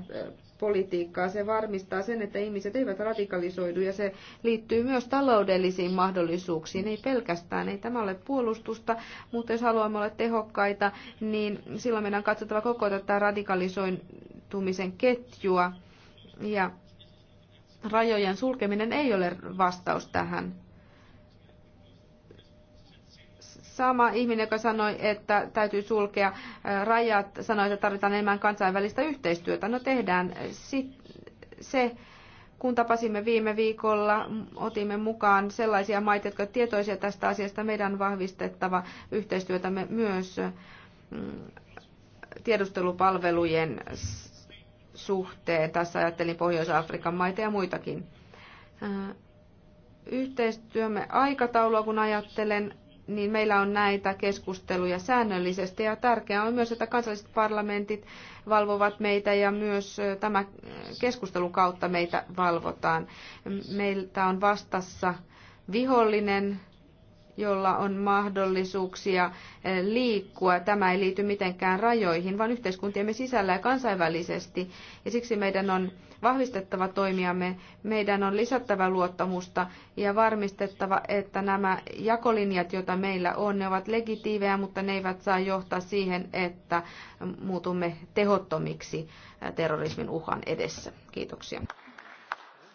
politiikkaa. Se varmistaa sen, että ihmiset eivät radikalisoidu ja se liittyy myös taloudellisiin mahdollisuuksiin. Ei pelkästään, ei tämä ole puolustusta, mutta jos haluamme olla tehokkaita, niin silloin meidän on katsottava koko tätä radikalisoitumisen ketjua. Ja rajojen sulkeminen ei ole vastaus tähän. sama ihminen, joka sanoi, että täytyy sulkea äh, rajat, sanoi, että tarvitaan enemmän kansainvälistä yhteistyötä. No tehdään se. Kun tapasimme viime viikolla, otimme mukaan sellaisia maita, jotka ovat tietoisia tästä asiasta. Meidän vahvistettava yhteistyötämme myös mm, tiedustelupalvelujen suhteen. Tässä ajattelin Pohjois-Afrikan maita ja muitakin. Äh, yhteistyömme aikataulua, kun ajattelen, niin meillä on näitä keskusteluja säännöllisesti ja tärkeää on myös, että kansalliset parlamentit valvovat meitä ja myös tämä keskustelu kautta meitä valvotaan. Meiltä on vastassa vihollinen, jolla on mahdollisuuksia eh, liikkua. Tämä ei liity mitenkään rajoihin, vaan yhteiskuntiemme sisällä ja kansainvälisesti. Ja siksi meidän on vahvistettava toimiamme, meidän on lisättävä luottamusta ja varmistettava, että nämä jakolinjat, joita meillä on, ne ovat legitiivejä, mutta ne eivät saa johtaa siihen, että muutumme tehottomiksi eh, terrorismin uhan edessä. Kiitoksia.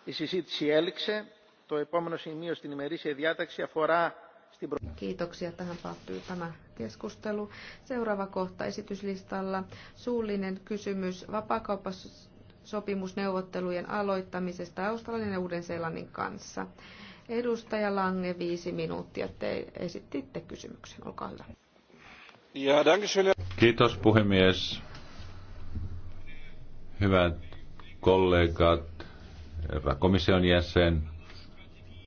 Η συζήτηση έληξε. Το επόμενο σημείο στην ημερήσια διάταξη αφορά Kiitoksia. Tähän päättyy tämä keskustelu. Seuraava kohta esityslistalla. Suullinen kysymys vapaakauppasopimusneuvottelujen aloittamisesta Australian ja Uuden-Seelannin kanssa. Edustaja Lange, viisi minuuttia. Te esititte kysymyksen. Olkaa hyvä. Kiitos puhemies. Hyvät kollegat, herra komission jäsen,